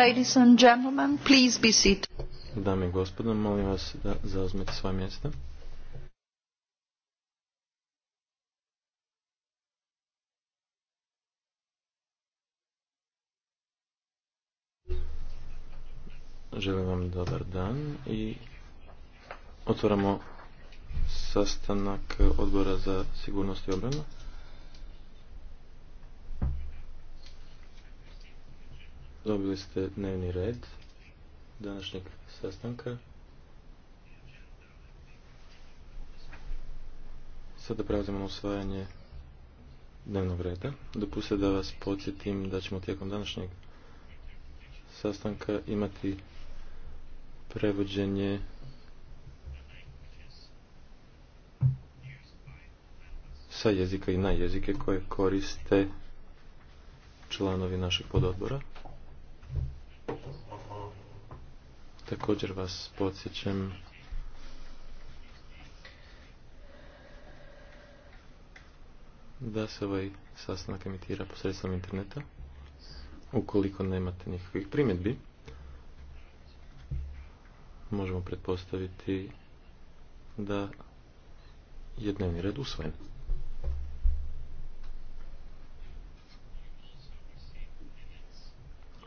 Ladies and gentlemen, please be seated. Dame i gospodo, molim vas da zauzmete svoje mjesta. Želim vam dobar dan i otvaramo sastanak odbora za sigurnost i obranu. Dobili ste dnevni red današnjeg sastanka. Sada prelazimo na usvajanje dnevnog reda. Dopustite da vas podsjetim da ćemo tijekom današnjeg sastanka imati prevođenje sa jezika i na jezike koje koriste članovi našeg pododbora. Također vas podsjećam da se ovaj sastanak emitira posredstvom interneta. Ukoliko nemate nikakvih primjedbi, možemo pretpostaviti da je dnevni red usvojen.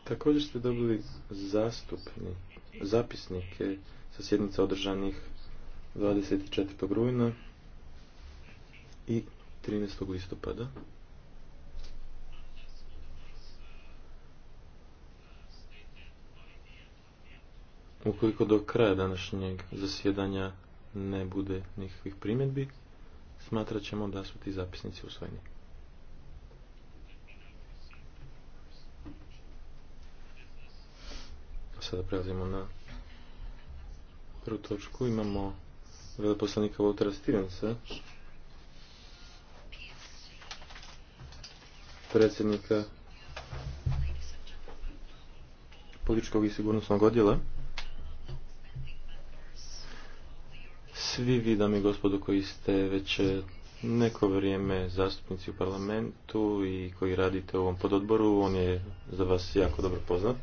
Također ste dobili zastupni, zapisnike sa sjednica održanih 24. rujna i 13. listopada. Ukoliko do kraja današnjeg zasjedanja ne bude nikakvih primjedbi, smatrat ćemo da su ti zapisnici usvojeni. Sada prelazimo na prvu točku. Imamo veleposlanika Waltera Stevensa, predsjednika političkog i sigurnosnog odjela. Svi vi, dame i gospodo, koji ste već neko vrijeme zastupnici u parlamentu i koji radite u ovom pododboru, on je za vas jako dobro poznat.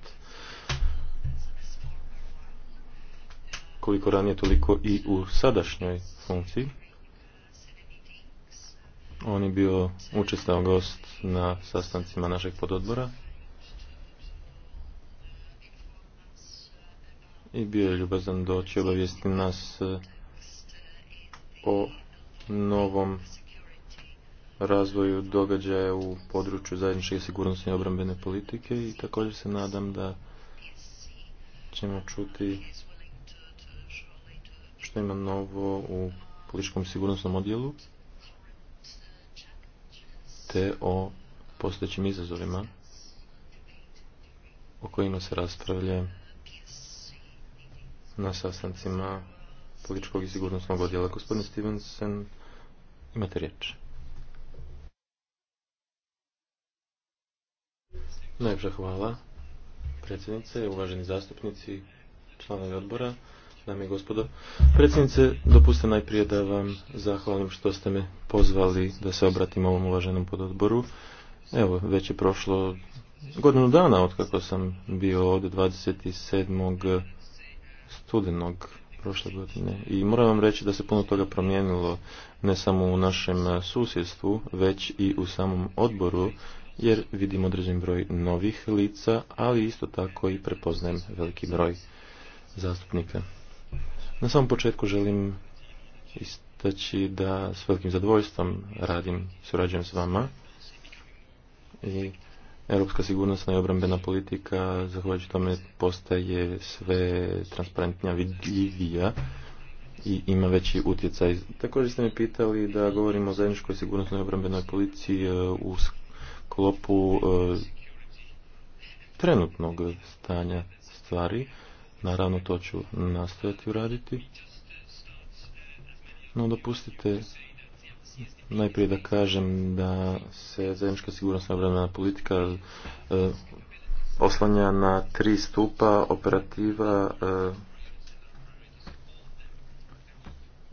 koliko ranije, toliko i u sadašnjoj funkciji. On je bio učestao gost na sastancima našeg pododbora i bio je ljubazan doći obavijesti nas eh, o novom razvoju događaja u području zajedničke sigurnosne i obrambene politike i također se nadam da ćemo čuti što ima novo u političkom sigurnosnom odjelu te o postojećim izazovima o kojima se raspravlja na sastancima političkog i sigurnosnog odjela. Gospodin Stevenson, imate riječ. Najpša hvala, predsjednice, uvaženi zastupnici, članovi odbora dame i gospodo. Predsjednice, dopuste najprije da vam zahvalim što ste me pozvali da se obratim ovom uvaženom pododboru. Evo, već je prošlo godinu dana od kako sam bio od 27. studenog prošle godine. I moram vam reći da se puno toga promijenilo ne samo u našem susjedstvu, već i u samom odboru, jer vidim određen broj novih lica, ali isto tako i prepoznajem veliki broj zastupnika. Na samom početku želim istaći da s velikim zadovoljstvom radim, surađujem s vama i Europska sigurnosna i obrambena politika zahvaljujući tome postaje sve transparentnija, vidljivija i ima veći utjecaj. Također ste me pitali da govorimo o zajedničkoj sigurnosnoj i obrambenoj politici e, u sklopu e, trenutnog stanja stvari Naravno, to ću nastojati uraditi. No, dopustite najprije da kažem da se zajednička sigurnosna obrambena politika e, oslanja na tri stupa operativa e,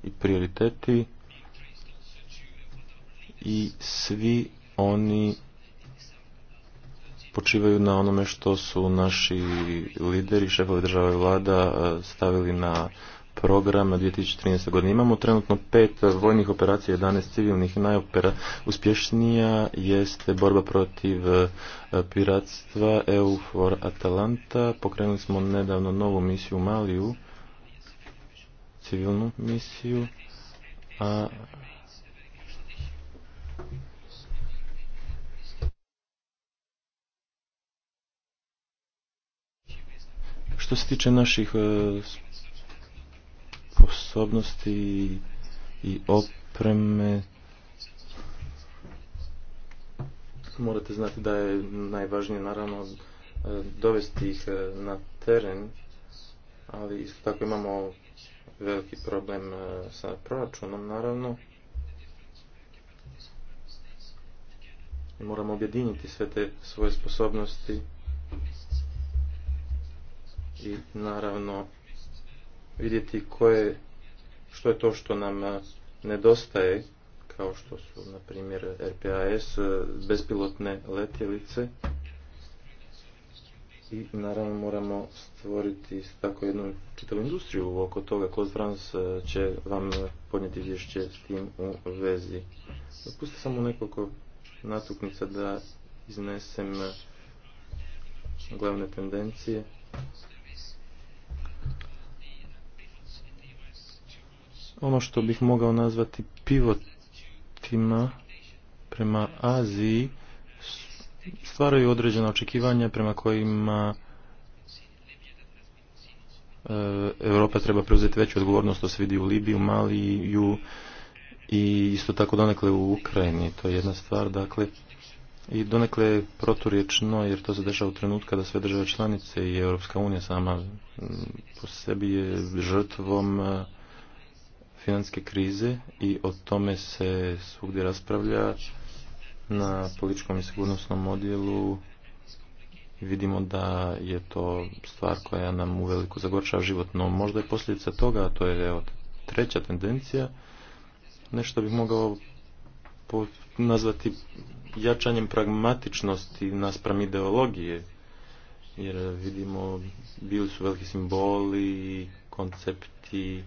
i prioriteti i svi oni počivaju na onome što su naši lideri, šefovi države vlada e, stavili na program 2013. godine. Imamo trenutno pet vojnih operacija, 11 civilnih i najuspješnija jeste borba protiv e, piratstva e for Atalanta. Pokrenuli smo nedavno novu misiju u Maliju, civilnu misiju, a Što se tiče naših e, sposobnosti i opreme, morate znati da je najvažnije naravno e, dovesti ih e, na teren, ali isto tako imamo veliki problem sa proračunom naravno. Moramo objediniti sve te svoje sposobnosti i naravno vidjeti koje, što je to što nam e, nedostaje, kao što su, na primjer, RPAS, e, bespilotne letjelice. I naravno moramo stvoriti tako jednu čitavu industriju oko toga. Claude Frans e, će vam podnijeti izvješće s tim u vezi. Dopustite samo nekoliko natuknica da iznesem glavne tendencije ono što bih mogao nazvati pivotima prema Aziji stvaraju određena očekivanja prema kojima e, Europa treba preuzeti veću odgovornost, to se vidi u Libiji, u Maliju i isto tako donekle u Ukrajini. To je jedna stvar, dakle, i donekle je proturječno, jer to se dešava u trenutku kada sve države članice i Europska unija sama po sebi je žrtvom e, financijske krize i o tome se svugdje raspravlja na političkom i sigurnosnom odjelu vidimo da je to stvar koja nam uveliko zagorčava život, no možda je posljedica toga, a to je evo, treća tendencija, nešto bih mogao nazvati jačanjem pragmatičnosti naspram ideologije, jer vidimo bili su veliki simboli, koncepti,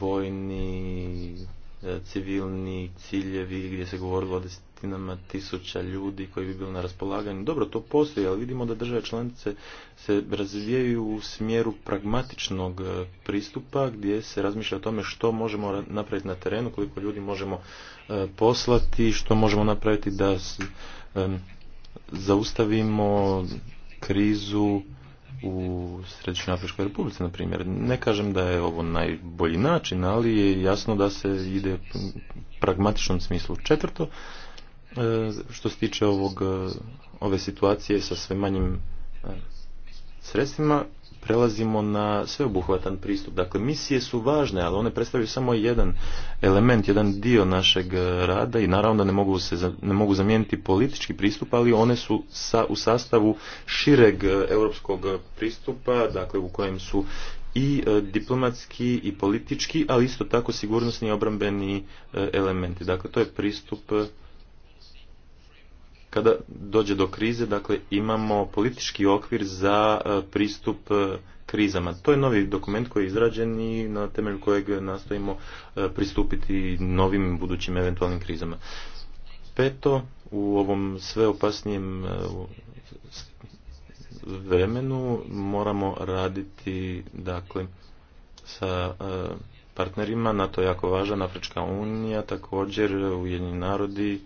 vojni, e, civilni ciljevi gdje se govorilo o desetinama tisuća ljudi koji bi bili na raspolaganju. Dobro, to postoji, ali vidimo da države članice se razvijaju u smjeru pragmatičnog e, pristupa gdje se razmišlja o tome što možemo napraviti na terenu, koliko ljudi možemo e, poslati, što možemo napraviti da zaustavimo krizu u Središnjoj Afričkoj Republici, na primjer. Ne kažem da je ovo najbolji način, ali je jasno da se ide u pragmatičnom smislu. Četvrto, e, što se tiče ovog, e, ove situacije sa sve manjim e, sredstvima, prelazimo na sveobuhvatan pristup. Dakle, misije su važne, ali one predstavljaju samo jedan element, jedan dio našeg e, rada i naravno da ne mogu, se, ne mogu zamijeniti politički pristup, ali one su sa, u sastavu šireg e, europskog pristupa, dakle u kojem su i e, diplomatski i politički, ali isto tako sigurnosni i obrambeni elementi. Dakle, to je pristup kada dođe do krize, dakle imamo politički okvir za e, pristup e, krizama. To je novi dokument koji je izrađen i na temelju kojeg nastojimo e, pristupiti novim budućim eventualnim krizama. Peto, u ovom sve opasnijem vremenu moramo raditi dakle sa partnerima, NATO je jako važan, Afrička unija, također Ujedinjeni narodi,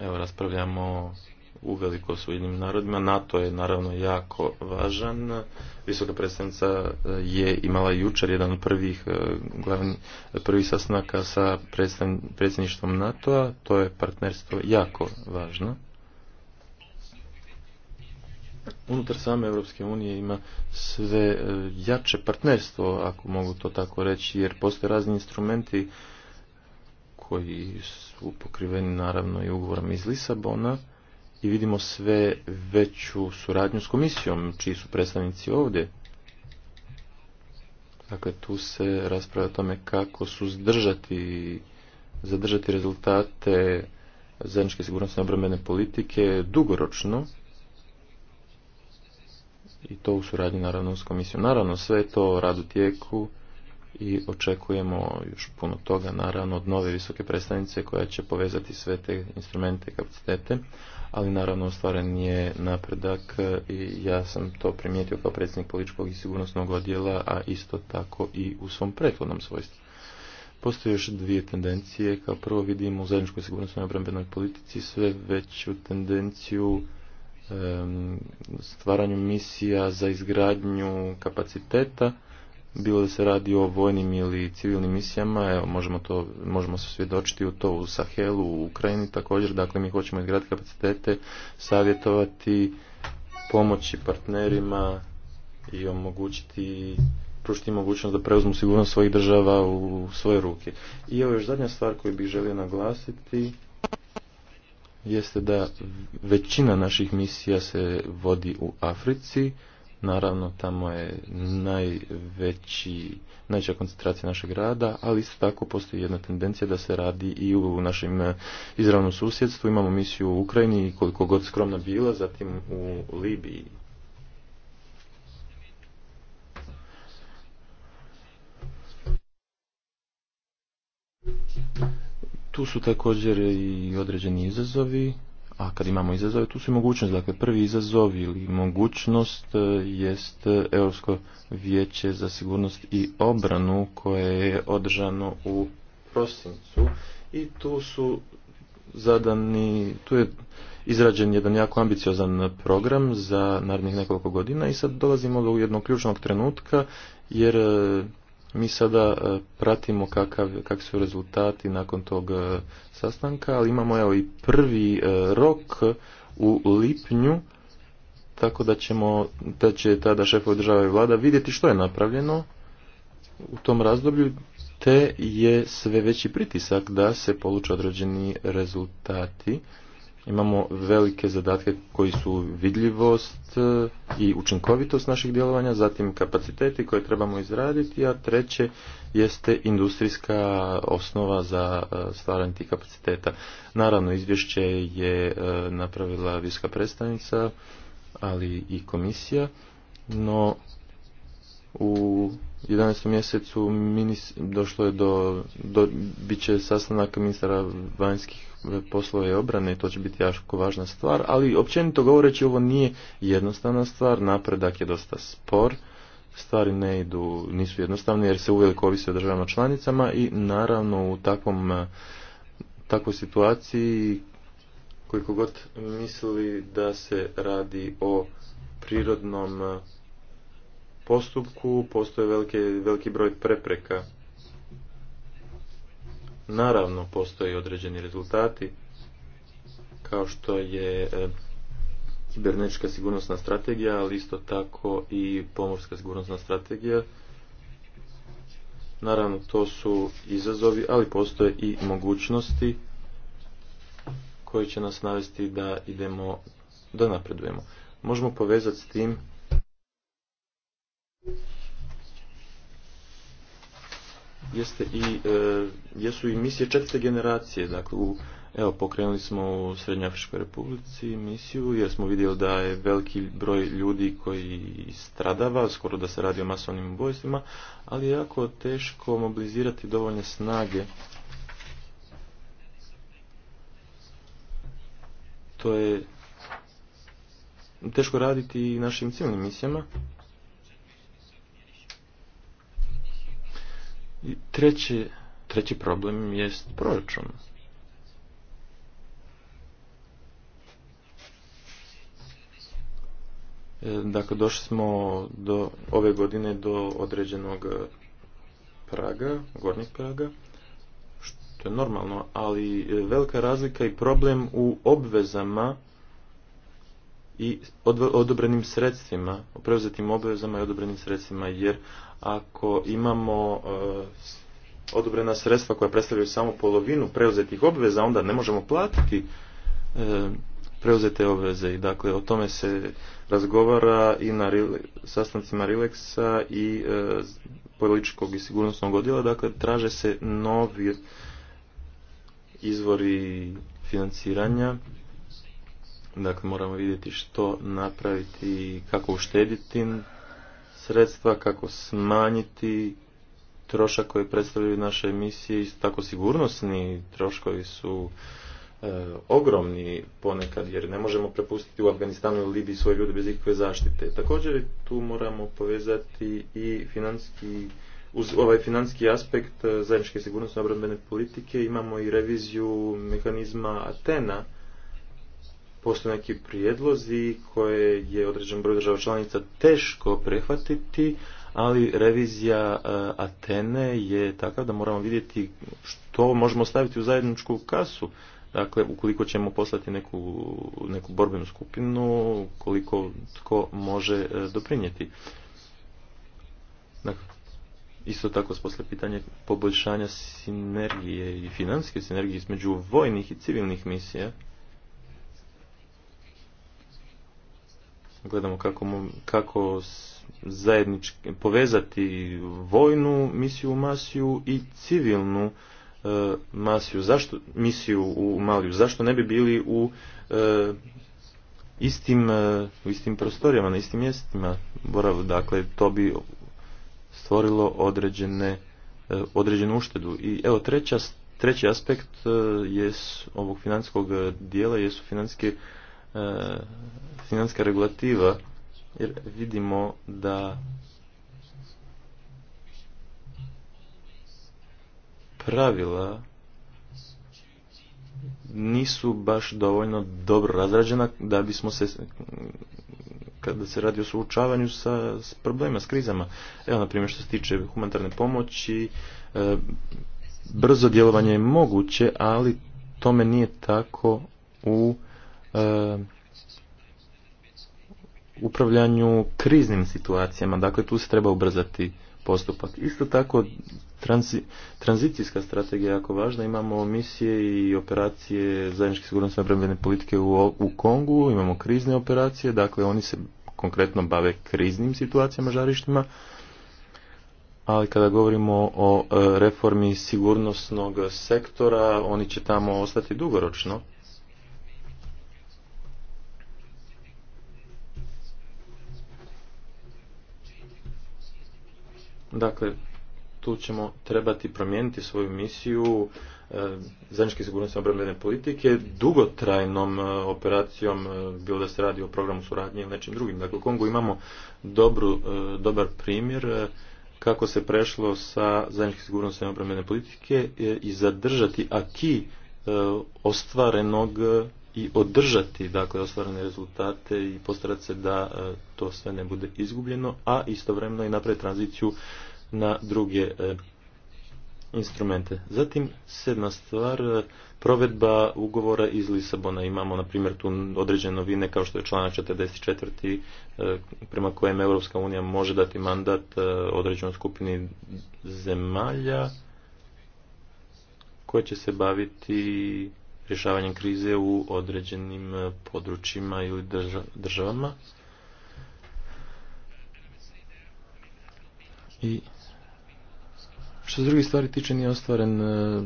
Evo raspravljamo u veliko s narodima. NATO je naravno jako važan. Visoka predstavnica eh, je imala jučer jedan od prvih eh, glavni, sastanaka sa predsjedništvom NATO-a. To je partnerstvo jako važno. Unutar same Europske unije ima sve eh, jače partnerstvo, ako mogu to tako reći, jer postoje razni instrumenti koji pokriveni naravno i ugovorom iz Lisabona i vidimo sve veću suradnju s komisijom, čiji su predstavnici ovdje. Dakle, tu se raspravlja o tome kako suzdržati, zadržati rezultate zajedničke sigurnosne obrambene politike dugoročno i to u suradnji naravno s komisijom. Naravno, sve to rad u tijeku i očekujemo još puno toga naravno od nove visoke predstavnice koja će povezati sve te instrumente i kapacitete, ali naravno ostvaren je napredak i ja sam to primijetio kao predsjednik političkog i sigurnosnog odjela, a isto tako i u svom prethodnom svojstvu. Postoje još dvije tendencije. Kao prvo vidimo u zajedničkoj sigurnosnoj obrambenoj politici sve veću tendenciju stvaranju misija za izgradnju kapaciteta bilo da se radi o vojnim ili civilnim misijama, evo, možemo, to, možemo se svjedočiti u to u Sahelu, u Ukrajini također, dakle mi hoćemo izgraditi kapacitete, savjetovati, pomoći partnerima i omogućiti pružiti mogućnost da preuzmu sigurnost svojih država u svoje ruke. I evo još zadnja stvar koju bih želio naglasiti jeste da većina naših misija se vodi u Africi, Naravno, tamo je najveći, najveća koncentracija našeg rada, ali isto tako postoji jedna tendencija da se radi i u našem e, izravnom susjedstvu. Imamo misiju u Ukrajini, koliko god skromna bila, zatim u Libiji. Tu su također i određeni izazovi a kad imamo izazove, tu su i mogućnost. Dakle, prvi izazov ili mogućnost e, jest Europsko vijeće za sigurnost i obranu koje je održano u prosincu i tu su zadani, tu je izrađen jedan jako ambiciozan program za narednih nekoliko godina i sad dolazimo do jednog ključnog trenutka jer e, mi sada e, pratimo kakav, kak su rezultati nakon tog e, sastanka, ali imamo evo i prvi e, rok u lipnju, tako da ćemo, da će tada šefovi države i vlada vidjeti što je napravljeno u tom razdoblju, te je sve veći pritisak da se poluče određeni rezultati imamo velike zadatke koji su vidljivost e, i učinkovitost naših djelovanja, zatim kapaciteti koje trebamo izraditi, a treće jeste industrijska osnova za e, stvaranje tih kapaciteta. Naravno, izvješće je e, napravila viska predstavnica, ali i komisija, no u 11. mjesecu došlo je do, do bit će sastanak ministara vanjskih poslove obrane i to će biti jako važna stvar, ali općenito govoreći ovo nije jednostavna stvar, napredak je dosta spor, stvari ne idu, nisu jednostavne jer se uvijek ovisi o državama članicama i naravno u takvom takvoj situaciji koliko god misli da se radi o prirodnom postupku, postoje veliki broj prepreka Naravno, postoje određeni rezultati, kao što je e, kibernetička sigurnosna strategija, ali isto tako i pomorska sigurnosna strategija. Naravno, to su izazovi, ali postoje i mogućnosti koje će nas navesti da idemo, da napredujemo. Možemo povezati s tim jeste i, e, jesu i misije četvrte generacije. Dakle, u, evo, pokrenuli smo u Srednjoafričkoj republici misiju jer smo vidjeli da je veliki broj ljudi koji stradava, skoro da se radi o masovnim ubojstvima, ali je jako teško mobilizirati dovoljne snage to je teško raditi i našim civilnim misijama I treći, treći problem jest proračun. E, dakle, došli smo do ove godine do određenog praga, gornjeg praga, što je normalno, ali velika razlika i problem u obvezama i odobrenim sredstvima, preuzetim obvezama i odobrenim sredstvima, jer ako imamo eh, odobrena sredstva koja predstavljaju samo polovinu preuzetih obveza, onda ne možemo platiti eh, preuzete obveze i dakle o tome se razgovara i na sastancima Rileksa i eh, političkog i sigurnosnog odjela, dakle traže se novi izvori financiranja Dakle, moramo vidjeti što napraviti kako uštediti sredstva, kako smanjiti trošak koji predstavljaju naše emisije isto tako sigurnosni troškovi su e, ogromni ponekad jer ne možemo prepustiti u Afganistanu ili Libiji svoje ljude bez ikakve zaštite. Također tu moramo povezati i financijski uz ovaj financijski aspekt e, zajedničke sigurnosne obrambene politike imamo i reviziju mehanizma Atena postoje neki prijedlozi koje je određen broj država članica teško prehvatiti, ali revizija e, Atene je takav da moramo vidjeti što možemo staviti u zajedničku kasu. Dakle, ukoliko ćemo poslati neku, neku borbenu skupinu, koliko tko može e, doprinijeti. Dakle, isto tako posle pitanje poboljšanja sinergije i financijske sinergije između vojnih i civilnih misija. gledamo kako, kako zajednički, povezati vojnu misiju u Masiju i civilnu e, masiju, zašto, misiju u Maliju. Zašto ne bi bili u e, istim, e, istim prostorijama, na istim mjestima boravu. Dakle, to bi stvorilo određene, određenu uštedu. I evo, treća, treći aspekt jest ovog financijskog dijela jesu financijske E, financijska regulativa jer vidimo da pravila nisu baš dovoljno dobro razrađena da bismo se kada se radi o suočavanju sa, s problemima, s krizama. Evo, na primjer, što se tiče humanitarne pomoći, e, brzo djelovanje je moguće, ali tome nije tako u E, upravljanju kriznim situacijama. Dakle, tu se treba ubrzati postupak. Isto tako, tranzicijska strategija je jako važna. Imamo misije i operacije zajedničke sigurnosne obrambene politike u, u Kongu, imamo krizne operacije, dakle oni se konkretno bave kriznim situacijama, žarištima, ali kada govorimo o e, reformi sigurnosnog sektora, oni će tamo ostati dugoročno Dakle, tu ćemo trebati promijeniti svoju misiju e, zajedničke sigurnosti obrambene politike dugotrajnom e, operacijom, e, bilo da se radi o programu suradnje ili nečim drugim. Dakle, u Kongu imamo dobar primjer kako se prešlo sa zajedničke sigurnosti obrambene politike i zadržati aki ostvarenog i održati dakle ostvarene rezultate i postarati se da e, to sve ne bude izgubljeno, a istovremeno i napraviti tranziciju na druge e, instrumente. Zatim sedma stvar, e, provedba ugovora iz Lisabona. Imamo na primjer tu određene novine kao što je članak 44. prema kojem Europska unija može dati mandat određenoj skupini zemalja koje će se baviti rješavanjem krize u određenim e, područjima ili državama. I što se drugih stvari tiče nije ostvaren e,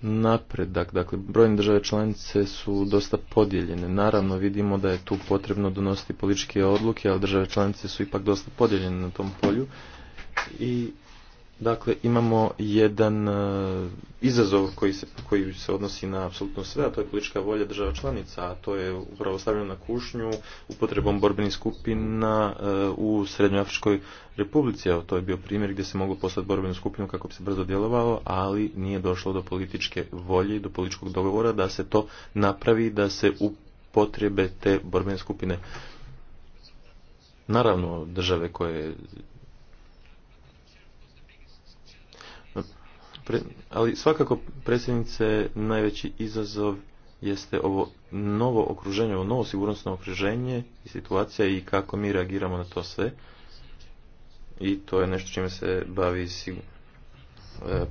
napredak, dakle brojne države članice su dosta podijeljene. Naravno vidimo da je tu potrebno donositi političke odluke, ali države članice su ipak dosta podijeljene na tom polju i Dakle, imamo jedan e, izazov koji se, koji se odnosi na apsolutno sve, a to je politička volja država članica, a to je upravo stavljeno na kušnju upotrebom borbenih skupina uh, u Srednjoafričkoj republici. Evo, to je bio primjer gdje se moglo poslati borbenu skupinu kako bi se brzo djelovalo, ali nije došlo do političke volje i do političkog dogovora da se to napravi, da se upotrebe te borbene skupine. Naravno, države koje ali svakako predsjednice najveći izazov jeste ovo novo okruženje, ovo novo sigurnosno okruženje i situacija i kako mi reagiramo na to sve. I to je nešto čime se bavi e,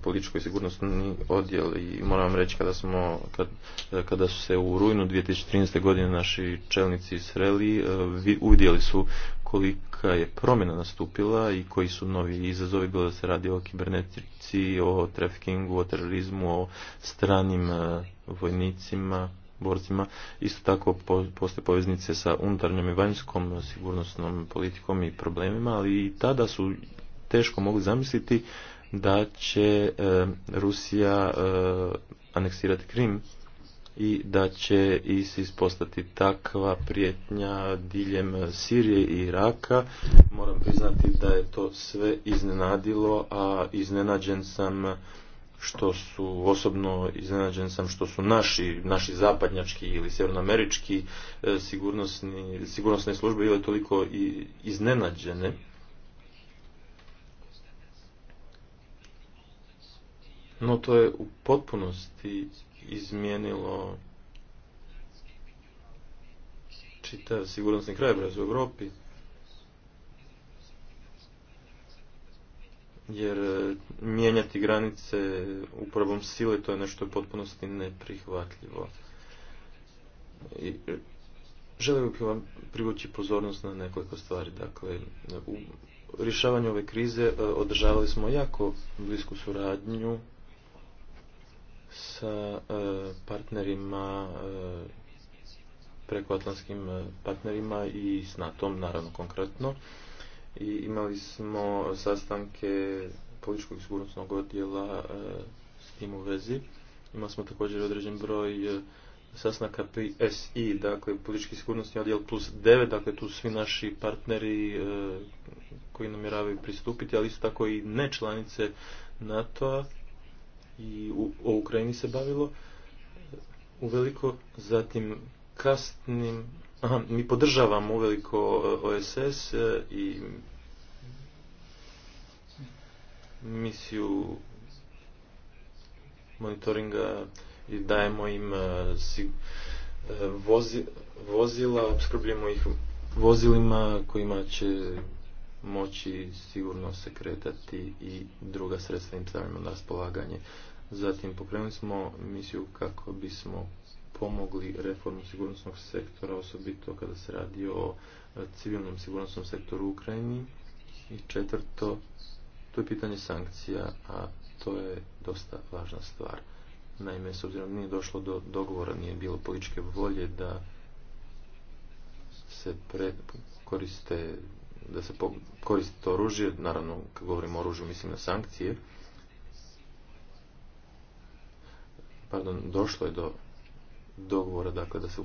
političko i sigurnosni odjel i moram vam reći kada smo kad, e, kada su se u rujnu 2013. godine naši čelnici sreli e, uvidjeli su koliko je promjena nastupila i koji su novi izazovi, bilo da se radi o kibernetici, o trafikingu, o terorizmu, o stranim e, vojnicima, borcima. Isto tako postoje poveznice sa unutarnjom i vanjskom sigurnosnom politikom i problemima, ali i tada su teško mogli zamisliti da će e, Rusija e, aneksirati Krim i da će ISIS postati takva prijetnja diljem Sirije i Iraka. Moram priznati da je to sve iznenadilo, a iznenađen sam što su, osobno iznenađen sam što su naši, naši zapadnjački ili sjevernoamerički e, sigurnosne službe bile toliko iznenađene. No to je u potpunosti izmijenilo čitav sigurnosni krajobraz u Europi. Jer e, mijenjati granice uporabom sile to je nešto potpunosti neprihvatljivo. I e, želim bih vam privući pozornost na nekoliko stvari. Dakle, u rješavanju ove krize e, održavali smo jako blisku suradnju sa e, partnerima e, prekoatlantskim e, partnerima i s NATO-om, naravno konkretno. I imali smo sastanke političkog sigurnosnog odjela s tim u vezi. Imali smo također određen broj sastanaka si dakle politički sigurnosni odjel plus 9, dakle tu svi naši partneri koji namjeravaju pristupiti, ali isto tako i ne članice NATO-a i u, o Ukrajini se bavilo veliko zatim kasnim, aha, mi podržavamo veliko e, OSS e, i misiju monitoringa i dajemo im e, vozila, obskrbljamo ih vozilima kojima će moći sigurno se kretati i druga sredstva im stavimo na raspolaganje. Zatim pokrenuli smo misiju kako bismo pomogli reformu sigurnosnog sektora, osobito kada se radi o e, civilnom sigurnosnom sektoru u Ukrajini. I četvrto, to je pitanje sankcija, a to je dosta važna stvar. Naime, s obzirom nije došlo do dogovora, nije bilo političke volje da se koriste da se koristi oružje, naravno kad govorimo o oružju mislim na sankcije, pardon, došlo je do dogovora dakle da se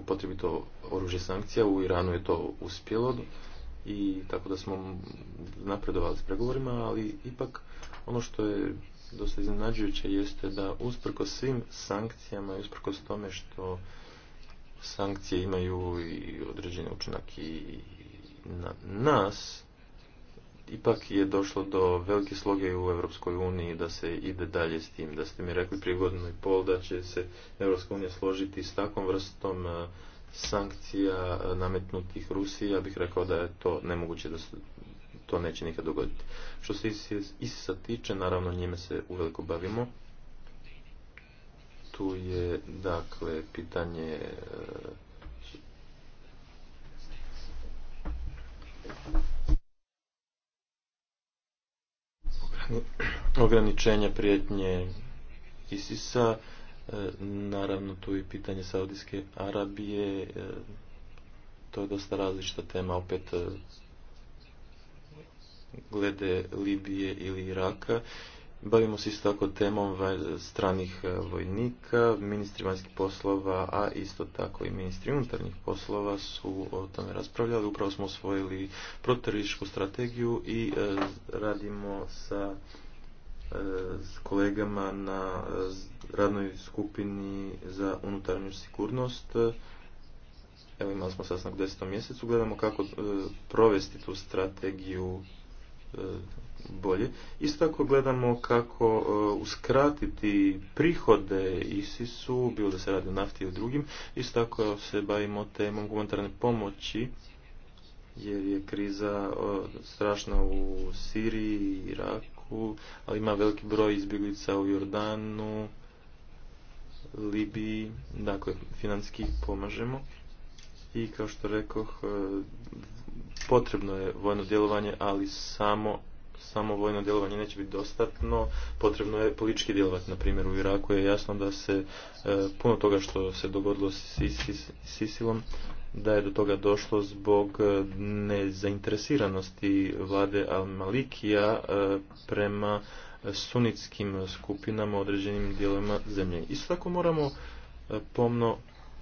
upotrebi to oružje sankcija u Iranu je to uspjelo i tako da smo napredovali s pregovorima ali ipak ono što je dosta iznenađujuće jeste da usprkos svim sankcijama i usprkos tome što sankcije imaju i određeni učinak i na nas ipak je došlo do velike sloge u Europskoj uniji da se ide dalje s tim. Da ste mi rekli prije godinu i pol da će se Europska unija složiti s takvom vrstom e, sankcija e, nametnutih Rusiji, ja bih rekao da je to nemoguće da se to neće nikad dogoditi. Što se ISIS-a tiče, naravno njime se uveliko bavimo. Tu je, dakle, pitanje e, ograničenja prijetnje Isisa, e, naravno tu i pitanje Saudijske Arabije, e, to je dosta različita tema, opet e, glede Libije ili Iraka Bavimo se isto tako temom stranih e, vojnika, ministri vanjskih poslova, a isto tako i ministri unutarnjih poslova su o tome raspravljali. Upravo smo osvojili protorišku strategiju i e, radimo sa e, s kolegama na radnoj skupini za unutarnju sigurnost. Evo imali smo sastanak 10. mjesecu, gledamo kako provesti tu strategiju bolje. Isto tako gledamo kako e, uskratiti prihode ISIS-u, bilo da se radi o nafti ili drugim. Isto tako se bavimo temom humanitarne pomoći jer je kriza e, strašna u Siriji, Iraku, ali ima veliki broj izbjeglica u Jordanu, Libiji, dakle, financijski pomažemo. I kao što rekoh, e, potrebno je vojno djelovanje, ali samo samo vojno djelovanje neće biti dostatno, potrebno je politički djelovati. Na primjer, u Iraku je jasno da se e, puno toga što se dogodilo s Sisilom, da je do toga došlo zbog e, nezainteresiranosti vlade Al-Malikija e, prema sunitskim skupinama, određenim dijelovima zemlje. Isto tako moramo pomno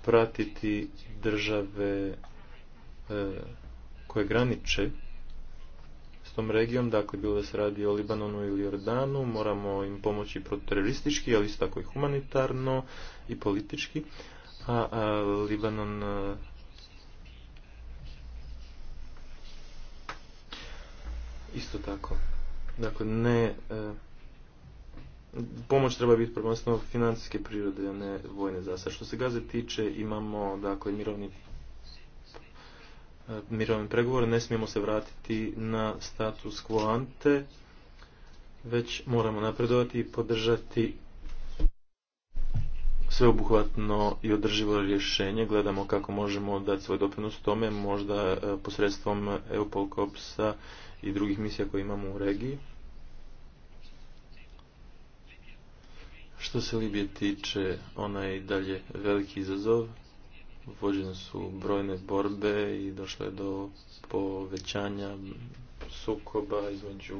pratiti države koje graniče tom regijom, dakle bilo da se radi o Libanonu ili Jordanu, moramo im pomoći prototeroristički, ali isto tako i humanitarno i politički. A, Libanon isto tako. Dakle, ne... pomoć treba biti prvenstveno financijske prirode, a ne vojne Što se gaze tiče, imamo dakle mirovni E, mirovni pregovore, ne smijemo se vratiti na status quo ante, već moramo napredovati i podržati sveobuhvatno i održivo rješenje. Gledamo kako možemo dati svoj doprinos tome, možda e, posredstvom EUPOL i drugih misija koje imamo u regiji. Što se Libije tiče, onaj i dalje veliki izazov vođene su brojne borbe i došlo je do povećanja sukoba između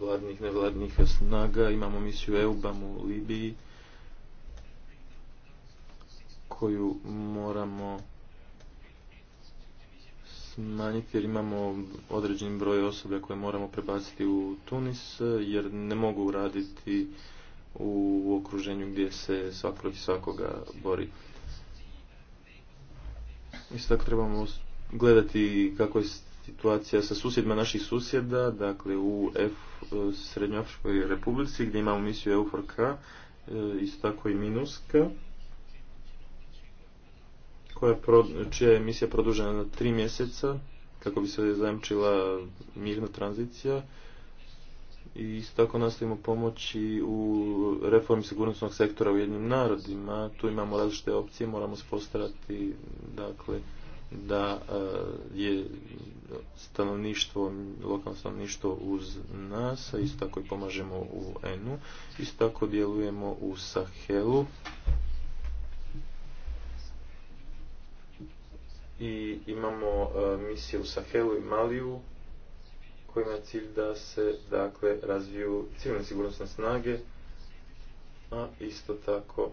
vladnih i nevladnih snaga. Imamo misiju EUBAM u Libiji koju moramo smanjiti jer imamo određen broj osobe koje moramo prebaciti u Tunis jer ne mogu raditi u okruženju gdje se svakog i svakoga bori. Isto tako trebamo gledati kako je situacija sa susjedima naših susjeda, dakle u F, e, Srednjoafričkoj republici gdje imamo misiju EUFORK, e, isto tako i Minuska, koja, čija je misija produžena na tri mjeseca kako bi se zajamčila mirna tranzicija i isto tako nastavimo pomoći u reformi sigurnosnog sektora u jednim narodima. Tu imamo različite opcije, moramo spostarati dakle, da e, je stanovništvo, lokalno stanovništvo uz nas, a isto tako i pomažemo u Enu, isto tako djelujemo u Sahelu. I imamo e, misije u Sahelu i Maliju kojima je cilj da se dakle razviju civilne sigurnosne snage, a isto tako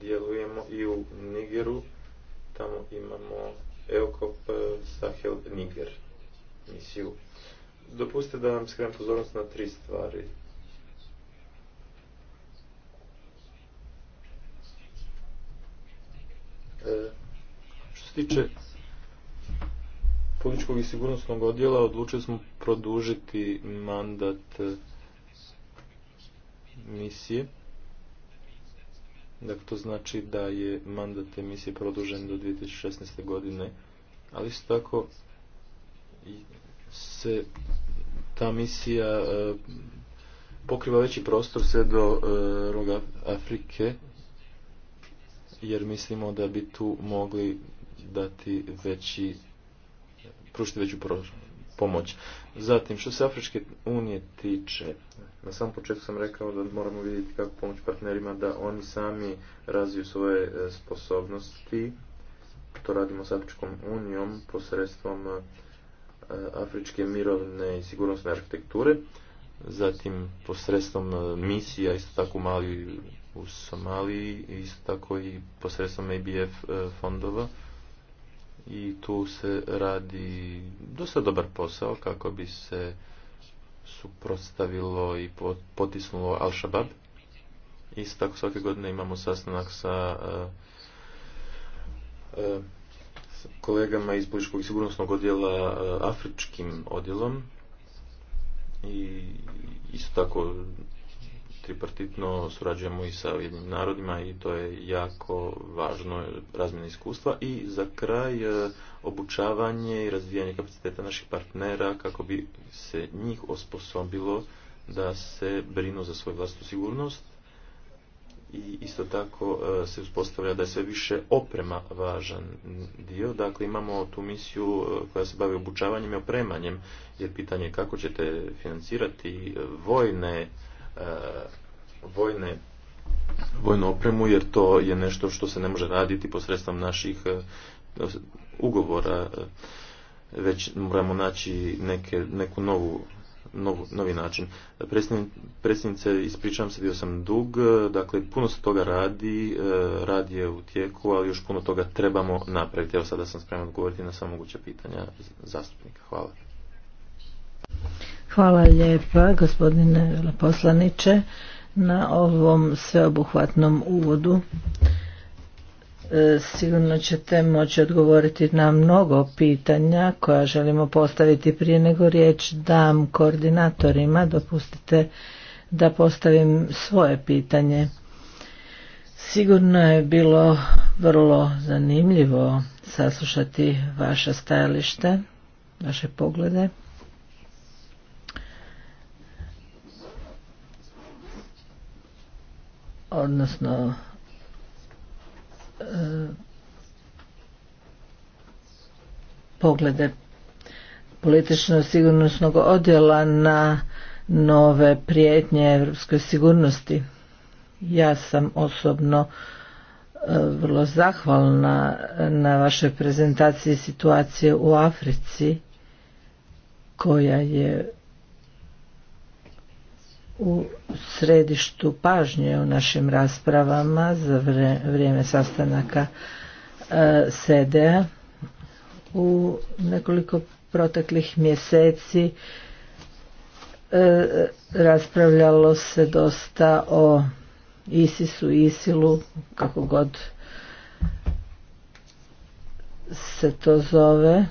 djelujemo i u Nigeru, tamo imamo EOKOP e, Sahel Niger misiju. Dopustite da vam skrenem pozornost na tri stvari. E, što se tiče političkog i sigurnosnog odjela odlučili smo produžiti mandat e, misije. Dakle, to znači da je mandat emisije produžen do 2016. godine, ali isto tako se ta misija e, pokriva veći prostor sve do e, roga Afrike, jer mislimo da bi tu mogli dati veći pružiti veću pomoć. Zatim, što se Afričke unije tiče, na samom početku sam rekao da moramo vidjeti kako pomoć partnerima da oni sami razviju svoje e, sposobnosti. To radimo s Afričkom unijom posredstvom e, Afričke mirovne i sigurnosne arhitekture, zatim posredstvom e, misija isto tako u u Somaliji, isto tako i posredstvom ABF fondova i tu se radi dosta dobar posao kako bi se suprotstavilo i potisnulo Al-Shabaab. Isto tako svake godine imamo sastanak sa eh, eh, kolegama iz političkog sigurnosnog odjela eh, afričkim odjelom i isto tako tripartitno surađujemo i sa jednim narodima i to je jako važno razmjena iskustva. I za kraj e, obučavanje i razvijanje kapaciteta naših partnera kako bi se njih osposobilo da se brinu za svoju vlastnu sigurnost i isto tako e, se uspostavlja da je sve više oprema važan dio. Dakle, imamo tu misiju e, koja se bavi obučavanjem i opremanjem, jer pitanje je kako ćete financirati vojne E, vojne vojnu opremu jer to je nešto što se ne može raditi posredstvom naših e, ugovora e, već moramo naći neke, neku novu novi način. Predsjednice, ispričavam se, bio sam dug, dakle puno se toga radi, rad je u tijeku, ali još puno toga trebamo napraviti. Evo sada sam spreman odgovoriti na sva moguća pitanja zastupnika. Hvala. Hvala lijepa gospodine poslaniče na ovom sveobuhvatnom uvodu. E, sigurno ćete moći odgovoriti na mnogo pitanja koja želimo postaviti prije nego riječ dam koordinatorima. Dopustite da postavim svoje pitanje. Sigurno je bilo vrlo zanimljivo saslušati vaše stajalište, vaše poglede. odnosno e, poglede politično-sigurnosnog odjela na nove prijetnje europskoj sigurnosti. Ja sam osobno e, vrlo zahvalna na vašoj prezentaciji situacije u Africi koja je u središtu pažnje u našim raspravama za vrijeme sastanaka e, sede u nekoliko proteklih mjeseci e, raspravljalo se dosta o Isisu, Isilu, kako god se to zove,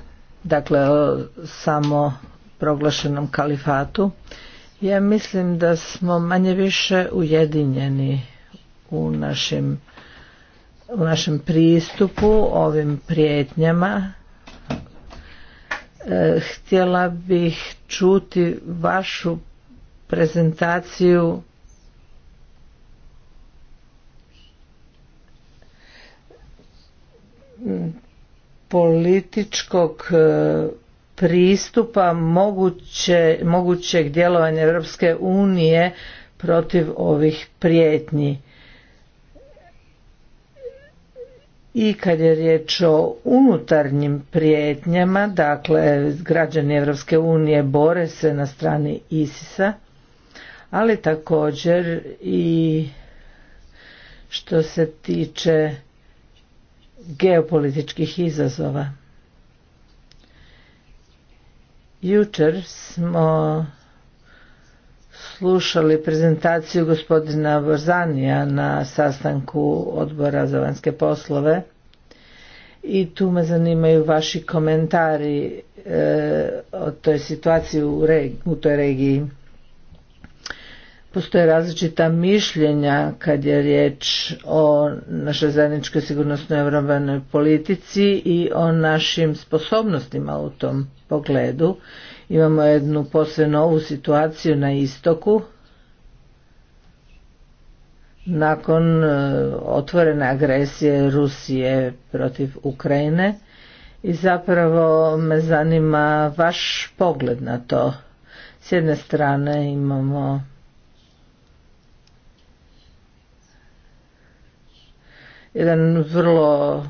dakle o samo proglašenom kalifatu. Ja mislim da smo manje više ujedinjeni u u našem pristupu ovim prijetnjama e, htjela bih čuti vašu prezentaciju mm, političkog e, pristupa moguće, mogućeg djelovanja Europske unije protiv ovih prijetnji. I kad je riječ o unutarnjim prijetnjama, dakle građani Europske unije bore se na strani Isisa ali također i što se tiče geopolitičkih izazova. Jučer smo slušali prezentaciju gospodina Borzanija na sastanku odbora za vanjske poslove i tu me zanimaju vaši komentari e, o toj situaciji u, u toj regiji. Postoje različita mišljenja kad je riječ o našoj zajedničkoj sigurnosnoj obrambenoj politici i o našim sposobnostima u tom pogledu. Imamo jednu posve novu situaciju na istoku nakon e, otvorene agresije Rusije protiv Ukrajine i zapravo me zanima vaš pogled na to. S jedne strane imamo jedan vrlo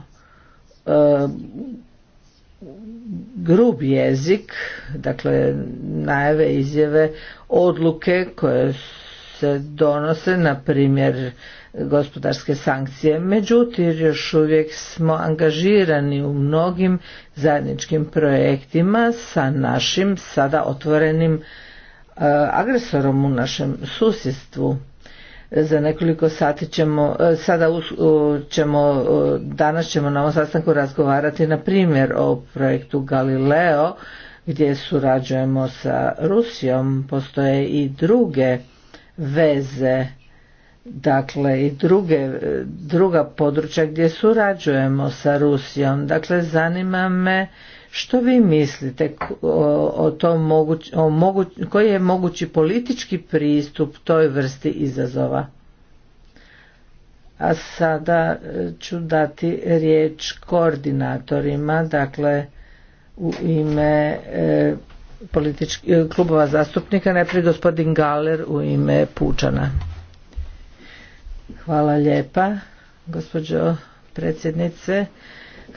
e, grub jezik, dakle najave, izjave, odluke koje se donose, na primjer gospodarske sankcije. Međutim, još uvijek smo angažirani u mnogim zajedničkim projektima sa našim sada otvorenim e, agresorom u našem susjedstvu za nekoliko sati ćemo, e, sada ćemo, e, danas ćemo na ovom sastanku razgovarati na primjer o projektu Galileo gdje surađujemo sa Rusijom, postoje i druge veze, dakle i druge, e, druga područja gdje surađujemo sa Rusijom, dakle zanima me što vi mislite o tom moguć, o moguć, koji je mogući politički pristup toj vrsti izazova? A sada e, ću dati riječ koordinatorima, dakle u ime e, e, klubova zastupnika, najprije gospodin Galer u ime Pučana. Hvala lijepa, gospođo predsjednice.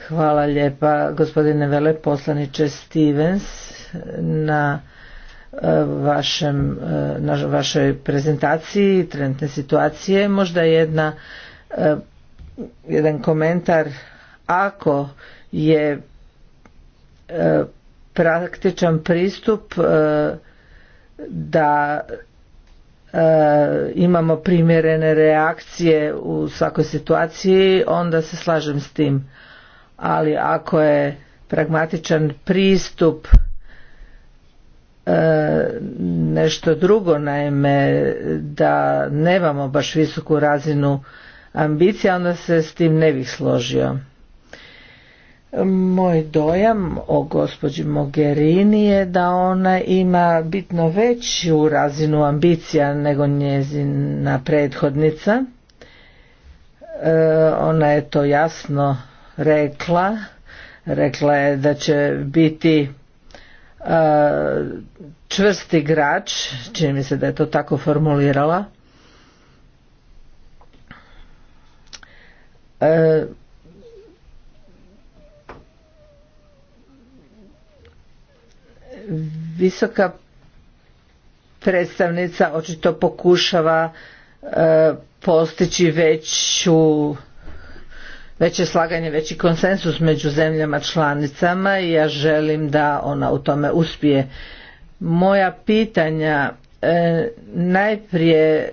Hvala lijepa gospodine veleposlaniče Stevens na e, e, na vašoj prezentaciji trenutne situacije. Možda jedna, e, jedan komentar ako je praktičan pristup da imamo primjerene reakcije u svakoj situaciji, onda se slažem s tim ali ako je pragmatičan pristup e, nešto drugo naime da nemamo baš visoku razinu ambicija onda se s tim ne bih složio moj dojam o gospođi Mogherini je da ona ima bitno veću razinu ambicija nego njezina prethodnica e, ona je to jasno rekla, rekla je da će biti e, čvrsti grač čini mi se da je to tako formulirala. E, visoka predstavnica očito pokušava e, postići veću veće slaganje, veći konsensus među zemljama članicama i ja želim da ona u tome uspije. Moja pitanja e, najprije e,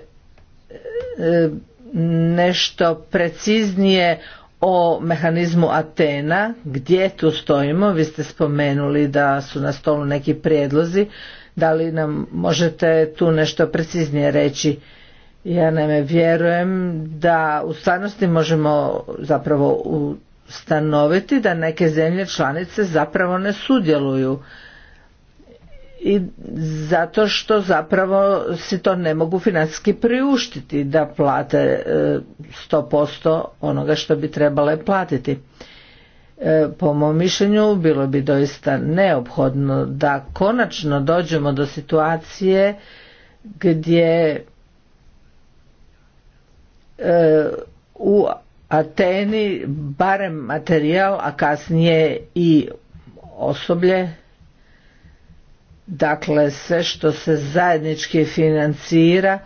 nešto preciznije o mehanizmu Atena, gdje tu stojimo, vi ste spomenuli da su na stolu neki prijedlozi, da li nam možete tu nešto preciznije reći? Ja naime vjerujem da u stvarnosti možemo zapravo ustanoviti da neke zemlje članice zapravo ne sudjeluju i zato što zapravo si to ne mogu financijski priuštiti da plate 100% e, onoga što bi trebale platiti. E, po mom mišljenju bilo bi doista neophodno da konačno dođemo do situacije gdje E, u Ateni barem materijal, a kasnije i osoblje. Dakle, sve što se zajednički financira,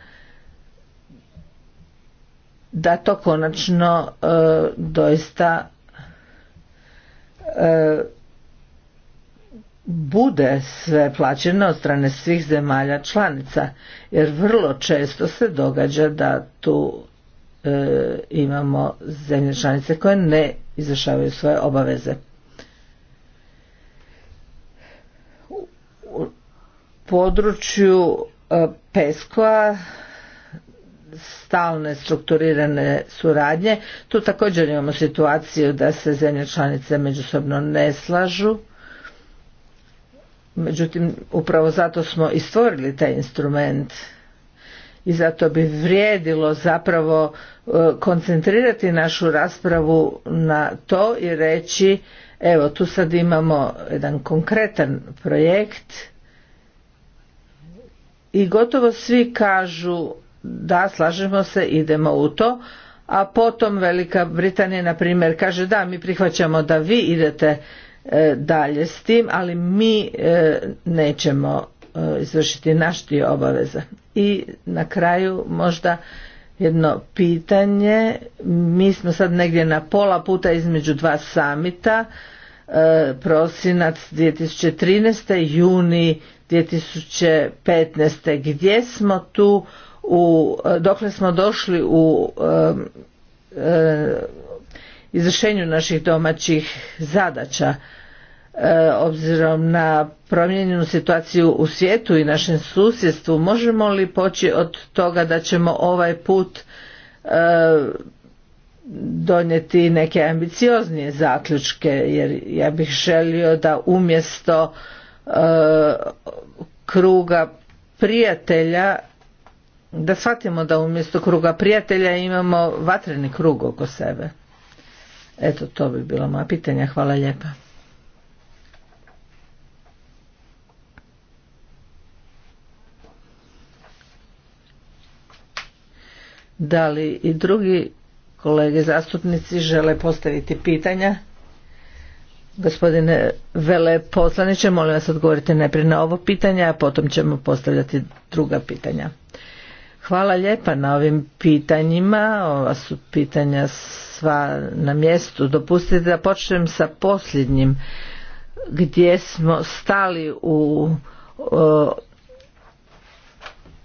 da to konačno e, doista e, bude sve plaćeno od strane svih zemalja članica jer vrlo često se događa da tu e, imamo zemlje članice koje ne izvršavaju svoje obaveze. U području e, PESCO-a stalne strukturirane suradnje. Tu također imamo situaciju da se zemlje članice međusobno ne slažu. Međutim, upravo zato smo i stvorili taj instrument i zato bi vrijedilo zapravo E, koncentrirati našu raspravu na to i reći evo tu sad imamo jedan konkretan projekt i gotovo svi kažu da slažemo se idemo u to a potom Velika Britanija na primjer kaže da mi prihvaćamo da vi idete e, dalje s tim ali mi e, nećemo izvršiti naš dio obaveza i na kraju možda jedno pitanje. Mi smo sad negdje na pola puta između dva samita, e, prosinac 2013. juni 2015. Gdje smo tu, u, dokle smo došli u e, izvršenju naših domaćih zadaća? E, obzirom na promijenjenu situaciju u svijetu i našem susjedstvu možemo li poći od toga da ćemo ovaj put e, donijeti neke ambicioznije zaključke jer ja bih želio da umjesto e, kruga prijatelja da shvatimo da umjesto kruga prijatelja imamo vatreni krug oko sebe. Eto, to bi bilo moja pitanja. Hvala lijepa. Da li i drugi kolege zastupnici žele postaviti pitanja? Gospodine Vele molim vas odgovorite najprije na ovo pitanje, a potom ćemo postavljati druga pitanja. Hvala lijepa na ovim pitanjima, ova su pitanja sva na mjestu. Dopustite da počnem sa posljednjim gdje smo stali u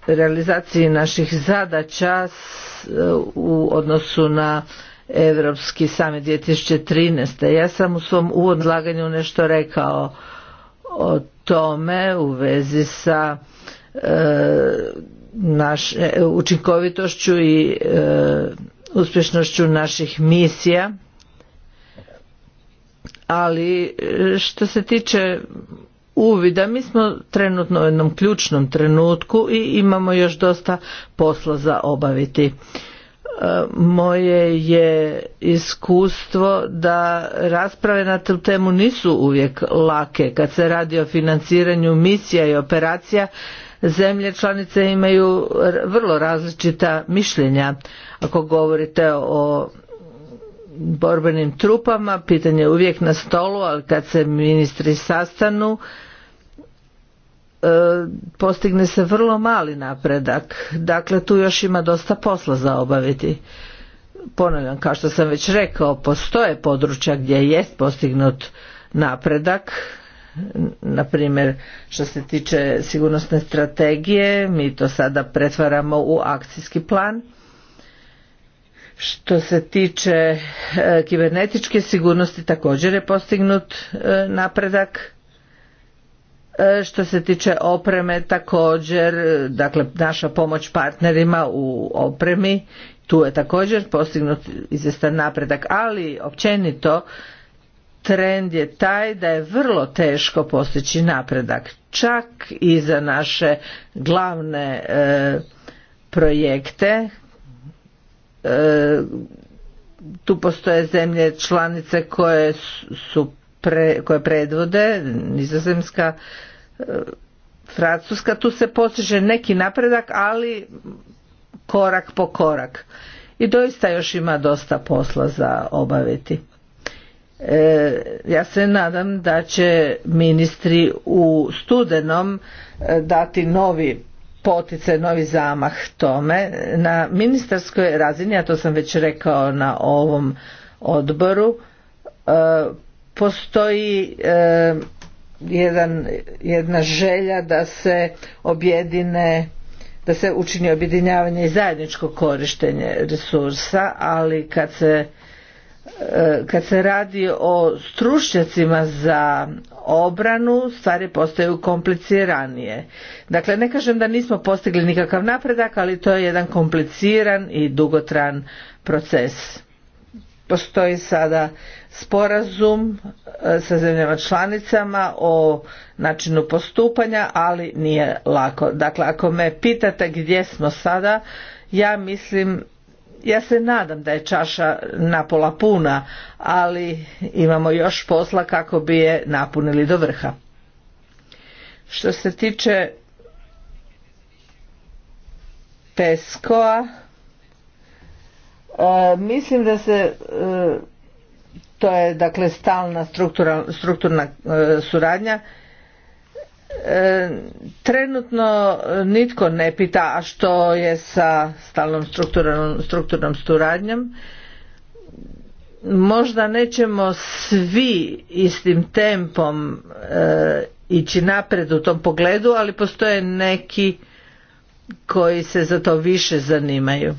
realizaciji naših zadaća u odnosu na Europski samit 2013. Ja sam u svom uvodlaganju nešto rekao o tome u vezi sa e, e, učinkovitošću i e, uspješnošću naših misija ali što se tiče uvida. Mi smo trenutno u jednom ključnom trenutku i imamo još dosta posla za obaviti. E, moje je iskustvo da rasprave na tu temu nisu uvijek lake. Kad se radi o financiranju misija i operacija, zemlje članice imaju vrlo različita mišljenja. Ako govorite o borbenim trupama, pitanje je uvijek na stolu, ali kad se ministri sastanu, E, postigne se vrlo mali napredak. Dakle, tu još ima dosta posla za obaviti. Ponavljam, kao što sam već rekao, postoje područja gdje je postignut napredak, na što se tiče sigurnosne strategije, mi to sada pretvaramo u akcijski plan. Što se tiče e, kibernetičke sigurnosti također je postignut e, napredak što se tiče opreme također, dakle naša pomoć partnerima u opremi, tu je također postignut izvjestan napredak, ali općenito trend je taj da je vrlo teško postići napredak, čak i za naše glavne e, projekte. E, tu postoje zemlje članice koje su koje predvode nizozemska e, Francuska tu se postiže neki napredak ali korak po korak i doista još ima dosta posla za obaviti. E, ja se nadam da će ministri u studenom e, dati novi poticaj, novi zamah tome. Na ministarskoj razini, a to sam već rekao na ovom odboru, postoji e, jedan, jedna želja da se objedine da se učini objedinjavanje i zajedničko korištenje resursa, ali kad se e, kad se radi o stručnjacima za obranu stvari postaju kompliciranije. Dakle, ne kažem da nismo postigli nikakav napredak, ali to je jedan kompliciran i dugotran proces. Postoji sada sporazum e, sa zemljama članicama o načinu postupanja, ali nije lako. Dakle, ako me pitate gdje smo sada, ja mislim, ja se nadam da je čaša napola puna, ali imamo još posla kako bi je napunili do vrha. Što se tiče Peskoa, e, mislim da se e, to je dakle stalna strukturna e, suradnja e, trenutno nitko ne pita a što je sa stalnom strukturnom suradnjom možda nećemo svi istim tempom e, ići napred u tom pogledu ali postoje neki koji se za to više zanimaju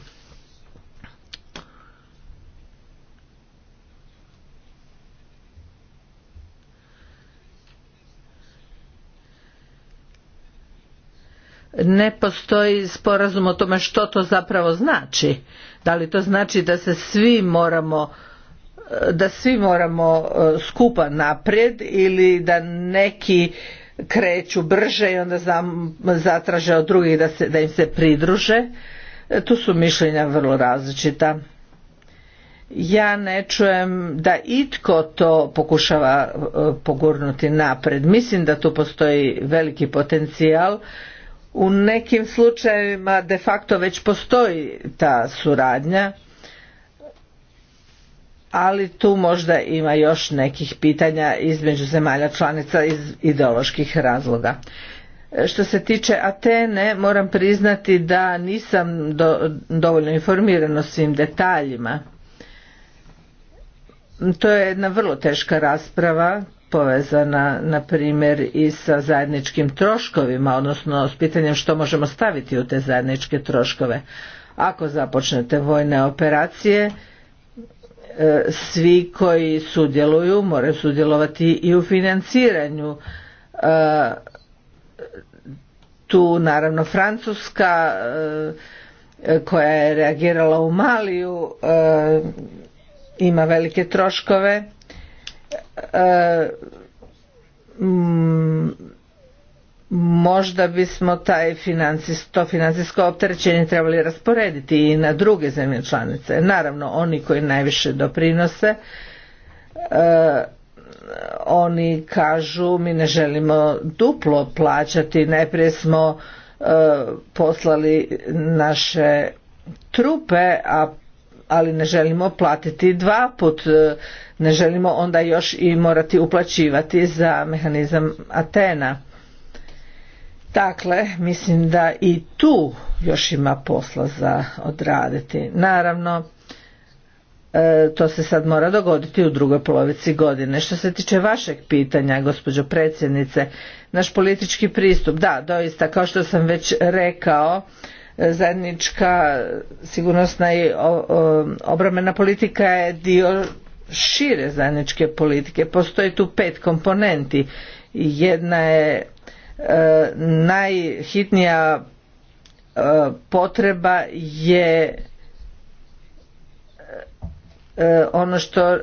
ne postoji sporazum o tome što to zapravo znači. Da li to znači da se svi moramo da svi moramo e, skupa naprijed ili da neki kreću brže i onda zatraže od drugih da, se, da im se pridruže. E, tu su mišljenja vrlo različita. Ja ne čujem da itko to pokušava e, pogurnuti naprijed. Mislim da tu postoji veliki potencijal u nekim slučajevima de facto već postoji ta suradnja, ali tu možda ima još nekih pitanja između zemalja članica iz ideoloških razloga. Što se tiče Atene, moram priznati da nisam dovoljno informiran o svim detaljima. To je jedna vrlo teška rasprava povezana na primjer i sa zajedničkim troškovima odnosno s pitanjem što možemo staviti u te zajedničke troškove ako započnete vojne operacije e, svi koji sudjeluju moraju sudjelovati i u financiranju e, tu naravno Francuska e, koja je reagirala u Maliju ima velike troškove E, mm, možda bismo taj financijs, to financijsko opterećenje trebali rasporediti i na druge zemlje članice. Naravno, oni koji najviše doprinose, e, oni kažu mi ne želimo duplo plaćati, najprije smo e, poslali naše trupe, a ali ne želimo platiti dva put, e, ne želimo onda još i morati uplaćivati za mehanizam Atena. Dakle, mislim da i tu još ima posla za odraditi. Naravno, e, to se sad mora dogoditi u drugoj polovici godine. Što se tiče vašeg pitanja, gospođo predsjednice, naš politički pristup, da, doista, kao što sam već rekao, zajednička sigurnosna i obrambena politika je dio šire zajedničke politike. Postoji tu pet komponenti. Jedna je e, najhitnija e, potreba je e, ono što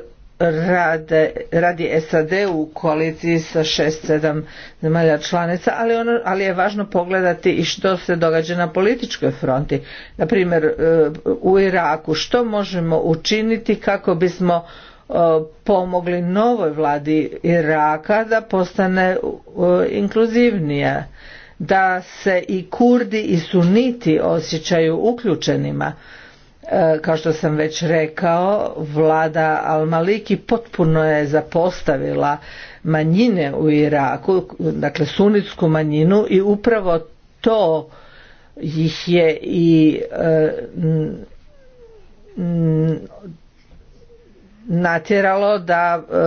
radi SAD u koaliciji sa 6-7 zemalja članica, ali, ono, ali je važno pogledati i što se događa na političkoj fronti. Na e, u Iraku što možemo učiniti kako bismo e, pomogli novoj vladi Iraka da postane e, inkluzivnija da se i kurdi i suniti osjećaju uključenima E, kao što sam već rekao, vlada Al-Maliki potpuno je zapostavila manjine u Iraku, dakle sunitsku manjinu i upravo to ih je i e, natjeralo da e,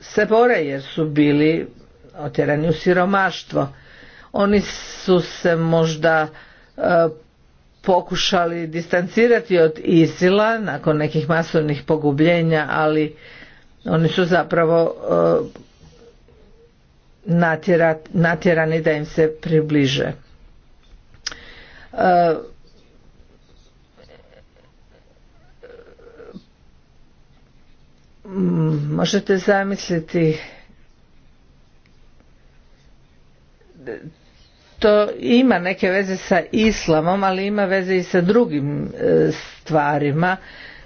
se bore jer su bili otjerani u siromaštvo. Oni su se možda pokušali distancirati od Isila nakon nekih masovnih pogubljenja, ali oni su zapravo e, natjerani da im se približe. E, možete zamisliti to ima neke veze sa islamom, ali ima veze i sa drugim e, stvarima.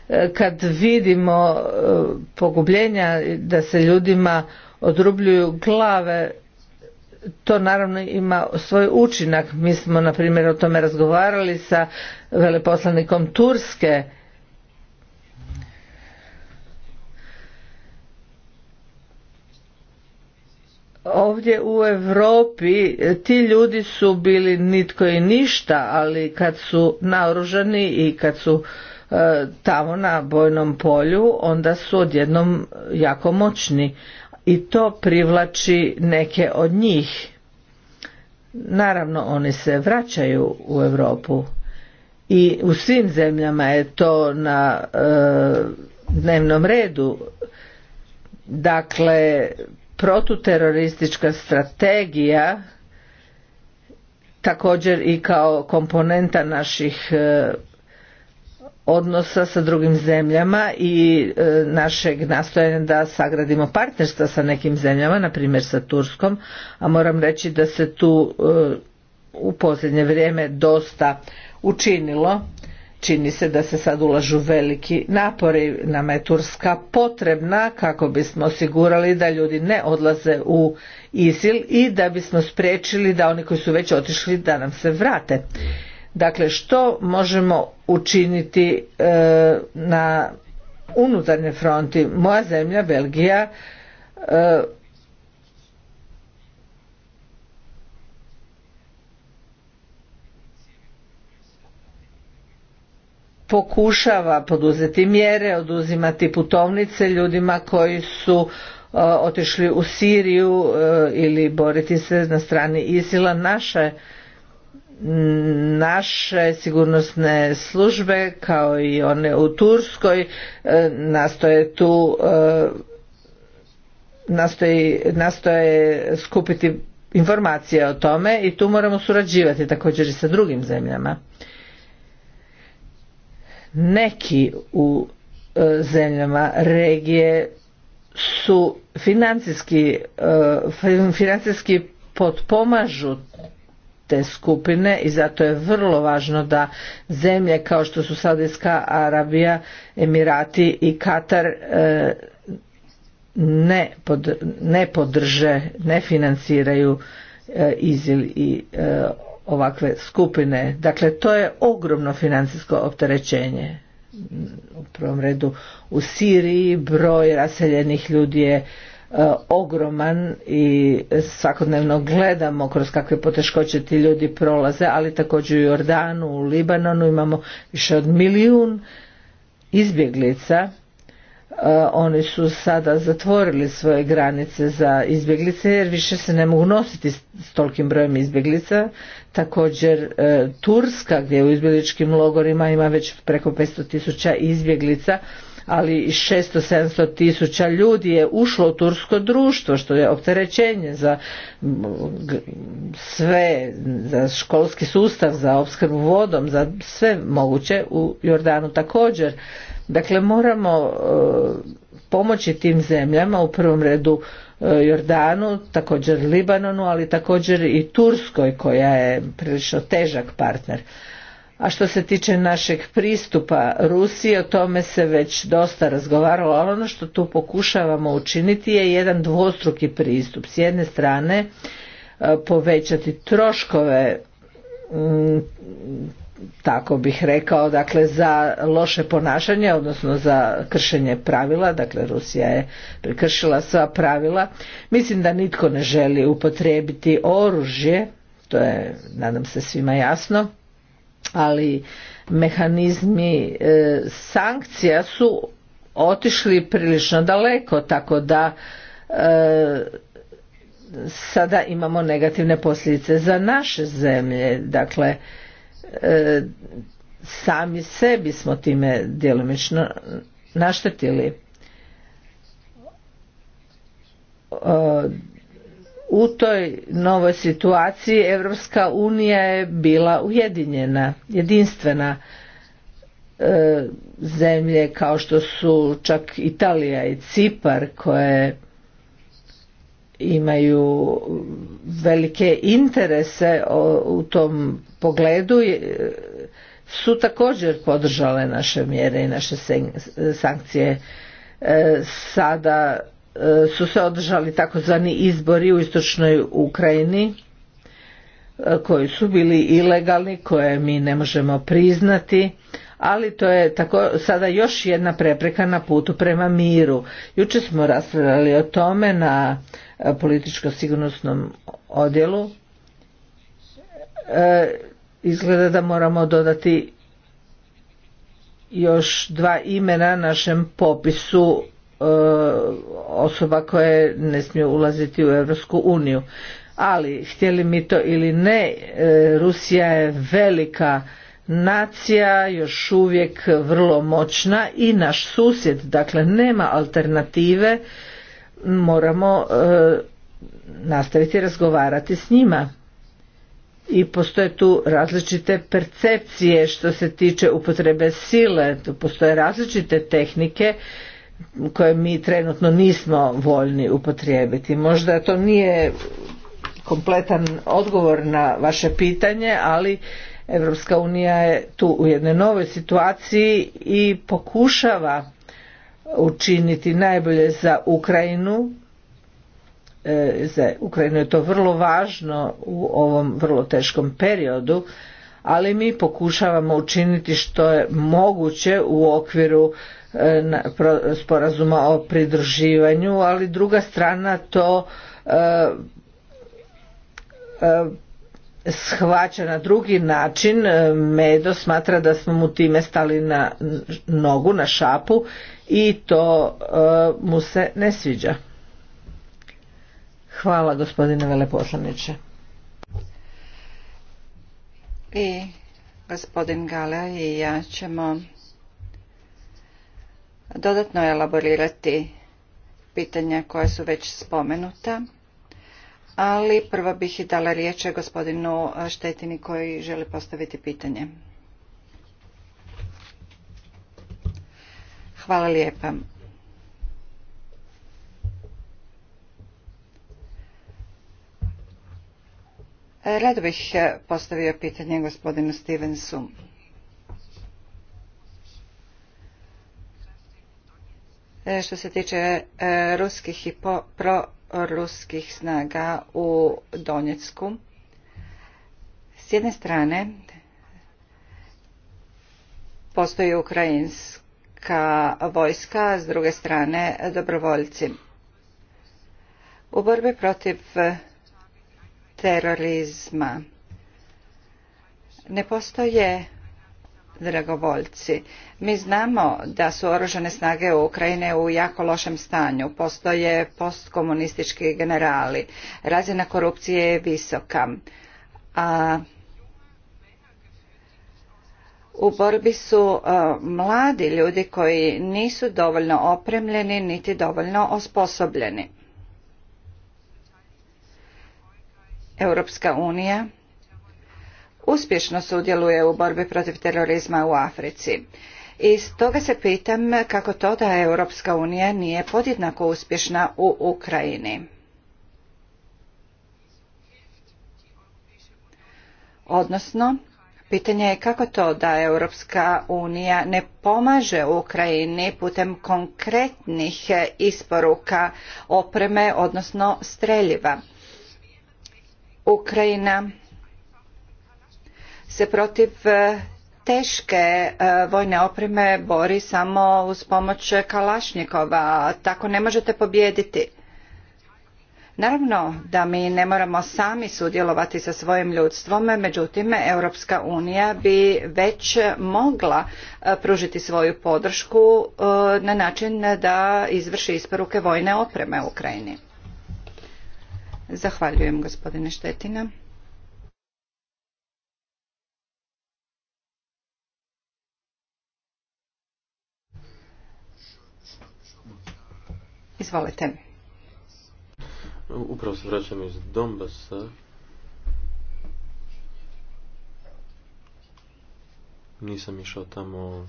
E, kad vidimo e, pogubljenja da se ljudima odrubljuju glave, to naravno ima svoj učinak. Mi smo, na primjer, o tome razgovarali sa veleposlanikom Turske ovdje u Europi ti ljudi su bili nitko i ništa, ali kad su naoružani i kad su e, tamo na bojnom polju, onda su odjednom jako moćni i to privlači neke od njih. Naravno oni se vraćaju u Europu i u svim zemljama je to na e, dnevnom redu. Dakle, protuteroristička strategija također i kao komponenta naših e, odnosa sa drugim zemljama i e, našeg nastojanja da sagradimo partnerstva sa nekim zemljama, na primjer sa Turskom, a moram reći da se tu e, u posljednje vrijeme dosta učinilo čini se da se sad ulažu veliki napori nama je turska potrebna kako bismo osigurali da ljudi ne odlaze u isil i da bismo spriječili da oni koji su već otišli da nam se vrate dakle što možemo učiniti e, na unutarnje fronti moja zemlja belgija e, pokušava poduzeti mjere, oduzimati putovnice ljudima koji su e, otišli u Siriju e, ili boriti se na strani Isila. Naše, naše sigurnosne službe kao i one u Turskoj e, nastoje tu nastoje, nastoje skupiti informacije o tome i tu moramo surađivati također i sa drugim zemljama neki u e, zemljama regije su financijski e, financijski potpomažu te skupine i zato je vrlo važno da zemlje kao što su Saudijska Arabija, Emirati i Katar e, ne, ne podrže, ne financiraju Izil i ovakve skupine. Dakle, to je ogromno financijsko opterećenje. U prvom redu u Siriji broj raseljenih ljudi je e, ogroman i svakodnevno gledamo kroz kakve poteškoće ti ljudi prolaze, ali također u Jordanu, u Libanonu imamo više od milijun izbjeglica. E, oni su sada zatvorili svoje granice za izbjeglice jer više se ne mogu nositi s tolkim brojem izbjeglica također e, Turska gdje u izbjegličkim logorima ima već preko 500 tisuća izbjeglica ali 600-700 tisuća ljudi je ušlo u tursko društvo što je opterećenje za sve za školski sustav za opskrbu vodom za sve moguće u Jordanu također dakle moramo e, pomoći tim zemljama u prvom redu Eh, Jordanu, također Libanonu, ali također i Turskoj koja je prilično težak partner. A što se tiče našeg pristupa Rusiji, o tome se već dosta razgovaralo, ali ono što tu pokušavamo učiniti je jedan dvostruki pristup. S jedne strane eh, povećati troškove mm, tako bih rekao, dakle za loše ponašanje, odnosno za kršenje pravila, dakle Rusija je prekršila sva pravila. Mislim da nitko ne želi upotrijebiti oružje, to je nadam se svima jasno, ali mehanizmi e, sankcija su otišli prilično daleko, tako da e, sada imamo negativne posljedice za naše zemlje, dakle e, sami sebi smo time djelomično naštetili. u toj novoj situaciji Europska unija je bila ujedinjena, jedinstvena e, zemlje kao što su čak Italija i Cipar koje imaju velike interese u tom pogledu e, su također podržale naše mjere i naše sankcije e, sada e, su se održali takozvani izbori u istočnoj Ukrajini koji su bili ilegalni koje mi ne možemo priznati ali to je tako sada još jedna prepreka na putu prema miru. Jučer smo raspravljali o tome na e, političko-sigurnosnom odjelu. E, izgleda da moramo dodati još dva imena našem popisu e, osoba koje ne smiju ulaziti u Europsku uniju. Ali, htjeli mi to ili ne, Rusija je velika nacija još uvijek vrlo moćna i naš susjed dakle nema alternative moramo e, nastaviti razgovarati s njima i postoje tu različite percepcije što se tiče upotrebe sile tu postoje različite tehnike koje mi trenutno nismo voljni upotrijebiti možda to nije kompletan odgovor na vaše pitanje ali Europska unija je tu u jednoj novoj situaciji i pokušava učiniti najbolje za Ukrajinu. E, za Ukrajinu je to vrlo važno u ovom vrlo teškom periodu, ali mi pokušavamo učiniti što je moguće u okviru e, sporazuma o pridruživanju, ali druga strana to e, shvaća na drugi način. E, Medo smatra da smo mu time stali na nogu, na šapu i to e, mu se ne sviđa. Hvala gospodine veleposlaniče. I gospodin Gala i ja ćemo dodatno elaborirati pitanja koja su već spomenuta ali prvo bih i dala riječ gospodinu Štetini koji želi postaviti pitanje. Hvala lijepa. Rado bih postavio pitanje gospodinu Stevensu. E, što se tiče e, ruskih i pro ruskih snaga u Donjecku. S jedne strane postoji ukrajinska vojska, s druge strane dobrovoljci. U borbi protiv terorizma ne postoje dragovoljci. Mi znamo da su oružane snage u Ukrajine u jako lošem stanju. Postoje postkomunistički generali. Razina korupcije je visoka. u borbi su e, mladi ljudi koji nisu dovoljno opremljeni niti dovoljno osposobljeni. Europska unija uspješno sudjeluje u borbi protiv terorizma u Africi. I stoga se pitam kako to da Europska unija nije podjednako uspješna u Ukrajini. Odnosno, pitanje je kako to da Europska unija ne pomaže Ukrajini putem konkretnih isporuka opreme, odnosno streljiva. Ukrajina se protiv e, teške e, vojne opreme bori samo uz pomoć kalašnjikova tako ne možete pobijediti naravno da mi ne moramo sami sudjelovati sa svojim ljudstvom međutim europska unija bi već mogla e, pružiti svoju podršku na način da izvrši isporuke vojne opreme u ukrajini zahvaljujem gospodine štetina Izvolite. Upravo se vraćam iz Donbasa. Nisam išao tamo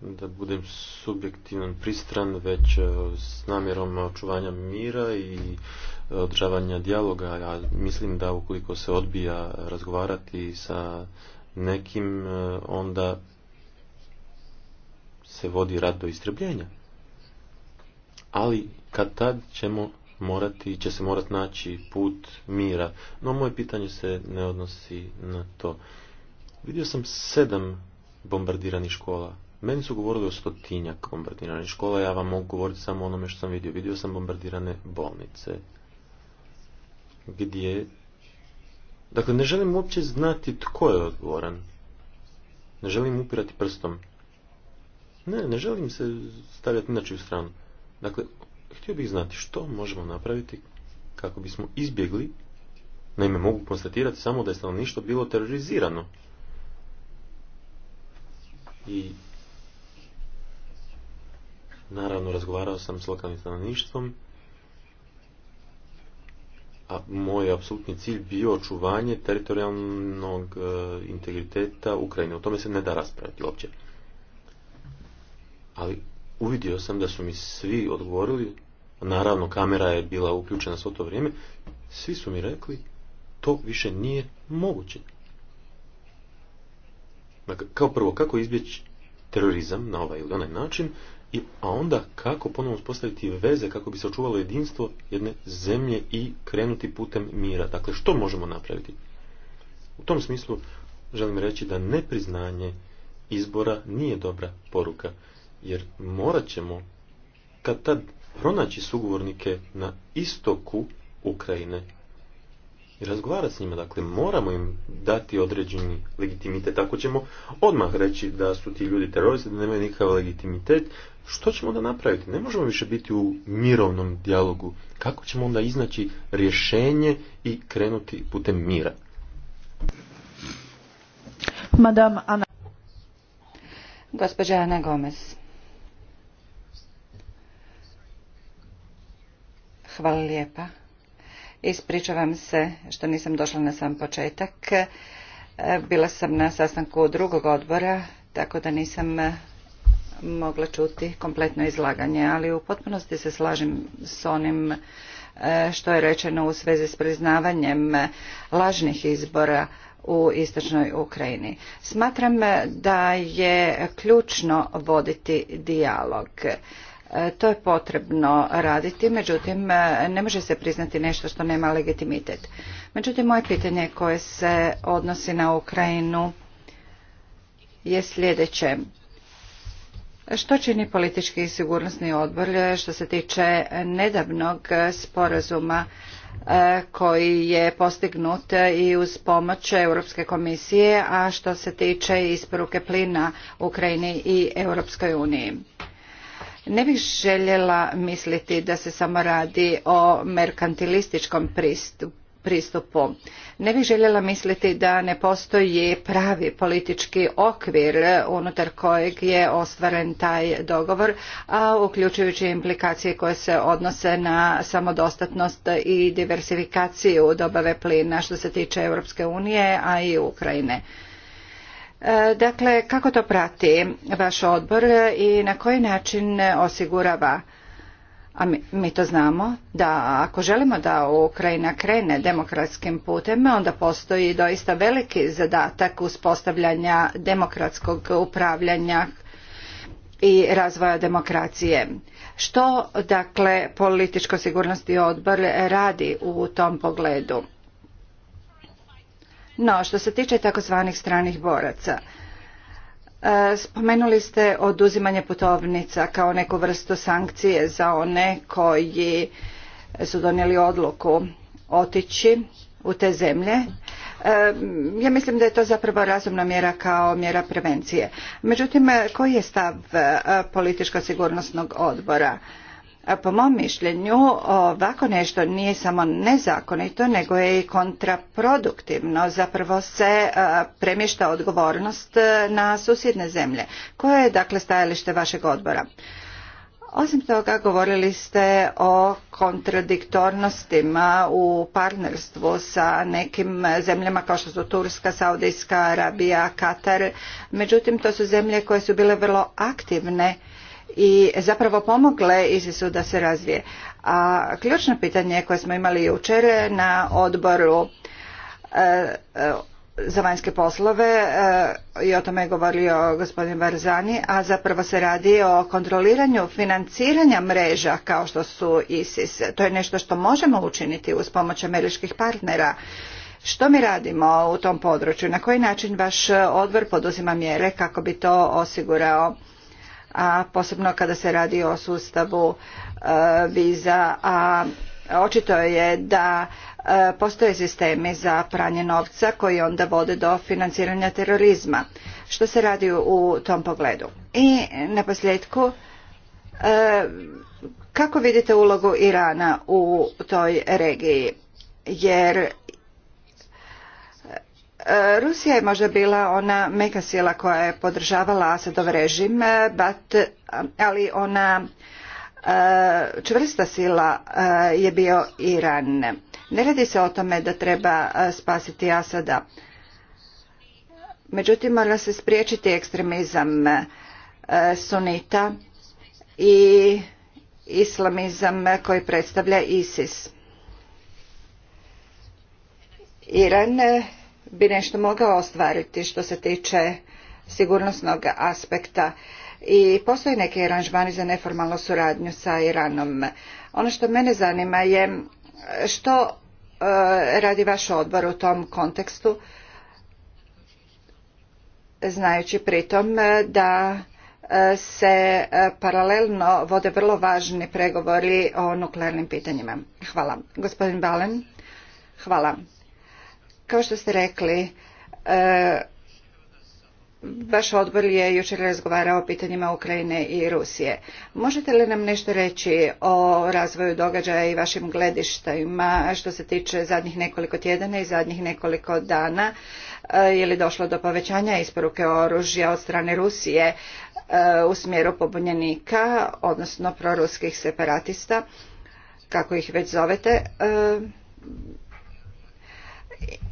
da budem subjektivan pristran, već e, s namjerom očuvanja mira i e, održavanja dijaloga. Ja mislim da ukoliko se odbija razgovarati sa nekim, e, onda se vodi rad do istrebljenja ali kad tad ćemo morati, će se morati naći put mira. No moje pitanje se ne odnosi na to. Vidio sam sedam bombardiranih škola. Meni su govorili o stotinjak bombardiranih škola, ja vam mogu govoriti samo o onome što sam vidio. Vidio sam bombardirane bolnice, gdje... Dakle, ne želim uopće znati tko je odgovoran. Ne želim upirati prstom. Ne, ne želim se stavljati inače u stranu. Dakle, htio bih znati što možemo napraviti kako bismo izbjegli, naime mogu konstatirati samo da je stanovništvo bilo terorizirano. I naravno razgovarao sam s lokalnim stanovništvom, a moj apsolutni cilj bio očuvanje teritorijalnog e, integriteta Ukrajine. O tome se ne da raspraviti uopće. Ali uvidio sam da su mi svi odgovorili, naravno kamera je bila uključena svo to vrijeme, svi su mi rekli to više nije moguće. Dakle, kao prvo, kako izbjeći terorizam na ovaj ili onaj način, i, a onda kako ponovno uspostaviti veze kako bi se očuvalo jedinstvo jedne zemlje i krenuti putem mira. Dakle, što možemo napraviti? U tom smislu želim reći da nepriznanje izbora nije dobra poruka jer morat ćemo kad tad pronaći sugovornike na istoku Ukrajine i razgovarati s njima. Dakle, moramo im dati određeni legitimitet. Ako ćemo odmah reći da su ti ljudi teroristi, da nemaju nikakav legitimitet, što ćemo da napraviti? Ne možemo više biti u mirovnom dijalogu. Kako ćemo onda iznaći rješenje i krenuti putem mira? Madame Ana. Gospođa Ana Gomez. Hvala lijepa. Ispričavam se što nisam došla na sam početak. E, bila sam na sastanku drugog odbora, tako da nisam e, mogla čuti kompletno izlaganje, ali u potpunosti se slažem s onim e, što je rečeno u svezi s priznavanjem lažnih izbora u istočnoj Ukrajini. Smatram da je ključno voditi dijalog E, to je potrebno raditi, međutim e, ne može se priznati nešto što nema legitimitet. Međutim, moje pitanje koje se odnosi na Ukrajinu je sljedeće. Što čini politički i sigurnosni odbor e, što se tiče nedavnog sporazuma koji je postignut i uz pomoć Europske komisije, a što se tiče isporuke plina Ukrajini i Europskoj uniji? Ne bih željela misliti da se samo radi o merkantilističkom pristupu Ne bih željela misliti da ne postoji pravi politički okvir unutar kojeg je ostvaren taj dogovor, a uključujući implikacije koje se odnose na samodostatnost i diversifikaciju dobave plina što se tiče Europske unije, a i Ukrajine. E, dakle, kako to prati vaš odbor i na koji način osigurava a mi, to znamo da ako želimo da Ukrajina krene demokratskim putem, onda postoji doista veliki zadatak uspostavljanja demokratskog upravljanja i razvoja demokracije. Što dakle političko sigurnosti odbor radi u tom pogledu? No, što se tiče takozvanih stranih boraca, e, spomenuli ste oduzimanje putovnica kao neku vrstu sankcije za one koji su donijeli odluku otići u te zemlje. E, ja mislim da je to zapravo razumna mjera kao mjera prevencije. Međutim, e, koji je stav političko sigurnosnog odbora? Po mom mišljenju ovako nešto nije samo nezakonito nego je i kontraproduktivno. Zapravo se e, premješta odgovornost e, na susjedne zemlje. Koje je dakle stajalište vašeg odbora? Osim toga, govorili ste o kontradiktornostima u partnerstvu sa nekim zemljama kao što su Turska, Saudijska, Arabija, Katar. Međutim, to su zemlje koje su bile vrlo aktivne i zapravo pomogle ISIS-u da se razvije. A ključno pitanje koje smo imali jučer na odboru e, e, za vanjske poslove e, i o tome je govorio gospodin Barzani, a zapravo se radi o kontroliranju financiranja mreža kao što su ISIS. To je nešto što možemo učiniti uz pomoć američkih partnera. Što mi radimo u tom području? Na koji način vaš odbor poduzima mjere kako bi to osigurao? a posebno kada se radi o sustavu e, viza, a očito je da e, postoje sistemi za pranje novca koji onda vode do financiranja terorizma. Što se radi u tom pogledu? I na posljedku, e, kako vidite ulogu Irana u toj regiji? Jer Rusija je možda bila ona meka sila koja je podržavala Asadov režim, ali ona e, čvrsta sila e, je bio Iran. Ne radi se o tome da treba e, spasiti Asada. Međutim, mora se spriječiti ekstremizam sunita i islamizam koji predstavlja ISIS. Iran bi nešto mogao ostvariti što se tiče sigurnosnog aspekta i postoje neki aranžmani za neformalnu suradnju sa Iranom. Ono što mene zanima je što e, radi vaš odbor u tom kontekstu znajući pritom e, da e, se paralelno vode vrlo važni pregovori o nuklearnim pitanjima. Hvala. Gospodin Balen. Hvala. Kao što ste rekli, e, vaš odbor je jučer razgovarao o pitanjima Ukrajine i Rusije. Možete li nam nešto reći o razvoju događaja i vašim gledištajima što se tiče zadnjih nekoliko tjedana i zadnjih nekoliko dana? E, je li došlo do povećanja isporuke oružja od strane Rusije e, u smjeru pobunjenika, odnosno proruskih separatista, kako ih već zovete?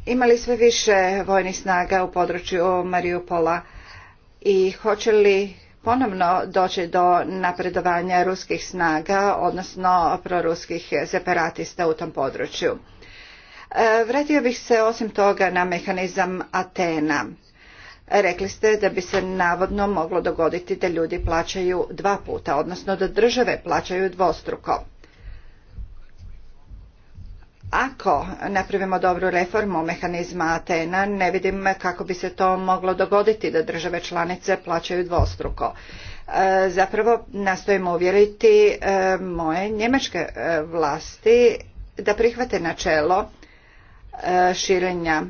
imali sve više vojnih snaga u području Mariupola i hoće li ponovno doći do napredovanja ruskih snaga, odnosno proruskih separatista u tom području. E, vratio bih se osim toga na mehanizam Atena. Rekli ste da bi se navodno moglo dogoditi da ljudi plaćaju dva puta, odnosno da države plaćaju dvostruko. Ako napravimo dobru reformu mehanizma Atena, ne vidim kako bi se to moglo dogoditi da države članice plaćaju dvostruko. E, zapravo nastojimo uvjeriti e, moje njemačke e, vlasti da prihvate načelo širenja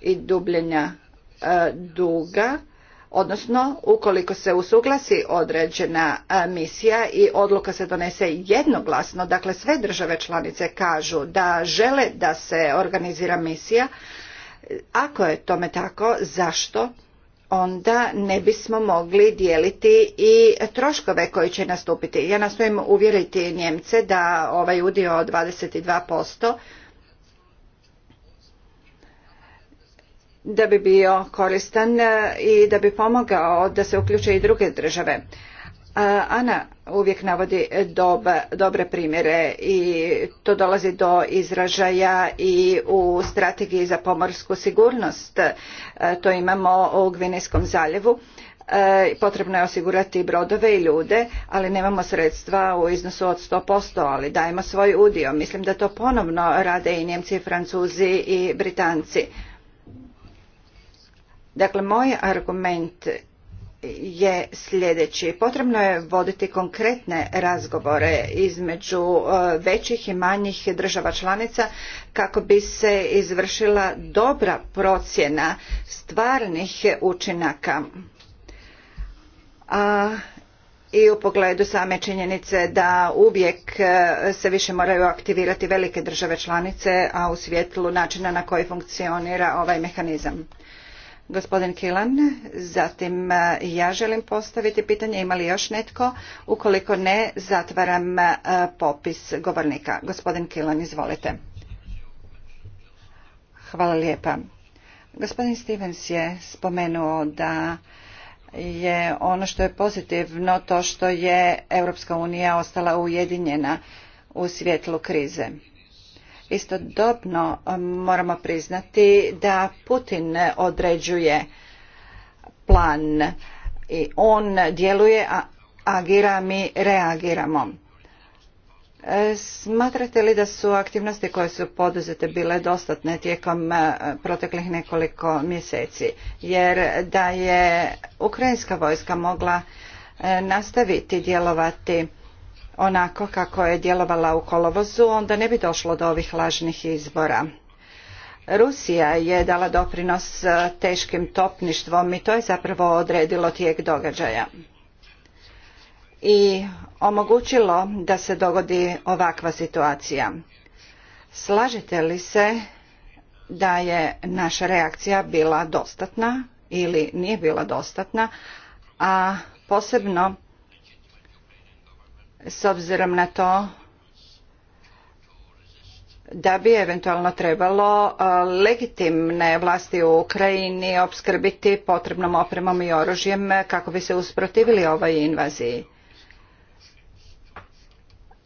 i dubljenja duga odnosno ukoliko se usuglasi određena e, misija i odluka se donese jednoglasno dakle sve države članice kažu da žele da se organizira misija e, ako je tome tako zašto onda ne bismo mogli dijeliti i troškove koji će nastupiti ja nastojim uvjeriti njemce da ovaj udio od posto da bi bio koristan e, i da bi pomogao da se uključe i druge države. E, Ana uvijek navodi dobre primjere i to dolazi do izražaja i u strategiji za pomorsku sigurnost. E, to imamo u Gvinejskom zaljevu. Potrebno je osigurati brodove i ljude, ali nemamo sredstva u iznosu od 100%, ali dajemo svoj udio. Mislim da to ponovno rade i Njemci, i Francuzi i Britanci. Dakle, moj argument je sljedeći. Potrebno je voditi konkretne razgovore između e, većih i manjih država članica kako bi se izvršila dobra procjena stvarnih učinaka. A i u pogledu same činjenice da uvijek e, se više moraju aktivirati velike države članice, a u svjetlu načina na koji funkcionira ovaj mehanizam. Gospodin Kilan, zatim e, ja želim postaviti pitanje ima li još netko? Ukoliko ne, zatvaram e, popis govornika. Gospodin Kilan, izvolite. Hvala lijepa. Gospodin Stevens je spomenuo da je ono što je pozitivno to što je Europska unija ostala ujedinjena u svjetlu krize. Istodobno um, moramo priznati da Putin određuje plan i on djeluje, a agira, mi reagiramo. E, smatrate li da su aktivnosti koje su poduzete bile dostatne tijekom e, proteklih nekoliko mjeseci? Jer da je ukrajinska vojska mogla e, nastaviti djelovati onako kako je djelovala u kolovozu, onda ne bi došlo do ovih lažnih izbora. Rusija je dala doprinos e, teškim topništvom i to je zapravo odredilo tijek događaja i omogućilo da se dogodi ovakva situacija. Slažete li se da je naša reakcija bila dostatna ili nije bila dostatna, a posebno s obzirom na to da bi eventualno trebalo e, legitimne vlasti u Ukrajini opskrbiti potrebnom opremom i oružjem kako bi se usprotivili ovoj invaziji.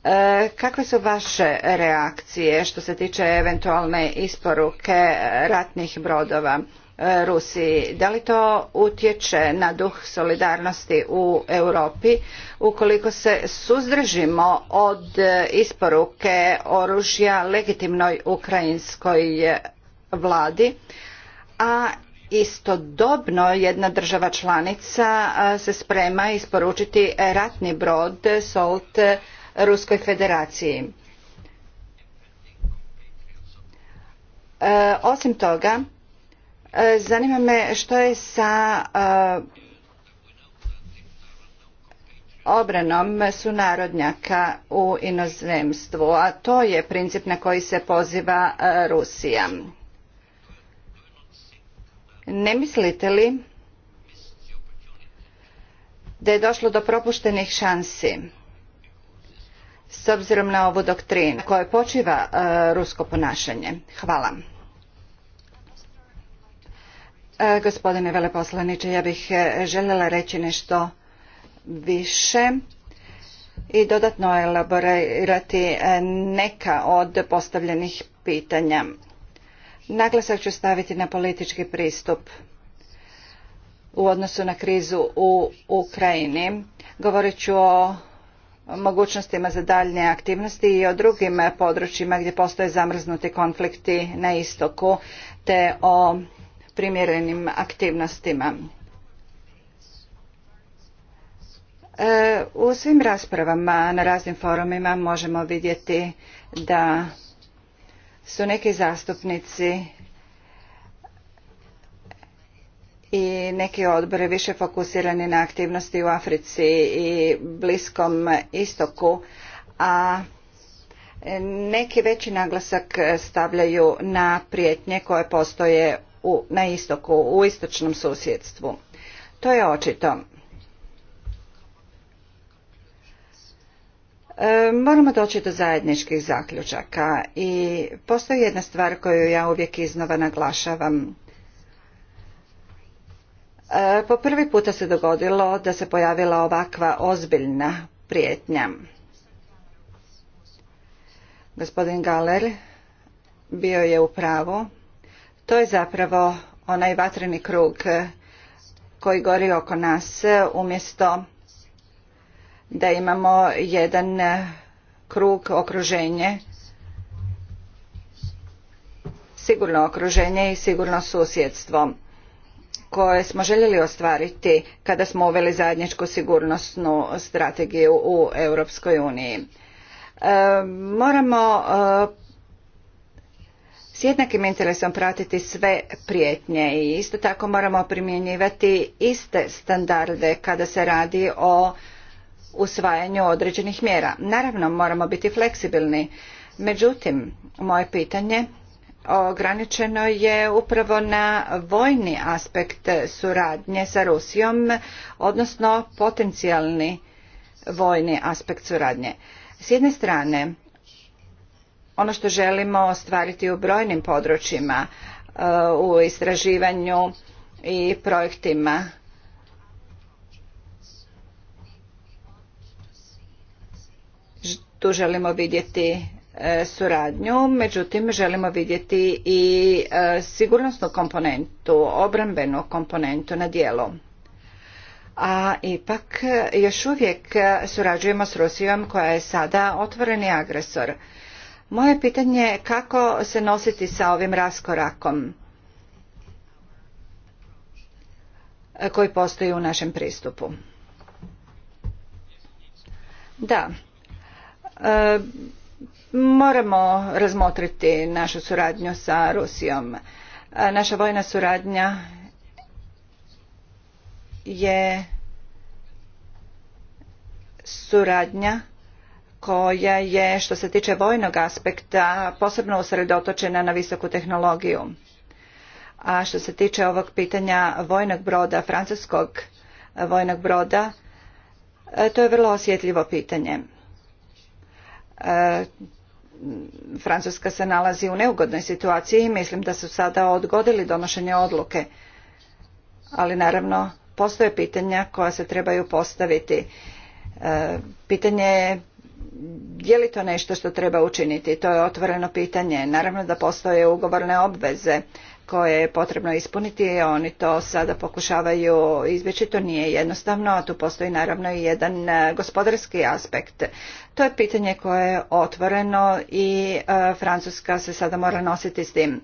E, kakve su vaše reakcije što se tiče eventualne isporuke ratnih brodova? Rusiji. Da li to utječe na duh solidarnosti u Europi ukoliko se suzdržimo od isporuke oružja legitimnoj ukrajinskoj vladi, a istodobno jedna država članica se sprema isporučiti ratni brod Solt Ruskoj federaciji. E, osim toga, E, zanima me što je sa e, obranom sunarodnjaka u inozemstvu, a to je princip na koji se poziva e, Rusija. Ne mislite li da je došlo do propuštenih šansi s obzirom na ovu doktrinu koja počiva rusko ponašanje? Hvala. E, gospodine veleposlaniče, ja bih e, željela reći nešto više i dodatno elaborirati e, neka od postavljenih pitanja. Naglasak ću staviti na politički pristup u odnosu na krizu u Ukrajini. Govorit ću o mogućnostima za daljnje aktivnosti i o drugim područjima gdje postoje zamrznuti konflikti na istoku te o primjerenim aktivnostima. E, u svim raspravama na raznim forumima možemo vidjeti da su neki zastupnici i neki odbori više fokusirani na aktivnosti u Africi i Bliskom istoku, a neki veći naglasak stavljaju na prijetnje koje postoje u, na istoku, u istočnom susjedstvu. To je očito. E, moramo doći do zajedničkih zaključaka i postoji jedna stvar koju ja uvijek iznova naglašavam. E, po prvi puta se dogodilo da se pojavila ovakva ozbiljna prijetnja. Gospodin Galer bio je u pravu to je zapravo onaj vatreni krug eh, koji gori oko nas eh, umjesto da imamo jedan eh, krug okruženje sigurno okruženje i sigurno susjedstvo koje smo željeli ostvariti kada smo uveli zajedničku sigurnosnu strategiju u europskoj uniji moramo s jednakim interesom pratiti sve prijetnje i isto tako moramo primjenjivati iste standarde kada se radi o usvajanju određenih mjera. Naravno, moramo biti fleksibilni. Međutim, moje pitanje ograničeno je upravo na vojni aspekt suradnje sa Rusijom, odnosno potencijalni vojni aspekt suradnje. S jedne strane, ono što želimo ostvariti u brojnim područjima e, u istraživanju i projektima. Tu želimo vidjeti e, suradnju, međutim želimo vidjeti i e, sigurnosnu komponentu, obrambenu komponentu na dijelu. A ipak još uvijek surađujemo s Rusijom koja je sada otvoreni agresor. Moje pitanje je kako se nositi sa ovim raskorakom koji postoji u našem pristupu. Da, e, moramo razmotriti našu suradnju sa Rusijom. E, naša vojna suradnja je suradnja koja je što se tiče vojnog aspekta posebno usredotočena na visoku tehnologiju. A što se tiče ovog pitanja vojnog broda, francuskog vojnog broda, e, to je vrlo osjetljivo pitanje. E, Francuska se nalazi u neugodnoj situaciji i mislim da su sada odgodili donošenje odluke. Ali naravno postoje pitanja koja se trebaju postaviti. E, pitanje je je li to nešto što treba učiniti? To je otvoreno pitanje. Naravno da postoje ugovorne obveze koje je potrebno ispuniti, oni to sada pokušavaju izbjeći, to nije jednostavno, a tu postoji naravno i jedan e, gospodarski aspekt. To je pitanje koje je otvoreno i e, Francuska se sada mora nositi s tim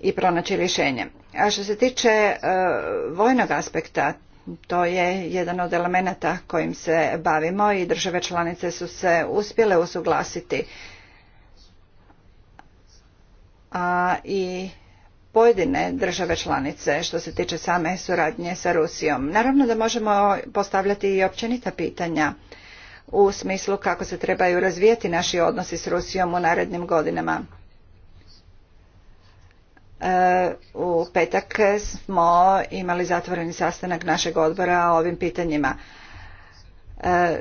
i pronaći rješenje. A što se tiče e, vojnog aspekta, to je jedan od elemenata kojim se bavimo i države članice su se uspjele usuglasiti. A i pojedine države članice što se tiče same suradnje sa Rusijom. Naravno da možemo postavljati i općenita pitanja u smislu kako se trebaju razvijati naši odnosi s Rusijom u narednim godinama. E, u petak smo imali zatvoreni sastanak našeg odbora o ovim pitanjima. E,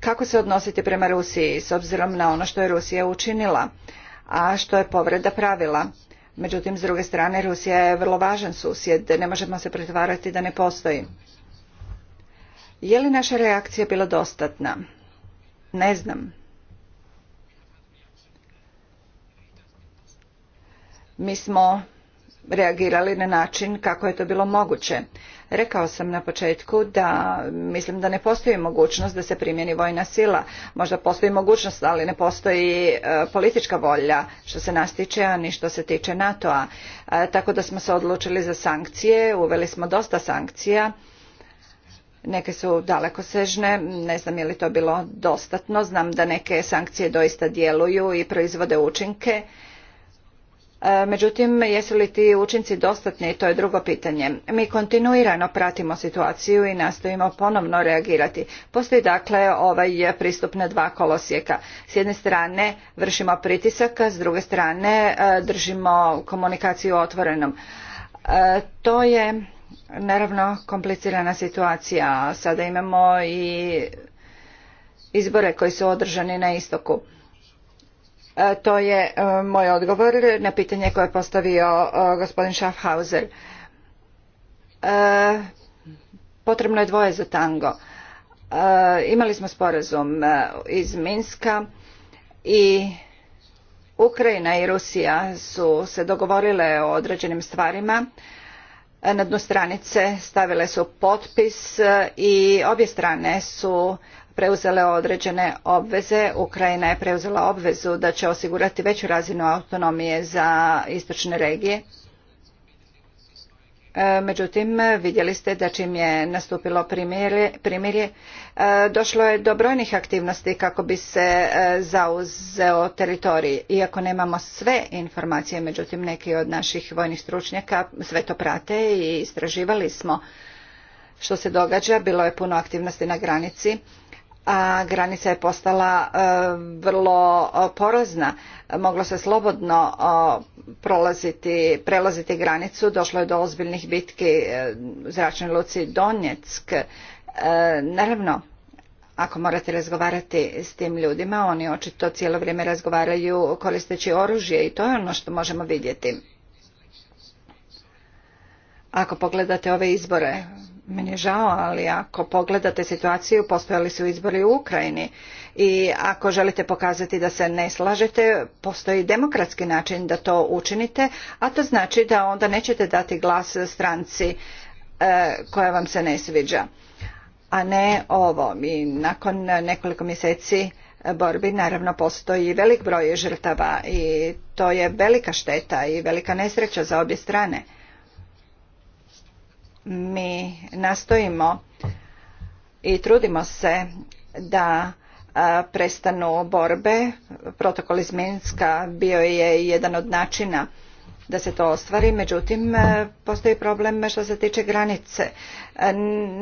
kako se odnositi prema Rusiji s obzirom na ono što je Rusija učinila, a što je povreda pravila? Međutim, s druge strane, Rusija je vrlo važan susjed, ne možemo se pretvarati da ne postoji. Je li naša reakcija bila dostatna? Ne znam. mi smo reagirali na način kako je to bilo moguće. Rekao sam na početku da mislim da ne postoji mogućnost da se primjeni vojna sila. Možda postoji mogućnost, ali ne postoji e, politička volja što se nas tiče, a ni što se tiče NATO-a. E, tako da smo se odlučili za sankcije, uveli smo dosta sankcija. Neke su daleko dalekosežne, ne znam je li to bilo dostatno, znam da neke sankcije doista djeluju i proizvode učinke. E, međutim, jesu li ti učinci dostatni, to je drugo pitanje. Mi kontinuirano pratimo situaciju i nastojimo ponovno reagirati. Postoji dakle ovaj pristup na dva kolosijeka. S jedne strane vršimo pritisak, s druge strane e, držimo komunikaciju otvorenom. E, to je naravno komplicirana situacija. Sada imamo i izbore koji su održani na istoku. E, to je e, moj odgovor na pitanje koje je postavio e, gospodin Schaffhauser. Potrebno je dvoje za tango. Imali smo sporazum iz Minska i Ukrajina i Rusija su se dogovorile o određenim stvarima na dnu stranice stavile su potpis i obje strane su preuzele određene obveze. Ukrajina je preuzela obvezu da će osigurati veću razinu autonomije za istočne regije. E, međutim, vidjeli ste da čim je nastupilo primirje, e, došlo je do brojnih aktivnosti kako bi se e, zauzeo teritorij. Iako nemamo sve informacije, međutim neki od naših vojnih stručnjaka sve to prate i istraživali smo što se događa. Bilo je puno aktivnosti na granici a granica je postala e, vrlo e, porozna. Moglo se slobodno e, prolaziti, prelaziti granicu, došlo je do ozbiljnih bitki u zračnoj luci Donjeck. Naravno, ako morate razgovarati s tim ljudima, oni očito cijelo vrijeme razgovaraju koristeći oružje i to je ono što možemo vidjeti. Ako pogledate ove izbore meni je žao, ali ako pogledate situaciju, postojali su izbori u Ukrajini i ako želite pokazati da se ne slažete, postoji demokratski način da to učinite, a to znači da onda nećete dati glas stranci e, koja vam se ne sviđa. A ne ovo. I nakon nekoliko mjeseci e, borbi naravno postoji velik broj žrtava i to je velika šteta i velika nesreća za obje strane mi nastojimo i trudimo se da prestanu borbe. Protokol iz Minska bio je jedan od načina da se to ostvari, međutim postoji problem što se tiče granice.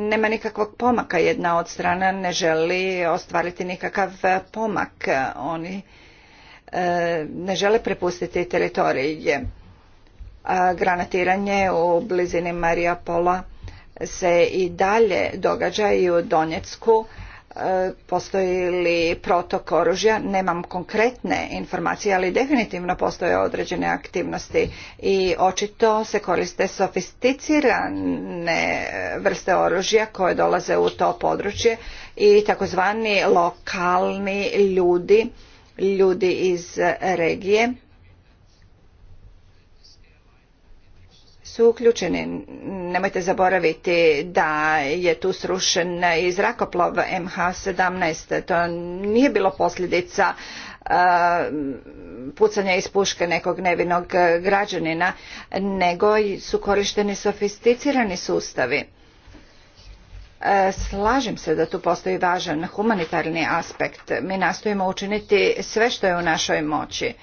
Nema nikakvog pomaka, jedna od strana ne želi ostvariti nikakav pomak. Oni ne žele prepustiti teritorije granatiranje u blizini Marijapola se i dalje događa i u Donjecku postoji li protok oružja nemam konkretne informacije ali definitivno postoje određene aktivnosti i očito se koriste sofisticirane vrste oružja koje dolaze u to područje i takozvani lokalni ljudi ljudi iz regije su uključeni. Nemojte zaboraviti da je tu srušen i zrakoplov MH17. To nije bilo posljedica e, pucanja iz puške nekog nevinog građanina, nego su korišteni sofisticirani sustavi. E, slažem se da tu postoji važan humanitarni aspekt. Mi nastojimo učiniti sve što je u našoj moći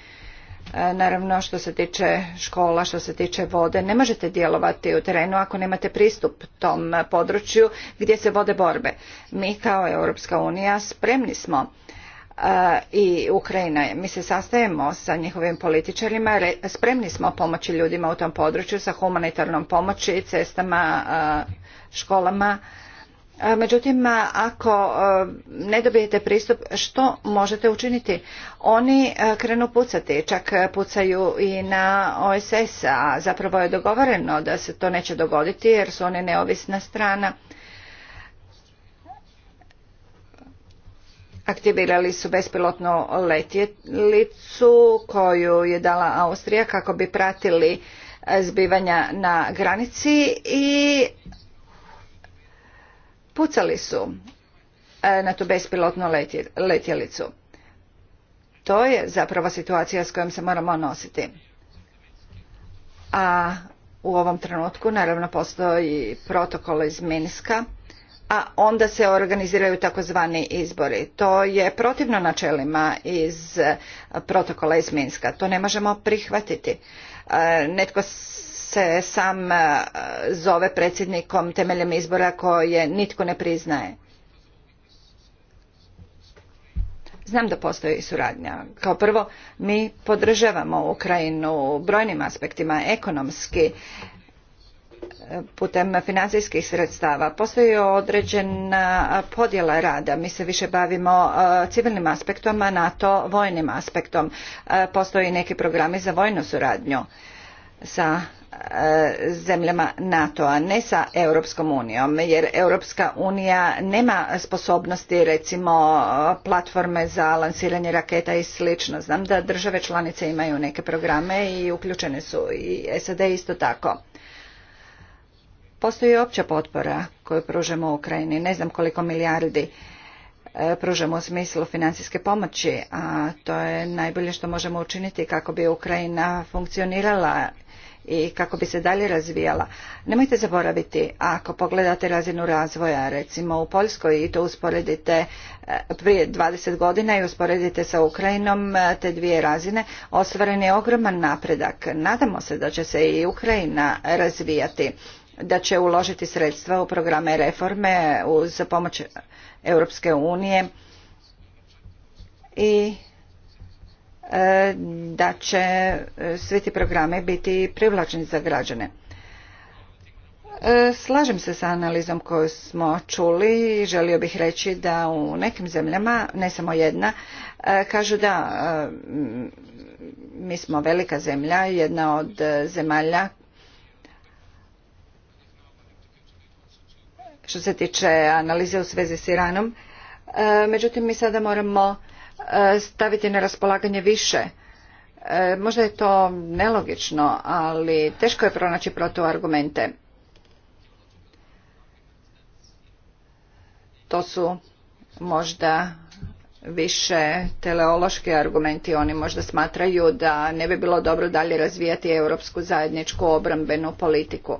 E, naravno što se tiče škola, što se tiče vode. Ne možete djelovati u terenu ako nemate pristup tom području gdje se vode borbe. Mi kao Europska unija spremni smo e, i Ukrajina. Mi se sastajemo sa njihovim političarima, spremni smo pomoći ljudima u tom području sa humanitarnom pomoći, cestama, e, školama Međutim, ako ne dobijete pristup, što možete učiniti? Oni krenu pucati, čak pucaju i na OSS, a zapravo je dogovoreno da se to neće dogoditi jer su oni neovisna strana. Aktivirali su bespilotnu letjelicu koju je dala Austrija kako bi pratili zbivanja na granici i pucali su e, na tu bespilotnu letjelicu. To je zapravo situacija s kojom se moramo nositi. A u ovom trenutku naravno postoji protokol iz Minska, a onda se organiziraju takozvani izbori. To je protivno načelima iz e, protokola iz Minska. To ne možemo prihvatiti. E, netko se sam e, zove predsjednikom temeljem izbora koje nitko ne priznaje. Znam da postoji suradnja. Kao prvo, mi podržavamo Ukrajinu brojnim aspektima, ekonomski, e, putem financijskih sredstava. Postoji određena podjela rada. Mi se više bavimo e, civilnim aspektom, a NATO vojnim aspektom. Postoji neki programi za vojnu suradnju sa Eh, zemljama NATO-a, ne sa Europskom unijom, jer Europska unija nema sposobnosti recimo platforme za lansiranje raketa i slično. Znam da države članice imaju neke programe i uključene su i SAD isto tako. Postoji opća potpora koju pružamo Ukrajini, ne znam koliko milijardi eh, pružamo u smislu financijske pomoći, a to je najbolje što možemo učiniti kako bi Ukrajina funkcionirala i kako bi se dalje razvijala. Nemojte zaboraviti, ako pogledate razinu razvoja, recimo u Poljskoj i to usporedite e, prije 20 godina i usporedite sa Ukrajinom e, te dvije razine, ostvaren je ogroman napredak. Nadamo se da će se i Ukrajina razvijati da će uložiti sredstva u programe reforme uz pomoć Europske unije i E, da će e, svi ti programe biti privlačni za građane. E, slažem se sa analizom koju smo čuli. i Želio bih reći da u nekim zemljama, ne samo jedna, kažu da mi smo velika zemlja, jedna od zemalja što se tiče analize u svezi s Iranom. Međutim, mi sada moramo staviti na raspolaganje više. E, možda je to nelogično, ali teško je pronaći protuargumente. To su možda više teleološki argumenti. Oni možda smatraju da ne bi bilo dobro dalje razvijati europsku zajedničku obrambenu politiku.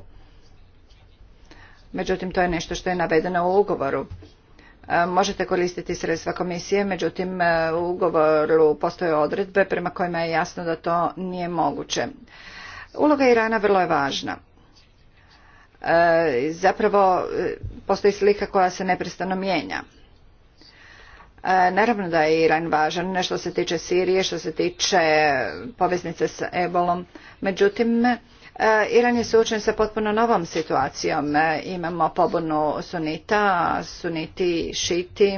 Međutim, to je nešto što je navedeno u ugovoru. E, možete koristiti sredstva komisije, međutim e, u ugovoru postoje odredbe prema kojima je jasno da to nije moguće. Uloga Irana vrlo je važna. E, zapravo postoji slika koja se neprestano mijenja. Naravno da je Iran važan što se tiče Sirije, što se tiče poveznice s Ebolom. Međutim, Eh, Iran je suočen sa potpuno novom situacijom. Eh, Imamo pobunu sunita, suniti, šiti.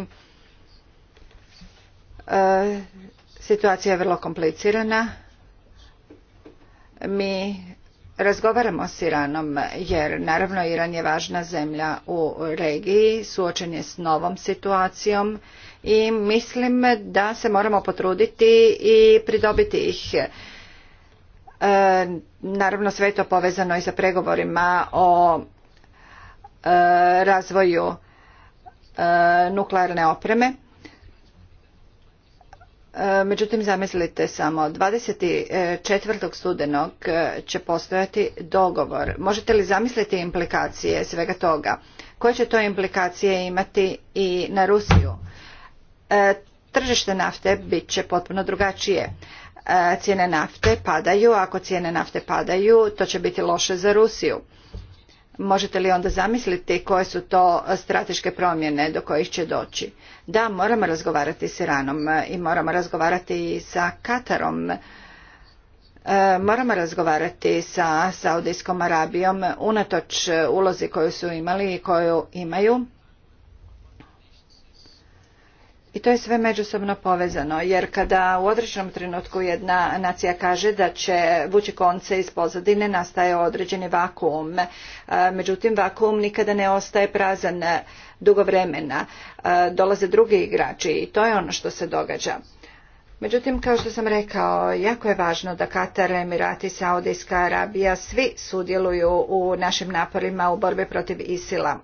Eh, situacija je vrlo komplicirana. Mi razgovaramo s Iranom jer naravno Iran je važna zemlja u regiji, suočen je s novom situacijom i mislim da se moramo potruditi i pridobiti ih E, naravno sve je to povezano i sa pregovorima o e, razvoju e, nuklearne opreme. Međutim, zamislite samo, 24. studenog će postojati dogovor. Možete li zamisliti implikacije svega toga? Koje će to implikacije imati i na Rusiju? Tržište nafte bit će potpuno drugačije. E, cijene nafte padaju, ako cijene nafte padaju, to će biti loše za Rusiju. Možete li onda zamisliti koje su to strateške promjene do kojih će doći? Da, moramo razgovarati s Iranom e, i moramo razgovarati sa Katarom. E, moramo razgovarati sa Saudijskom Arabijom unatoč ulozi koju su imali i koju imaju i to je sve međusobno povezano, jer kada u određenom trenutku jedna nacija kaže da će vući konce iz pozadine, nastaje određeni vakuum. E, međutim, vakuum nikada ne ostaje prazan e, dugo vremena. E, dolaze drugi igrači i to je ono što se događa. Međutim, kao što sam rekao, jako je važno da Katar, Emirati, Saudijska Arabija, svi sudjeluju u našim naporima u borbi protiv Isila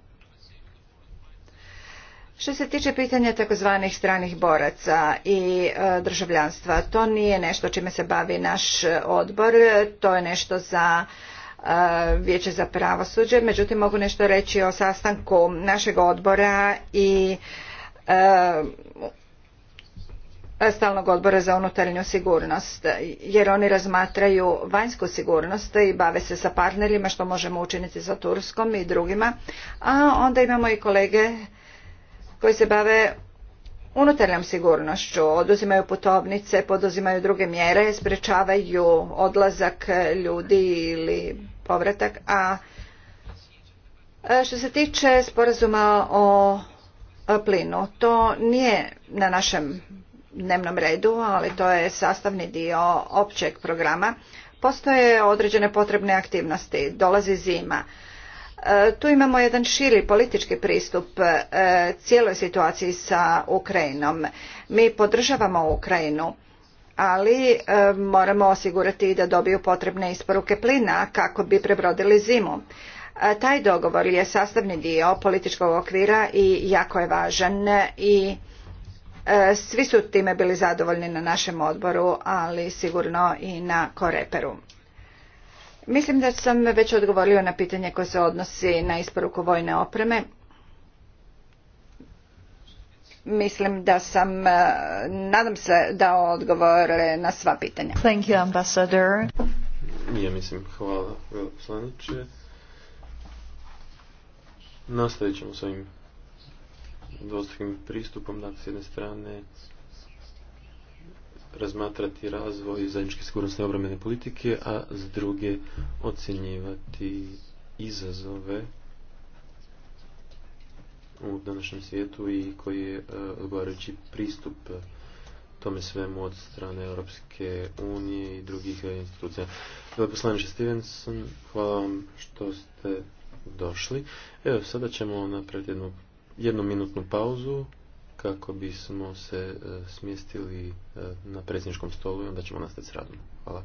što se tiče pitanja takozvanih stranih boraca i e, državljanstva, to nije nešto čime se bavi naš e, odbor, to je nešto za e, Vijeće za pravosuđe, međutim mogu nešto reći o sastanku našeg odbora i stalnog odbora za unutarnju sigurnost jer oni razmatraju vanjsku sigurnost i bave se sa partnerima što možemo učiniti sa Turskom i drugima, a onda imamo i kolege koji se bave unutarnjom sigurnošću, oduzimaju putovnice, poduzimaju druge mjere, sprečavaju odlazak ljudi ili povratak, a e, što se tiče sporazuma o plinu, to nije na našem dnevnom redu, ali to je sastavni dio općeg programa. Postoje određene potrebne aktivnosti, dolazi zima E, tu imamo jedan širi politički pristup e, cijeloj situaciji sa Ukrajinom. Mi podržavamo Ukrajinu, ali e, moramo osigurati da dobiju potrebne isporuke plina kako bi prebrodili zimu. Taj dogovor je sastavni dio političkog okvira i jako je važan i svi su time bili zadovoljni na našem odboru, ali sigurno i na Koreperu. Mislim da sam već odgovorio na pitanje koje se odnosi na isporuku vojne opreme. Mislim da sam, e, nadam se, dao odgovor na sva pitanja. Thank you, ambassador. Ja mislim, hvala, veleposlaniče. Nastavit ćemo s ovim pristupom, dakle, s jedne strane razmatrati razvoj zajedničke sigurnosne obrambene politike, a s druge ocjenjivati izazove u današnjem svijetu i koji je e, odgovarajući pristup tome svemu od strane Europske unije i drugih institucija. Veleposlaniče Stevenson, hvala vam što ste došli. Evo, sada ćemo napraviti jednu minutnu pauzu kako bismo se e, smjestili e, na predsjedničkom stolu i onda ćemo nastaviti s radom. Hvala.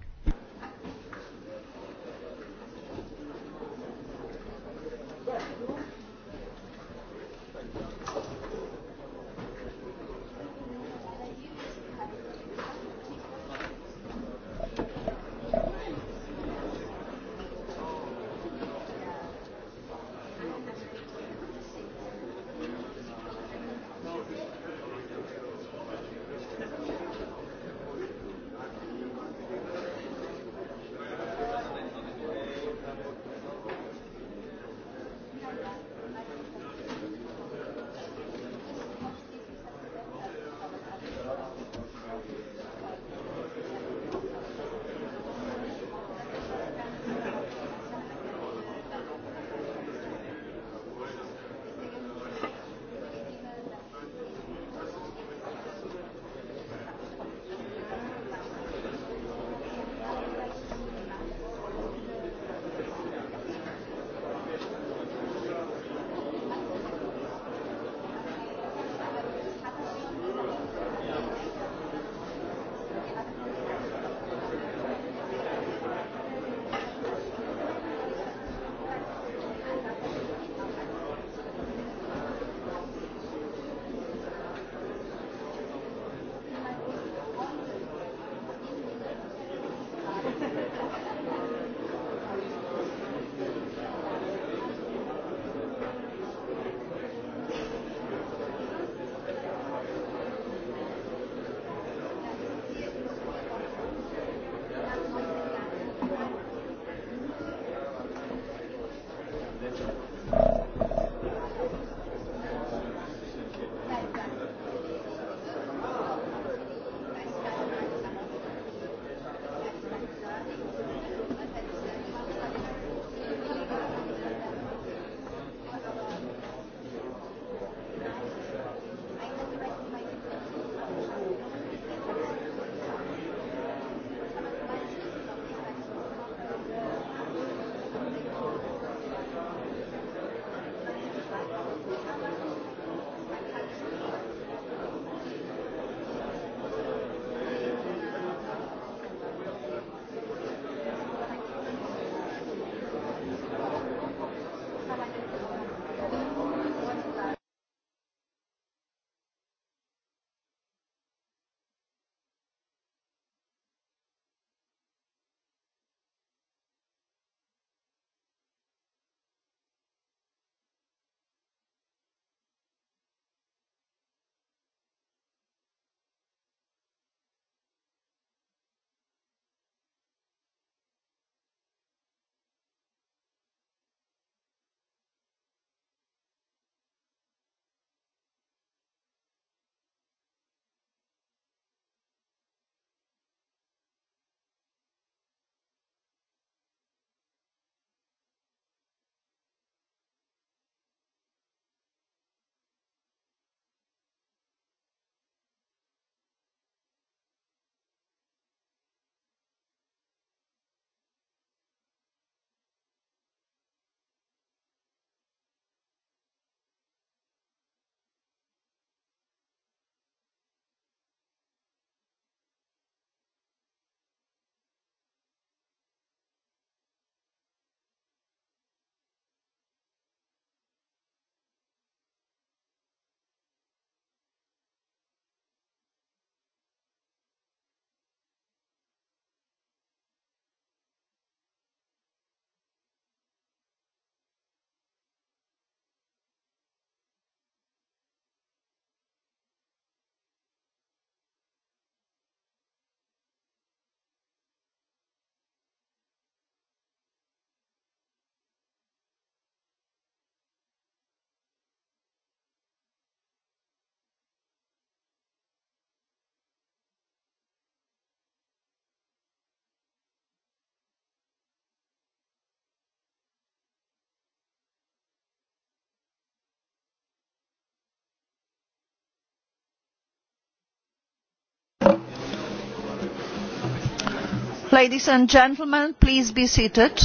Ladies and gentlemen, please be seated.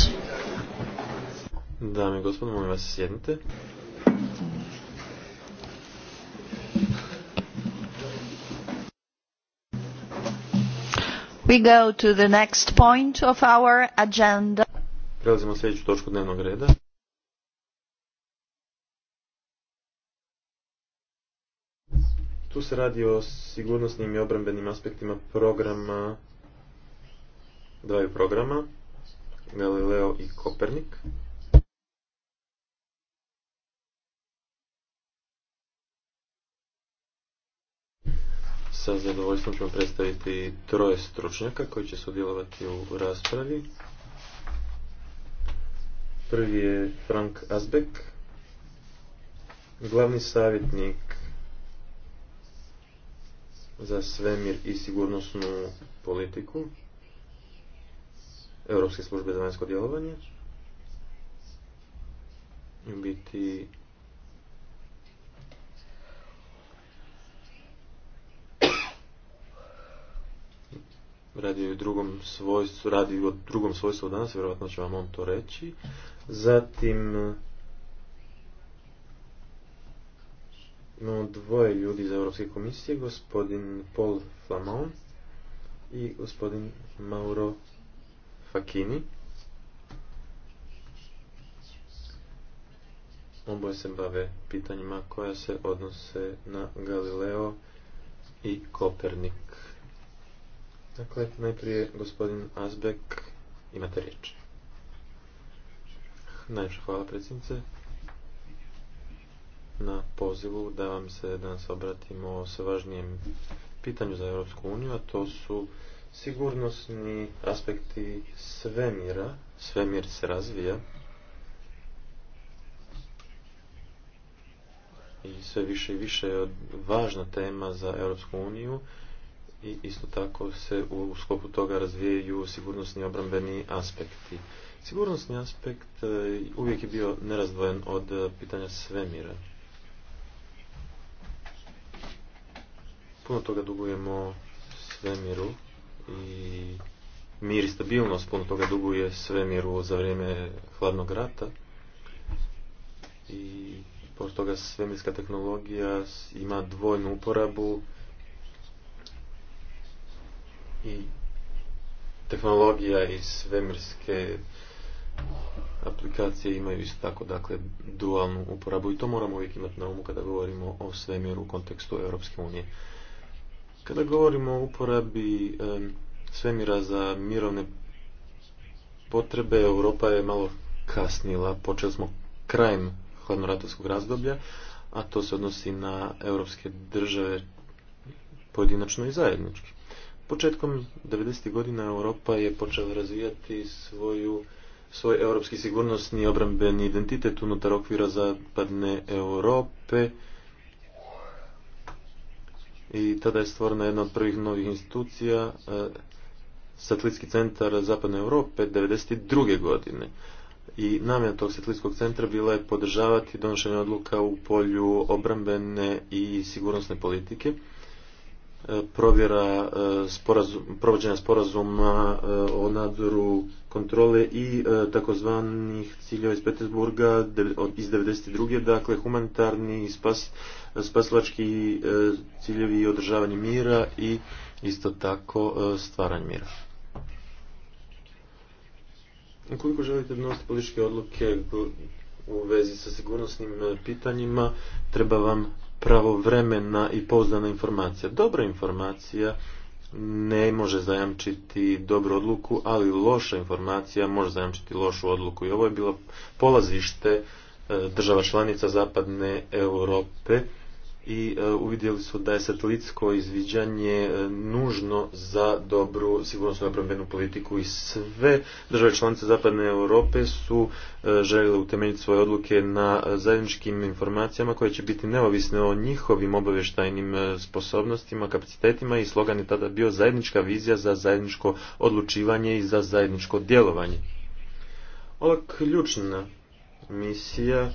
Dame i gospodo, molim vas sjednite. We go to the next point of our agenda. Prelazimo sljedeću točku dnevnog reda. Tu se radi o sigurnosnim i obrambenim aspektima programa dvaju programa, Galileo i Kopernik. Sa zadovoljstvom ćemo predstaviti troje stručnjaka koji će sudjelovati u raspravi. Prvi je Frank Azbek, glavni savjetnik za svemir i sigurnosnu politiku Europske službe za vanjsko djelovanje. I biti radi u drugom svojstvu, radi u drugom svojstvu danas, vjerojatno će vam on to reći. Zatim imamo dvoje ljudi iz Europske komisije, gospodin Paul Flamon i gospodin Mauro Fakini. Oboje se bave pitanjima koja se odnose na Galileo i Kopernik. Dakle, najprije gospodin Azbek, imate riječ. Najviše hvala predsjednice na pozivu da vam se danas obratimo o sve važnijem pitanju za Europsku uniju, a to su Sigurnosni aspekti svemira, svemir se razvija i sve više i više je važna tema za Europsku uniju i isto tako se u sklopu toga razvijaju sigurnosni obrambeni aspekti. Sigurnosni aspekt e, uvijek je bio nerazdvojen od pitanja svemira. Puno toga dugujemo svemiru i mir i stabilnost, puno toga duguje svemiru za vrijeme hladnog rata i pored toga svemirska tehnologija ima dvojnu uporabu i tehnologija i svemirske aplikacije imaju isto tako dakle dualnu uporabu i to moramo uvijek imati na umu kada govorimo o svemiru u kontekstu Europske unije. Kada govorimo o uporabi svemira za mirovne potrebe, Europa je malo kasnila. Počeli smo krajem hladnoratovskog razdoblja, a to se odnosi na europske države pojedinačno i zajednički. Početkom 90. godina Europa je počela razvijati svoju svoj europski sigurnosni obrambeni identitet unutar okvira zapadne Europe i tada je stvorena jedna od prvih novih institucija, e, satelitski centar Zapadne Europe 1992. godine. I namjena tog satelitskog centra bila je podržavati donošenje odluka u polju obrambene i sigurnosne politike. E, provjera e, provođenja sporazuma e, o nadzoru kontrole i takozvanih ciljeva iz Petersburga iz 92. dakle humanitarni spas, spaslački ciljevi i održavanje mira i isto tako stvaranje mira. Ukoliko želite donositi političke odluke u vezi sa sigurnosnim pitanjima, treba vam pravovremena i pouzdana informacija. Dobra informacija ne može zajamčiti dobru odluku, ali loša informacija može zajamčiti lošu odluku. I ovo je bilo polazište e, država članica zapadne Europe i e, uvidjeli su da je satelitsko izviđanje e, nužno za dobru sigurnosnu obrambenu politiku i sve države članice Zapadne Europe su e, željeli utemeljiti svoje odluke na zajedničkim informacijama koje će biti neovisne o njihovim obavještajnim sposobnostima, kapacitetima i slogan je tada bio zajednička vizija za zajedničko odlučivanje i za zajedničko djelovanje. Ova ključna misija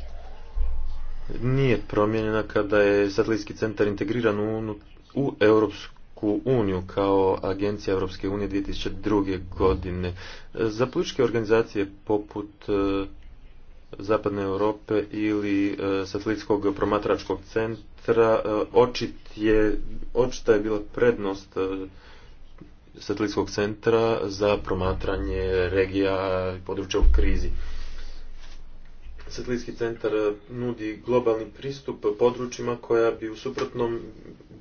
nije promijenjena kada je satelitski centar integriran u, u Europsku uniju kao agencija Europske unije 2002. godine. Za političke organizacije poput e, Zapadne Europe ili e, satelitskog promatračkog centra e, očit je, očita je bila prednost satelitskog centra za promatranje regija i područja u krizi satelitski centar eh, nudi globalni pristup područjima koja bi u suprotnom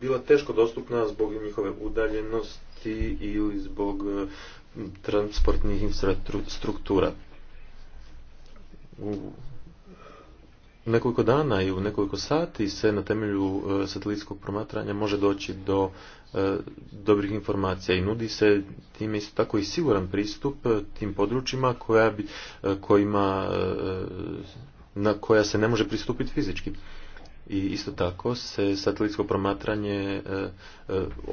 bila teško dostupna zbog njihove udaljenosti ili zbog eh, transportnih infrastruktura. U nekoliko dana i u nekoliko sati se na temelju eh, satelitskog promatranja može doći do E, dobrih informacija i nudi se time isto tako i siguran pristup e, tim područjima koja bi, e, kojima, na koja se ne može pristupiti fizički. I isto tako se satelitsko promatranje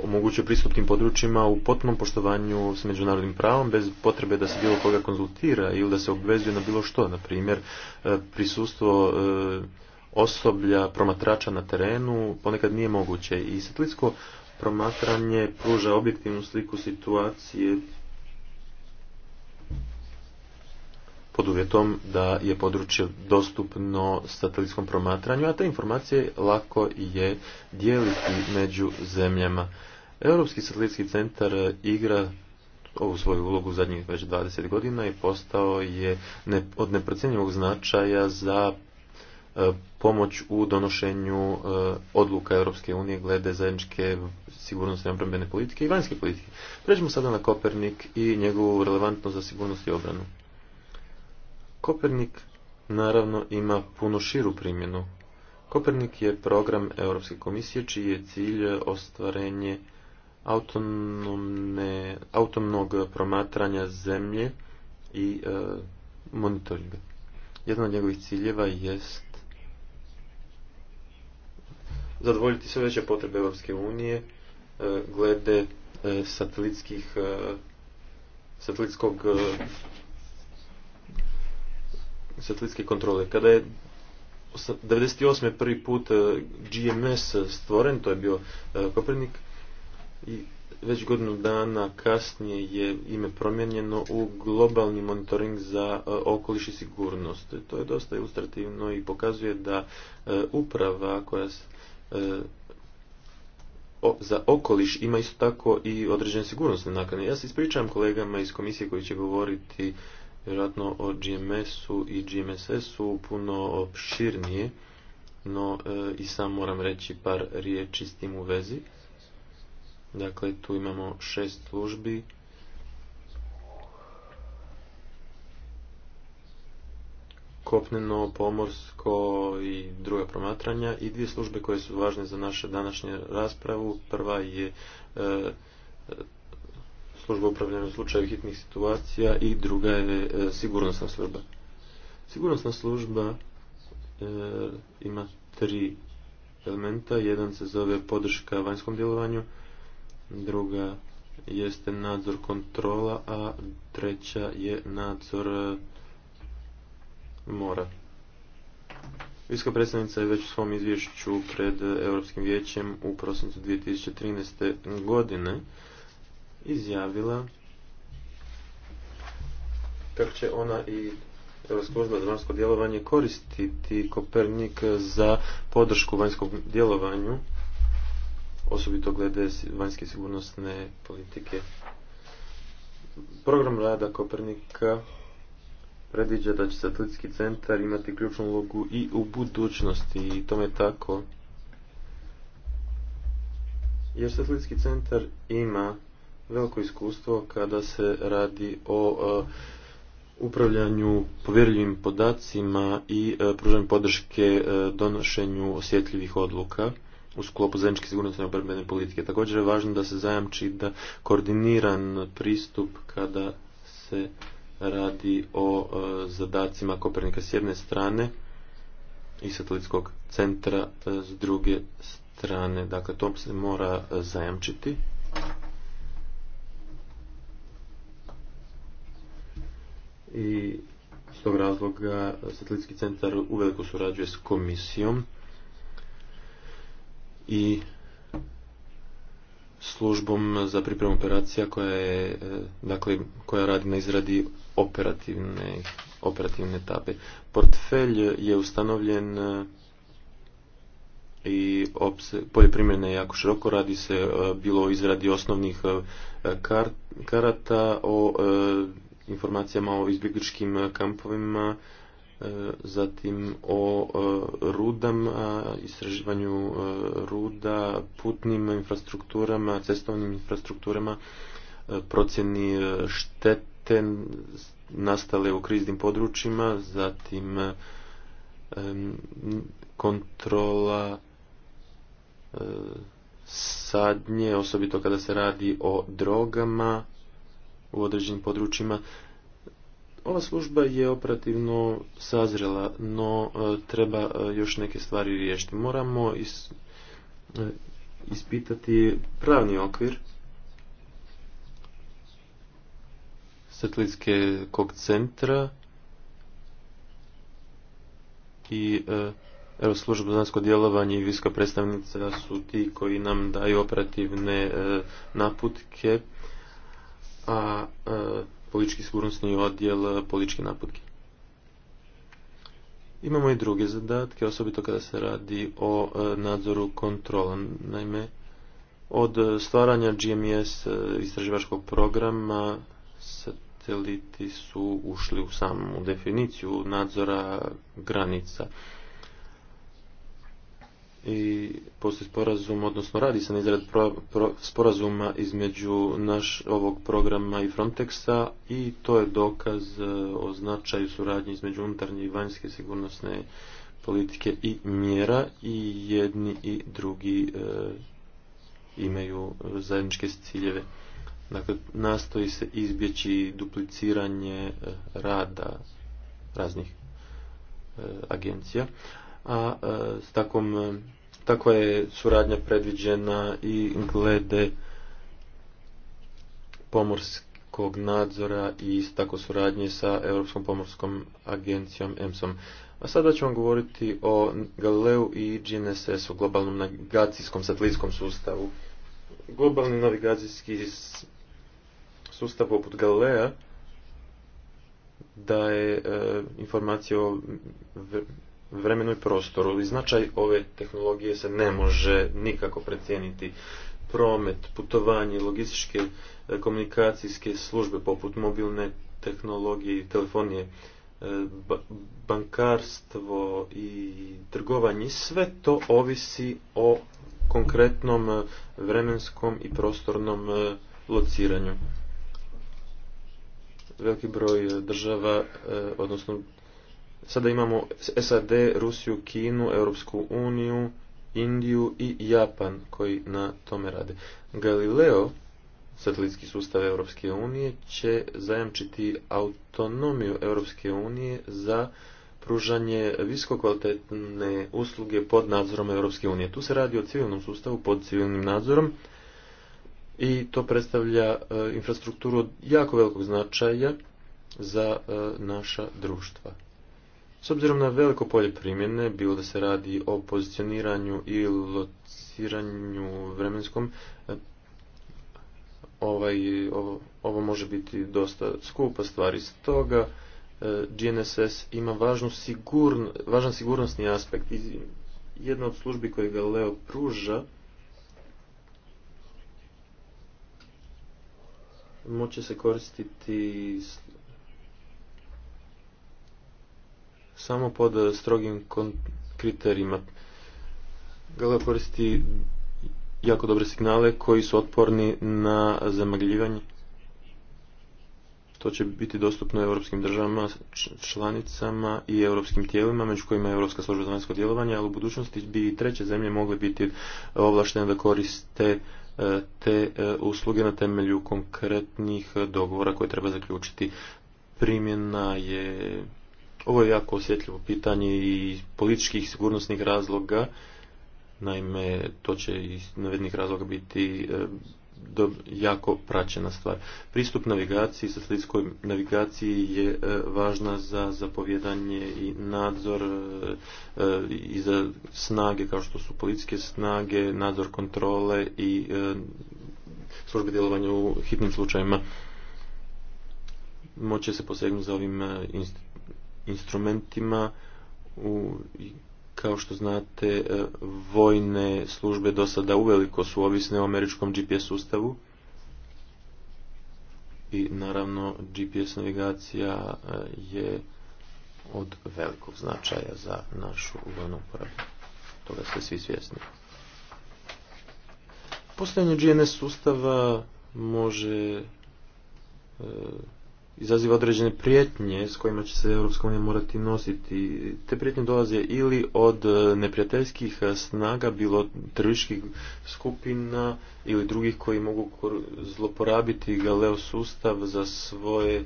omogućuje pristup tim područjima u potpunom poštovanju s međunarodnim pravom bez potrebe da se bilo koga konzultira ili da se obvezuje na bilo što. Na primjer, prisustvo osoblja promatrača na terenu ponekad nije moguće i satelitsko promatranje pruža objektivnu sliku situacije pod uvjetom da je područje dostupno satelitskom promatranju, a te informacije lako je dijeliti među zemljama. Europski satelitski centar igra ovu svoju ulogu zadnjih već 20 godina i postao je od neprocjenjivog značaja za E, pomoć u donošenju e, odluka Europske unije glede zajedničke sigurnosne i obrambene politike i vanjske politike. Pređemo sada na Kopernik i njegovu relevantnost za sigurnost i obranu. Kopernik naravno ima puno širu primjenu. Kopernik je program Europske komisije čiji je cilj ostvarenje autonomne, autonomnog promatranja zemlje i e, monitoringa. Jedan od njegovih ciljeva jest zadovoljiti sve veće potrebe Europske unije e, glede e, satelitskih e, satelitskog satelitske kontrole. Kada je 98. prvi put GMS stvoren, to je bio Kopernik, i već godinu dana kasnije je ime promijenjeno u globalni monitoring za okoliš i sigurnost. To je dosta ilustrativno i pokazuje da uprava koja se E, za okoliš ima isto tako i određene sigurnosne nakane. Ja se ispričavam kolegama iz komisije koji će govoriti vjerojatno o GMS-u i GMSS-u puno opširnije, no e, i sam moram reći par riječi s tim u vezi. Dakle, tu imamo šest službi kopneno, pomorsko i druga promatranja i dvije službe koje su važne za našu današnju raspravu. Prva je e, služba upravljanja u slučaju hitnih situacija i druga je e, sigurnosna služba. Sigurnosna služba e, ima tri elementa. Jedan se zove podrška vanjskom djelovanju, druga jeste nadzor kontrola, a treća je nadzor mora. Viska predstavnica je već u svom izvješću pred Europskim vijećem u prosincu 2013. godine izjavila kako će ona i Europska služba za vanjsko djelovanje koristiti Kopernik za podršku vanjskom djelovanju, osobito glede vanjske sigurnosne politike. Program rada Kopernika predviđa da će satelitski centar imati ključnu ulogu i u budućnosti i tome je tako. Jer satelitski centar ima veliko iskustvo kada se radi o e, upravljanju povjerljivim podacima i e, pružanju podrške e, donošenju osjetljivih odluka u sklopu zajedničke sigurnosne obrambene politike. Također je važno da se zajamči da koordiniran pristup kada se radi o e, zadacima Kopernika s jedne strane i satelitskog centra e, s druge strane. Dakle, to se mora e, zajamčiti. I s tog razloga satelitski centar uveliko surađuje s komisijom i službom za pripremu operacija koja je dakle koja radi na izradi operativne, operativne etape. Portfelj je ustanovljen eh, i poljoprivredna je jako široko, radi se eh, bilo o izradi osnovnih eh, karata, o informacijama o izbjegličkim kampovima, zatim o rudama, istraživanju ruda, putnim infrastrukturama, cestovnim infrastrukturama, procjeni štet te nastale u kriznim područjima, zatim kontrola e, sadnje, osobito kada se radi o drogama u određenim područjima. Ova služba je operativno sazrela, no e, treba e, još neke stvari riješiti. Moramo ispitati pravni okvir satelitske kog centra i e, evo služba dansko djelovanje i viska predstavnica su ti koji nam daju operativne e, naputke a e, politički sigurnosni odjel političke naputke Imamo i druge zadatke, osobito kada se radi o nadzoru kontrola. Naime, od stvaranja GMS istraživačkog programa sateliti su ušli u samu definiciju nadzora granica. I poslije sporazum, odnosno radi se na izrad sporazuma između naš ovog programa i Frontexa i to je dokaz e, o značaju suradnje između unutarnje i vanjske sigurnosne politike i mjera i jedni i drugi e, imaju zajedničke ciljeve. Dakle, nastoji se izbjeći dupliciranje e, rada raznih e, agencija, a e, s takva je suradnja predviđena i glede pomorskog nadzora i tako suradnje sa Europskom pomorskom agencijom EMSom. A sada ćemo govoriti o Galileu i GNSS-u, globalnom navigacijskom satelitskom sustavu. Globalni navigacijski sustav poput Galilea daje e, informacije o vremenu i prostoru. I značaj ove tehnologije se ne može nikako precijeniti. Promet, putovanje, logističke, e, komunikacijske službe poput mobilne tehnologije i telefonije, e, bankarstvo i trgovanje, sve to ovisi o konkretnom vremenskom i prostornom lociranju veliki broj država, e, odnosno sada imamo SAD, Rusiju, Kinu, Europsku uniju, Indiju i Japan koji na tome rade. Galileo, satelitski sustav Europske unije, će zajamčiti autonomiju Europske unije za pružanje visokokvalitetne usluge pod nadzorom Europske unije. Tu se radi o civilnom sustavu pod civilnim nadzorom, i to predstavlja e, infrastrukturu od jako velikog značaja za e, naša društva. S obzirom na veliko polje primjene, bilo da se radi o pozicioniranju i lociranju vremenskom, e, ovaj, ovo, ovo može biti dosta skupa stvari. toga. GNSS ima važnu sigurn, važan sigurnosni aspekt. Jedna od službi koje leo pruža moće se koristiti samo pod strogim kriterijima. Galileo koristi jako dobre signale koji su otporni na zamagljivanje. To će biti dostupno europskim državama, članicama i europskim tijelima, među kojima je Europska služba za vanjsko djelovanje, ali u budućnosti bi i treće zemlje mogle biti ovlaštene da koriste E, te e, usluge na temelju konkretnih dogovora koje treba zaključiti. Primjena je, ovo je jako osjetljivo pitanje i političkih sigurnosnih razloga, naime to će iz navednih razloga biti e, jako praćena stvar. Pristup navigaciji, satelitskoj navigaciji je e, važna za zapovjedanje i nadzor e, e, i za snage kao što su policijske snage, nadzor kontrole i službe djelovanja u hitnim slučajevima. Moće se posegnuti za ovim instrumentima u kao što znate, e, vojne službe do sada uveliko su ovisne o američkom GPS sustavu i naravno GPS navigacija e, je od velikog značaja za našu vojnu uporabu. Toga ste svi svjesni. Postojanje GNS sustava može e, izaziva određene prijetnje s kojima će se Europska morati nositi. Te prijetnje dolaze ili od e, neprijateljskih e, snaga, bilo terorističkih skupina ili drugih koji mogu zloporabiti Galeo sustav za svoje e,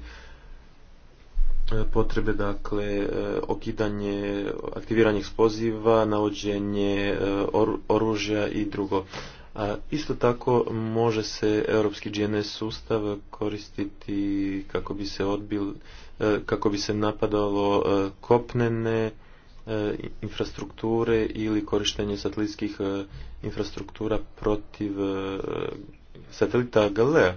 potrebe, dakle, okidanje, aktiviranje ekspoziva, navođenje oružja i drugo. A isto tako može se europski GNS sustav koristiti kako bi se odbil, e, kako bi se napadalo e, kopnene e, infrastrukture ili korištenje satelitskih infrastruktura protiv satelita Galea.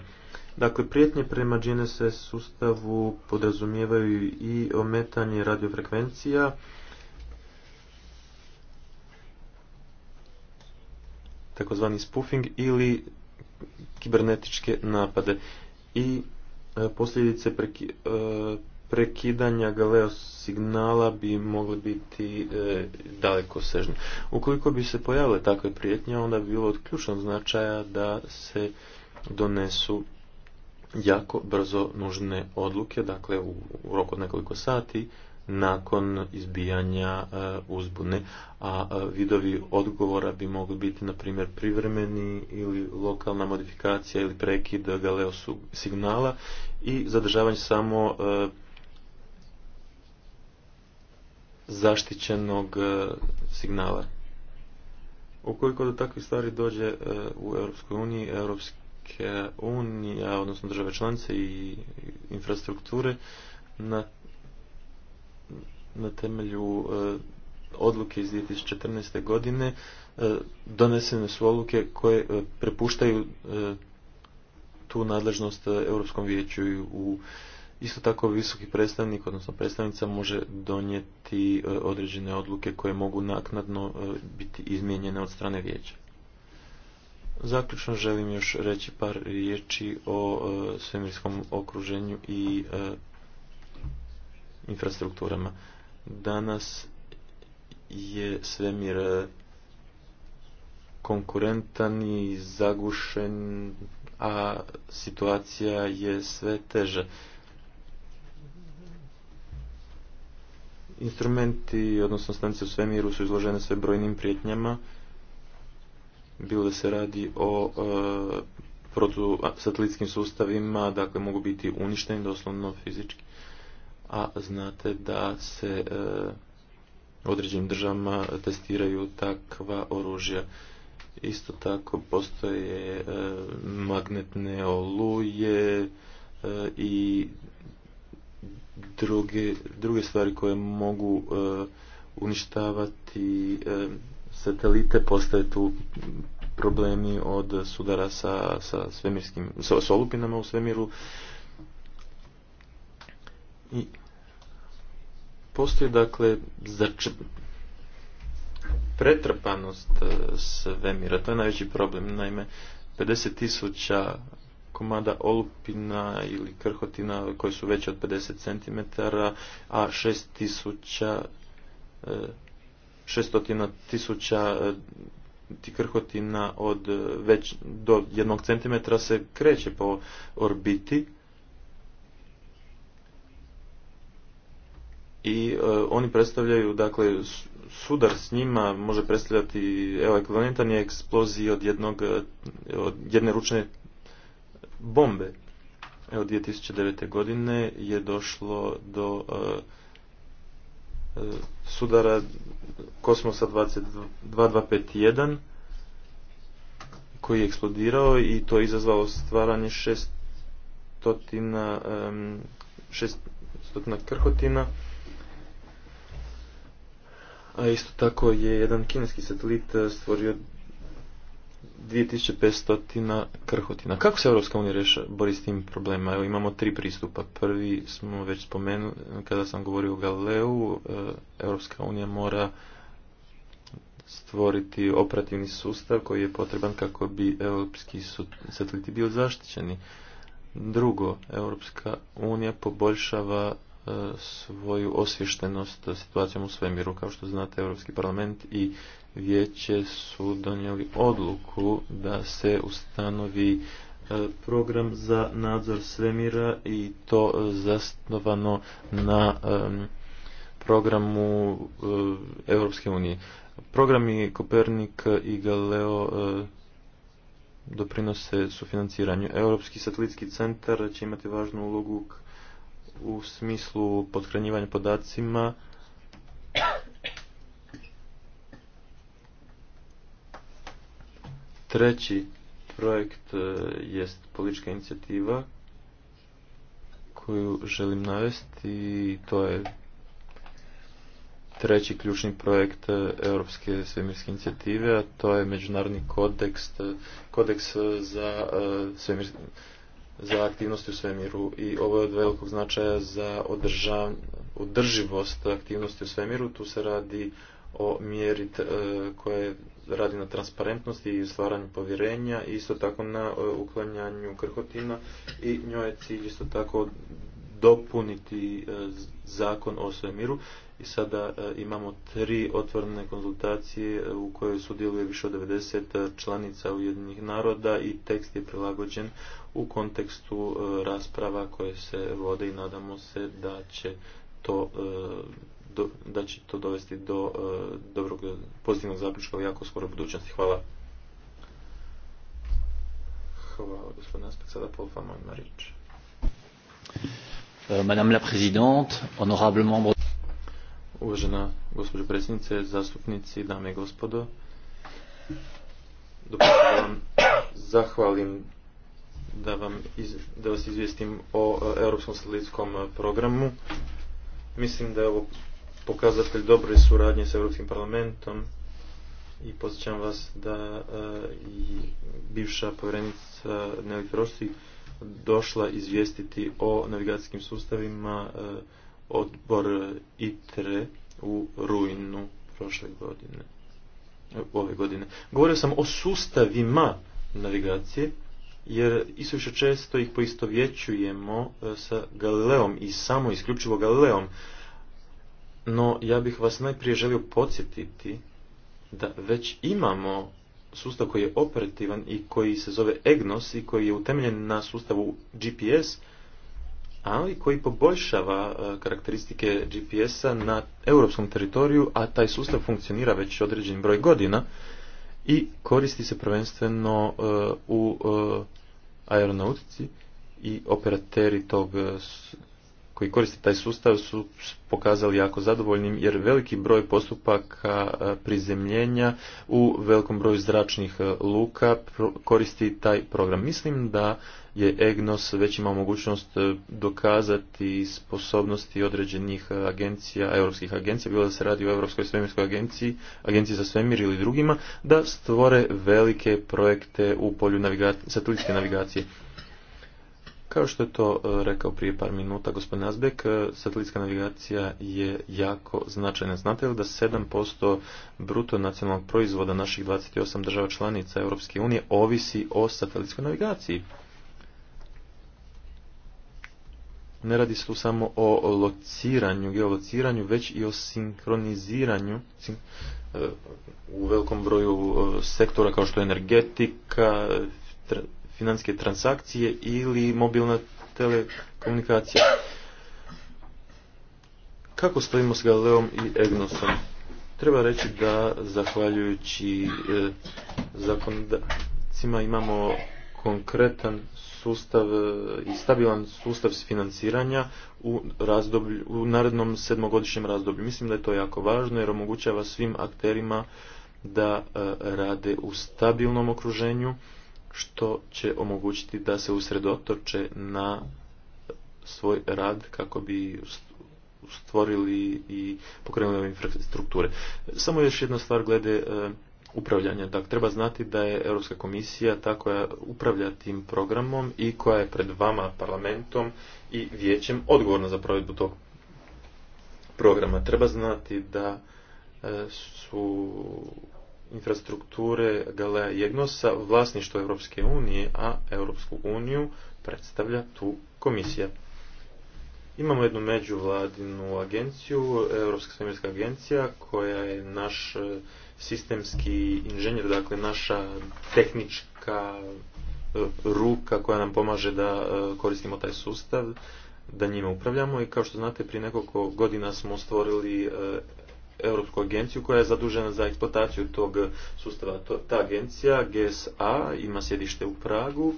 Dakle, prijetnje prema GNSS sustavu podrazumijevaju i ometanje radiofrekvencija, takozvani spoofing ili kibernetičke napade. I e, posljedice e, prekidanja galeo signala bi mogli biti e, daleko sežni. Ukoliko bi se pojavile takve prijetnje, onda bi bilo od ključnog značaja da se donesu jako brzo nužne odluke, dakle u roku od nekoliko sati nakon izbijanja e, uzbune, a e, vidovi odgovora bi mogli biti, na primjer, privremeni ili lokalna modifikacija ili prekid galeo signala i zadržavanje samo e, zaštićenog signala. Ukoliko do takvih stvari dođe u Europskoj uniji, Europske odnosno države članice i infrastrukture, na na temelju e, odluke iz 2014. godine e, donesene su odluke koje e, prepuštaju tu nadležnost Europskom vijeću u Isto tako visoki predstavnik, odnosno predstavnica, može donijeti određene odluke koje mogu naknadno biti izmijenjene od strane vijeća. Zaključno želim još reći par riječi o svemirskom okruženju i infrastrukturama danas je svemir e, konkurentan i zagušen, a situacija je sve teža. Instrumenti, odnosno stanice u svemiru, su izložene sve brojnim prijetnjama. Bilo da se radi o e, satelitskim sustavima, dakle mogu biti uništeni doslovno fizički a znate da se e, određenim državama testiraju takva oružja. Isto tako postoje e, magnetne oluje e, i druge, druge stvari koje mogu uništavati satelite, postoje tu problemi od sudara sa, sa svemirskim, sa olupinama u svemiru. I Postoji dakle pretrpanost e, svemira, to je najveći problem. Naime, 50 tisuća komada olupina ili krhotina koji su veći od 50 cm, a 6 tisuća 600 e, tisuća e, krhotina od već do jednog centimetra se kreće po orbiti i e, oni predstavljaju, dakle, sudar s njima može predstavljati, evo, ekvivalentan je eksploziji od, jednog, e, od jedne ručne bombe. Evo, 2009. godine je došlo do e, sudara Kosmosa 2251 koji je eksplodirao i to je izazvalo stvaranje šestotina šestotina krhotina a isto tako je jedan kineski satelit e, stvorio 2500 krhotina. Kako se Europska unija reša, bori s tim problema? Evo, imamo tri pristupa. Prvi smo već spomenuli, kada sam govorio o Galileu, e, Europska unija mora stvoriti operativni sustav koji je potreban kako bi europski sateliti bili zaštićeni. Drugo, Europska unija poboljšava E, svoju osvještenost situacijom u svemiru. Kao što znate, Europski parlament i vijeće su donijeli odluku da se ustanovi e, program za nadzor svemira i to zasnovano na e, programu Europske unije. Programi Kopernik i Galileo doprinose sufinanciranju. Europski satelitski centar će imati važnu ulogu u smislu podhranjivanja podacima treći projekt e, jest politička inicijativa koju želim navesti i to je treći ključni projekt e, Europske svemirske inicijative, a to je Međunarodni kodeks, e, kodeks za svemirske za aktivnosti u svemiru i ovo je od velikog značaja za održivost aktivnosti u svemiru. Tu se radi o mjeri e, koje radi na transparentnosti i stvaranju povjerenja isto tako na e, uklanjanju krhotina i njoj je cilj isto tako dopuniti e, zakon o svemiru i sada imamo tri otvorene konzultacije u kojoj sudjeluje više od 90 članica Ujedinjenih naroda i tekst je prilagođen u kontekstu e, rasprava koje se vode i nadamo se da će to e, da će to dovesti do e, dobrog pozitivnog zaključka u jako skoroj budućnosti. Hvala. Hvala, gospodin Aspek, sada Paul ima Marić. Euh, madame la Présidente, honorable membre... Uvažena gospođo predsjednice, zastupnici, dame i gospodo, dopustite vam zahvalim da, vam iz, da vas izvijestim o e, Europskom satelitskom e, programu. Mislim da je ovo pokazatelj dobre suradnje s Europskim parlamentom i posjećam vas da e, i bivša povjerenica Nelitrosti došla izvijestiti o navigacijskim sustavima odbor ITRE u rujnu prošle godine ove godine. Govorio sam o sustavima navigacije jer više često ih poistovjećujemo e, sa Galileom i samo isključivo Galileom. No, ja bih vas najprije želio podsjetiti da već imamo sustav koji je operativan i koji se zove EGNOS i koji je utemeljen na sustavu GPS, ali koji poboljšava e, karakteristike GPS-a na europskom teritoriju, a taj sustav funkcionira već određen broj godina i koristi se prvenstveno uh, u uh, aeronautici i operateri tog uh, koji koriste taj sustav su pokazali jako zadovoljnim jer veliki broj postupaka prizemljenja u velikom broju zračnih luka koristi taj program. Mislim da je EGNOS već imao mogućnost e, dokazati sposobnosti određenih agencija, europskih agencija, bilo da se radi o Europskoj svemirskoj agenciji, agenciji za svemir ili drugima, da stvore velike projekte u polju navigacije, satelitske navigacije. Kao što je to e, rekao prije par minuta gospodin Azbek, e, satelitska navigacija je jako značajna. Znate li da 7% bruto nacionalnog proizvoda naših 28 država članica Europske unije ovisi o satelitskoj navigaciji? ne radi se tu samo o lociranju, geolociranju, već i o sinkroniziranju e, u velikom broju e, sektora kao što je energetika, financijske transakcije ili mobilna telekomunikacija. Kako stojimo s Galeom i Egnosom? Treba reći da zahvaljujući e, zakonodavcima imamo konkretan sustav e, i stabilan sustav financiranja u, razdoblju, u narednom sedmogodišnjem razdoblju. Mislim da je to jako važno jer omogućava svim akterima da e, rade u stabilnom okruženju što će omogućiti da se usredotoče na svoj rad kako bi stvorili i pokrenuli ove infrastrukture. Samo još jedna stvar glede e, upravljanja. Dakle, treba znati da je Europska komisija ta koja upravlja tim programom i koja je pred vama parlamentom i vijećem odgovorna za provedbu tog programa. Treba znati da e, su infrastrukture Galea Jegnosa vlasništvo Europske unije, a Europsku uniju predstavlja tu komisija. Imamo jednu međuvladinu agenciju, Europska svemirska agencija, koja je naš e, sistemski inženjer, dakle naša tehnička e, ruka koja nam pomaže da e, koristimo taj sustav, da njime upravljamo i kao što znate prije nekoliko godina smo stvorili Europsku agenciju koja je zadužena za eksploataciju tog sustava. Ta agencija GSA ima sjedište u Pragu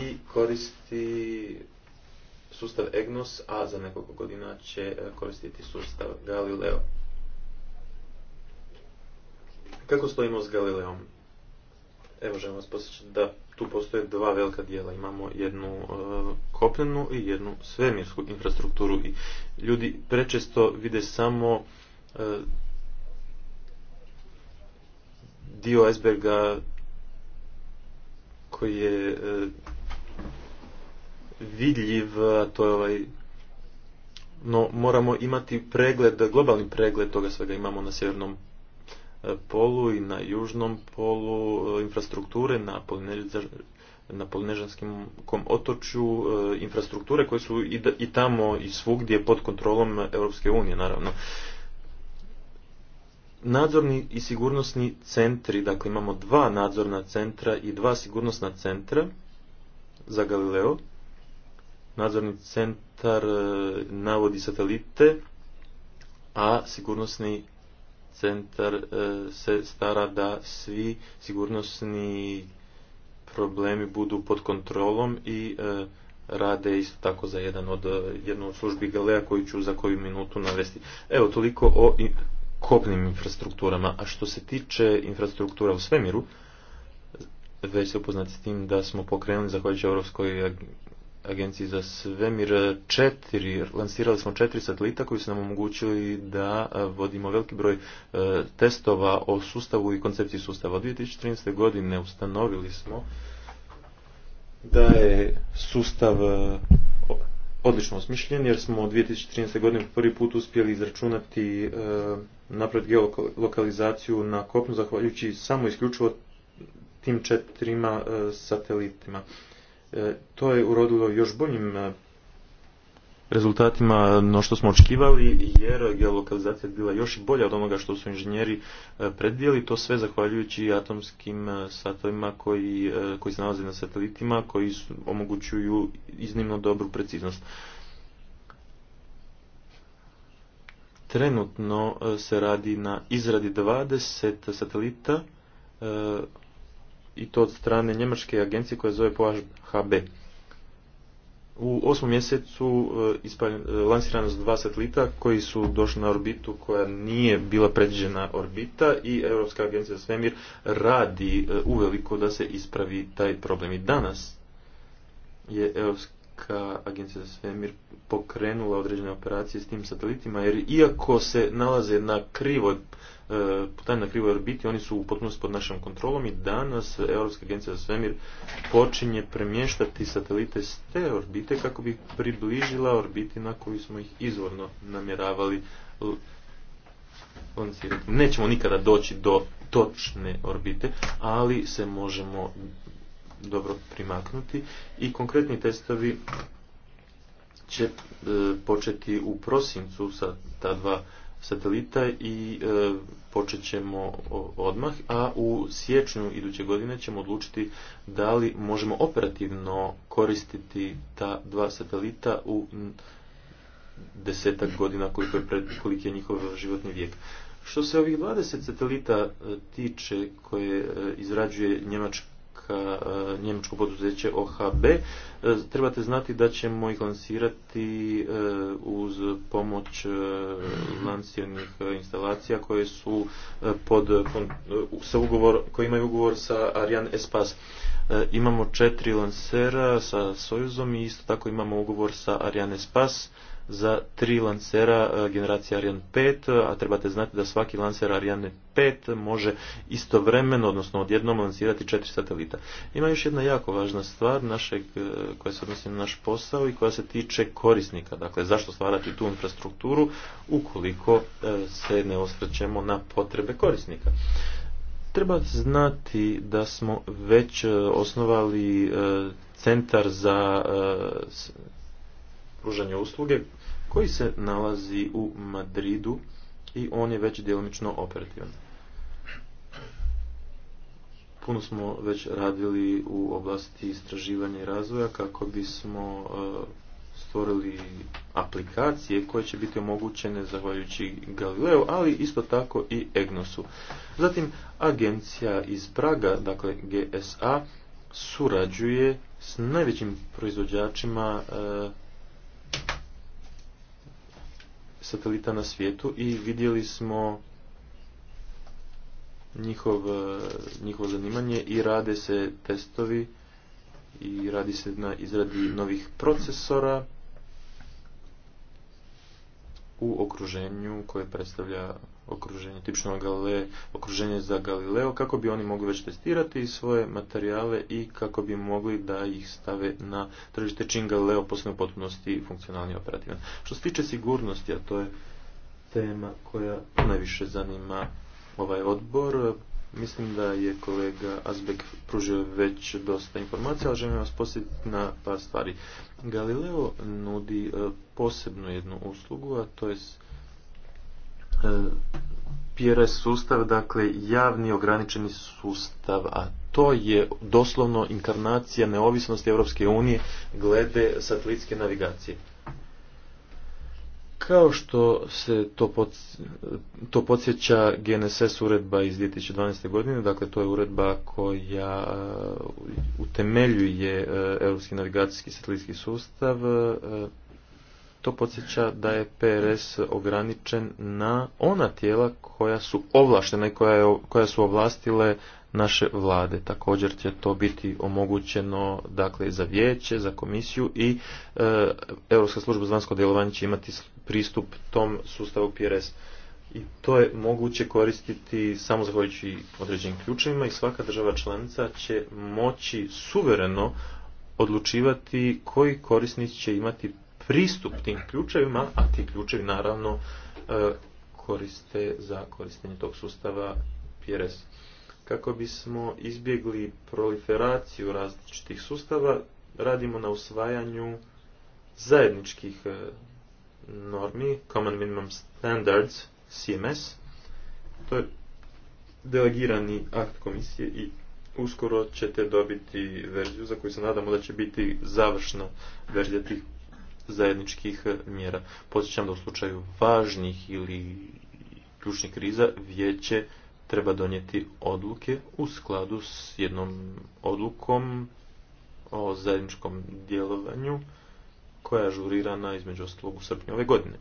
i koristi sustav EGNOS, a za nekoliko godina će e, koristiti sustav Galileo. Kako stojimo s Galileom? Evo želim vas posjećati da tu postoje dva velika dijela. Imamo jednu e, kopnenu i jednu svemirsku infrastrukturu. I ljudi prečesto vide samo e, dio iceberga koji je vidljiv, to je ovaj no moramo imati pregled, globalni pregled toga svega imamo na sjevernom e, polu i na južnom polu e, infrastrukture na, na otočju e, infrastrukture koje su i, i tamo i svugdje pod kontrolom Europske unije naravno. Nadzorni i sigurnosni centri, dakle imamo dva nadzorna centra i dva sigurnosna centra za Galileo nadzorni centar e, navodi satelite, a sigurnosni centar e, se stara da svi sigurnosni problemi budu pod kontrolom i e, rade isto tako za jedan od, jednu od službi Galea koju ću za koju minutu navesti. Evo toliko o kopnim infrastrukturama. A što se tiče infrastruktura u svemiru, već se upoznati s tim da smo pokrenuli zahvaljujući Europskoj agenciji za svemir četiri, lansirali smo četiri satelita koji su nam omogućili da vodimo veliki broj e, testova o sustavu i koncepciji sustava. Od 2013. godine ustanovili smo da je sustav e, odlično osmišljen jer smo od 2013. godine prvi put uspjeli izračunati e, napred geolokalizaciju na kopnu zahvaljujući samo isključivo tim četirima satelitima. E, to je urodilo još boljim e, rezultatima no što smo očekivali jer geolokalizacija je bila još i bolja od onoga što su inženjeri e, predvijeli, to sve zahvaljujući atomskim satovima koji, koji se nalaze na satelitima koji su, omogućuju iznimno dobru preciznost. Trenutno se radi na izradi 20 satelita i to od strane njemačke agencije koja zove POAŠ-HB. U osmom mjesecu e, e, lansirano su dva satelita koji su došli na orbitu koja nije bila predviđena orbita i Europska agencija za svemir radi e, uveliko da se ispravi taj problem. I danas je Europska agencija za svemir pokrenula određene operacije s tim satelitima jer iako se nalaze na krivoj putanje e, na krivoj orbiti, oni su u potpunosti pod našom kontrolom i danas Europska agencija za svemir počinje premještati satelite s te orbite kako bi približila orbiti na koju smo ih izvorno namjeravali lancirati. Nećemo nikada doći do točne orbite, ali se možemo dobro primaknuti i konkretni testovi će e, početi u prosincu sa ta dva satelita i e, počet ćemo odmah, a u siječnju iduće godine ćemo odlučiti da li možemo operativno koristiti ta dva satelita u desetak godina koliko je pred, koliki je njihov životni vijek. Što se ovih 20 satelita e, tiče koje e, izrađuje Njemačka, E, njemačko poduzeće OHB. E, trebate znati da ćemo ih lansirati e, uz pomoć lansirnih instalacija koje su pod sa ugovor, koji imaju ugovor sa Ariane Espas. Imamo četiri lansera sa Sojuzom i isto tako imamo ugovor sa Ariane Espas za tri lancera e, generacije Ariane 5, a trebate znati da svaki lancer Ariane 5 može istovremeno, odnosno odjednom lancirati četiri satelita. Ima još jedna jako važna stvar našeg, e, koja se odnosi na naš posao i koja se tiče korisnika. Dakle, zašto stvarati tu infrastrukturu ukoliko e, se ne osvrćemo na potrebe korisnika. Treba znati da smo već osnovali centar za pružanja usluge koji se nalazi u Madridu i on je već djelomično operativan. Puno smo već radili u oblasti istraživanja i razvoja kako bismo e, stvorili aplikacije koje će biti omogućene zahvaljujući Galileo, ali isto tako i EGNOSu. Zatim, agencija iz Praga, dakle GSA, surađuje s najvećim proizvođačima e, satelita na svijetu i vidjeli smo e, njihovo zanimanje i rade se testovi i radi se na izradi novih procesora u okruženju koje predstavlja okruženje, tipično Galile, okruženje za Galileo, kako bi oni mogli već testirati svoje materijale i kako bi mogli da ih stave na tržište čin Galileo postane potpunosti funkcionalni i operativan. Što se tiče sigurnosti, a to je tema koja najviše zanima ovaj odbor, Mislim da je kolega Azbek pružio već dosta informacija, ali želim vas posjetiti na par stvari. Galileo nudi eh, posebnu jednu uslugu, a to je E, PRS sustav, dakle javni ograničeni sustav, a to je doslovno inkarnacija neovisnosti Europske unije glede satelitske navigacije. Kao što se to, to podsjeća GNSS uredba iz 2012. godine, dakle to je uredba koja e, utemeljuje e, Europski navigacijski satelitski sustav, to podsjeća da je PRS ograničen na ona tijela koja su ovlaštena i koja, koja su ovlastile naše vlade. Također će to biti omogućeno dakle, za vijeće, za komisiju i e, Europska služba za vanjsko djelovanje će imati pristup tom sustavu PRS. I to je moguće koristiti samo zahvaljujući određenim ključevima i svaka država članica će moći suvereno odlučivati koji korisnici će imati pristup tim ključevima, a ti ključevi naravno e, koriste za koristenje tog sustava PRS. Kako bismo izbjegli proliferaciju različitih sustava, radimo na usvajanju zajedničkih e, normi, Common Minimum Standards, CMS. To je delegirani akt komisije i uskoro ćete dobiti verziju za koju se nadamo da će biti završna verzija tih zajedničkih mjera. Podsjećam da u slučaju važnih ili ključnih kriza vijeće treba donijeti odluke u skladu s jednom odlukom o zajedničkom djelovanju koja je ažurirana između ostalog u srpnju ove godine.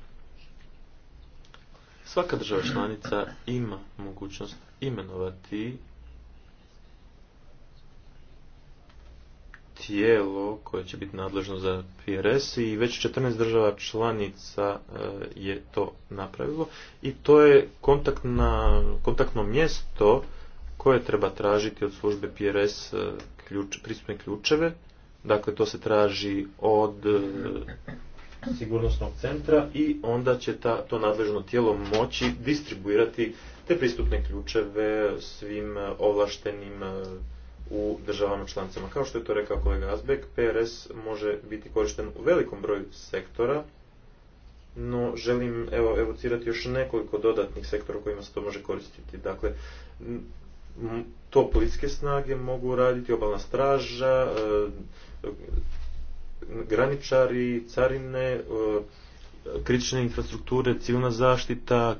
Svaka država članica ima mogućnost imenovati tijelo koje će biti nadležno za PRS i već 14 država članica e, je to napravilo i to je kontaktno mjesto koje treba tražiti od službe PRS e, ključ, pristupne ključeve. Dakle, to se traži od e, sigurnosnog centra i onda će ta, to nadležno tijelo moći distribuirati te pristupne ključeve svim ovlaštenim u državama članicama. Kao što je to rekao kolega Azbek, PRS može biti korišten u velikom broju sektora, no želim evo, evocirati još nekoliko dodatnih sektora kojima se to može koristiti. Dakle, to policijske snage mogu raditi, obalna straža, e, graničari, carine, e, kritične infrastrukture, civilna zaštita,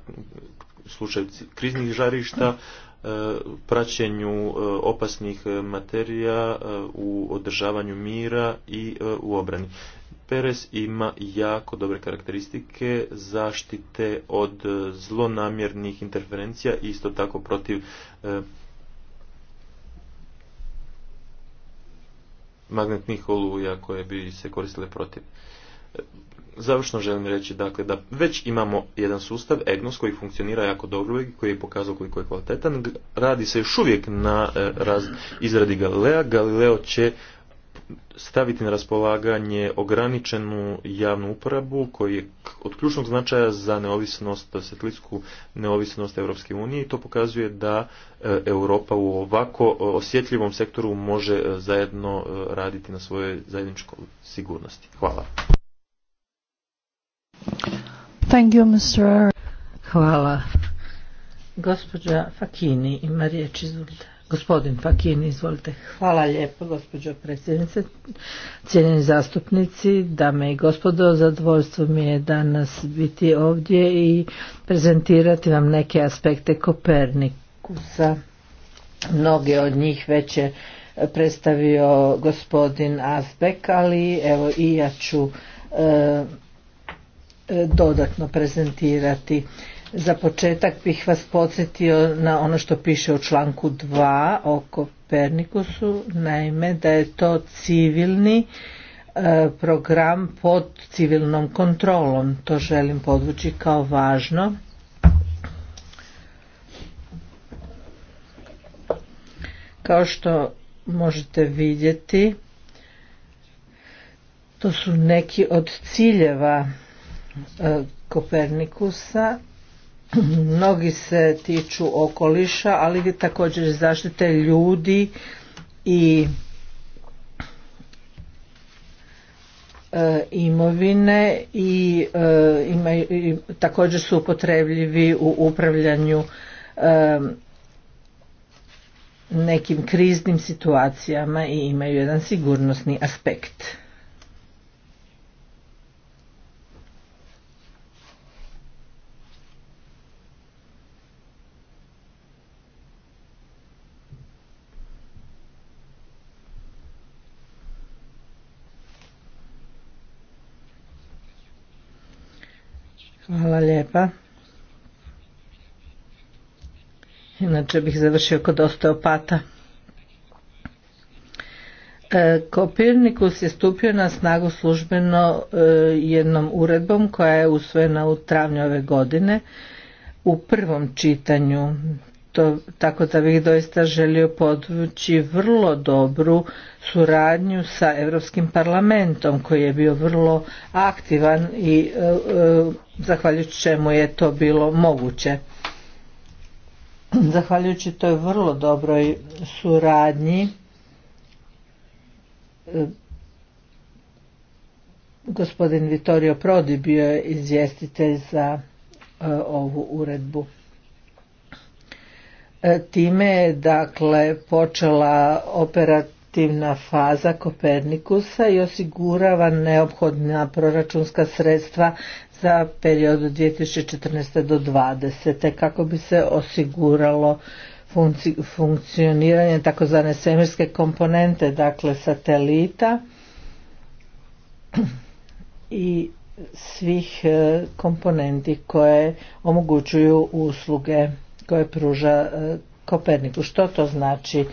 slučaj kriznih žarišta, E, praćenju e, opasnih materija e, u održavanju mira i u obrani. Peres ima jako dobre karakteristike zaštite od zlonamjernih interferencija i isto tako protiv magnetnih oluja koje bi se koristile protiv završno želim reći dakle, da već imamo jedan sustav EGNOS koji funkcionira jako dobro i koji je pokazao koliko je kvalitetan. Radi se još uvijek na e, raz, izradi Galilea. Galileo će staviti na raspolaganje ograničenu javnu uporabu koji je od ključnog značaja za neovisnost, svjetlitsku neovisnost Europske unije i to pokazuje da e, Europa u ovako e, osjetljivom sektoru može zajedno raditi na svojoj zajedničkoj sigurnosti. Hvala. Thank Hvala. Gospođa Fakini ima riječ, izvolite. Gospodin Fakini, izvolite. Hvala lijepo, gospođo predsjednice, cijenjeni zastupnici, dame i gospodo, zadovoljstvo mi je danas biti ovdje i prezentirati vam neke aspekte Kopernikusa. Mnoge od njih već je predstavio gospodin Azbek, ali evo i ja ću e, E, dodatno prezentirati. Za početak bih vas podsjetio na ono što piše u članku 2 o Kopernikusu, naime da je to civilni e, program pod civilnom kontrolom. To želim podvući kao važno. Kao što možete vidjeti, to su neki od ciljeva E, Kopernikusa. Mnogi se tiču okoliša, ali također zaštite ljudi i e, imovine e, i, također su upotrebljivi u upravljanju nekim kriznim situacijama i imaju jedan sigurnosni aspekt. Hvala lijepa. Inače bih završio kod osteopata. E, Kopirnikus je stupio na snagu službeno e, jednom uredbom koja je usvojena u travnju ove godine u prvom čitanju tako da bih doista želio podvući vrlo dobru suradnju sa Europskim parlamentom koji je bio vrlo aktivan i e, e zahvaljujući čemu je to bilo moguće. Zahvaljujući toj vrlo dobroj suradnji e, gospodin Vittorio Prodi bio je izvjestitelj za e, ovu uredbu. E, time je dakle počela operativna faza Kopernikusa i osigurava neophodna proračunska sredstva za period 2014. do 2020. kako bi se osiguralo funkcioniranje takozvane svemirske komponente, dakle satelita i svih e, komponenti koje omogućuju usluge koje pruža e, Koperniku. Što to znači?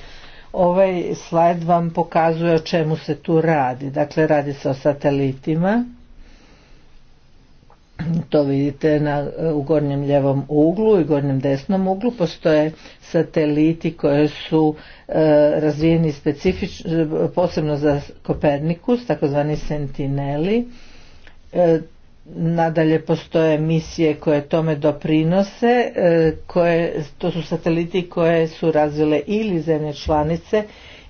Ovaj slajd vam pokazuje o čemu se tu radi. Dakle, radi se o satelitima. To vidite na, e, u gornjem ljevom uglu i gornjem desnom uglu. Postoje sateliti koje su e, razvijeni specifič, posebno za Kopernikus, takozvani sentineli. Nadalje postoje misije koje tome doprinose, e, koje, to su sateliti koje su razvile ili zemlje članice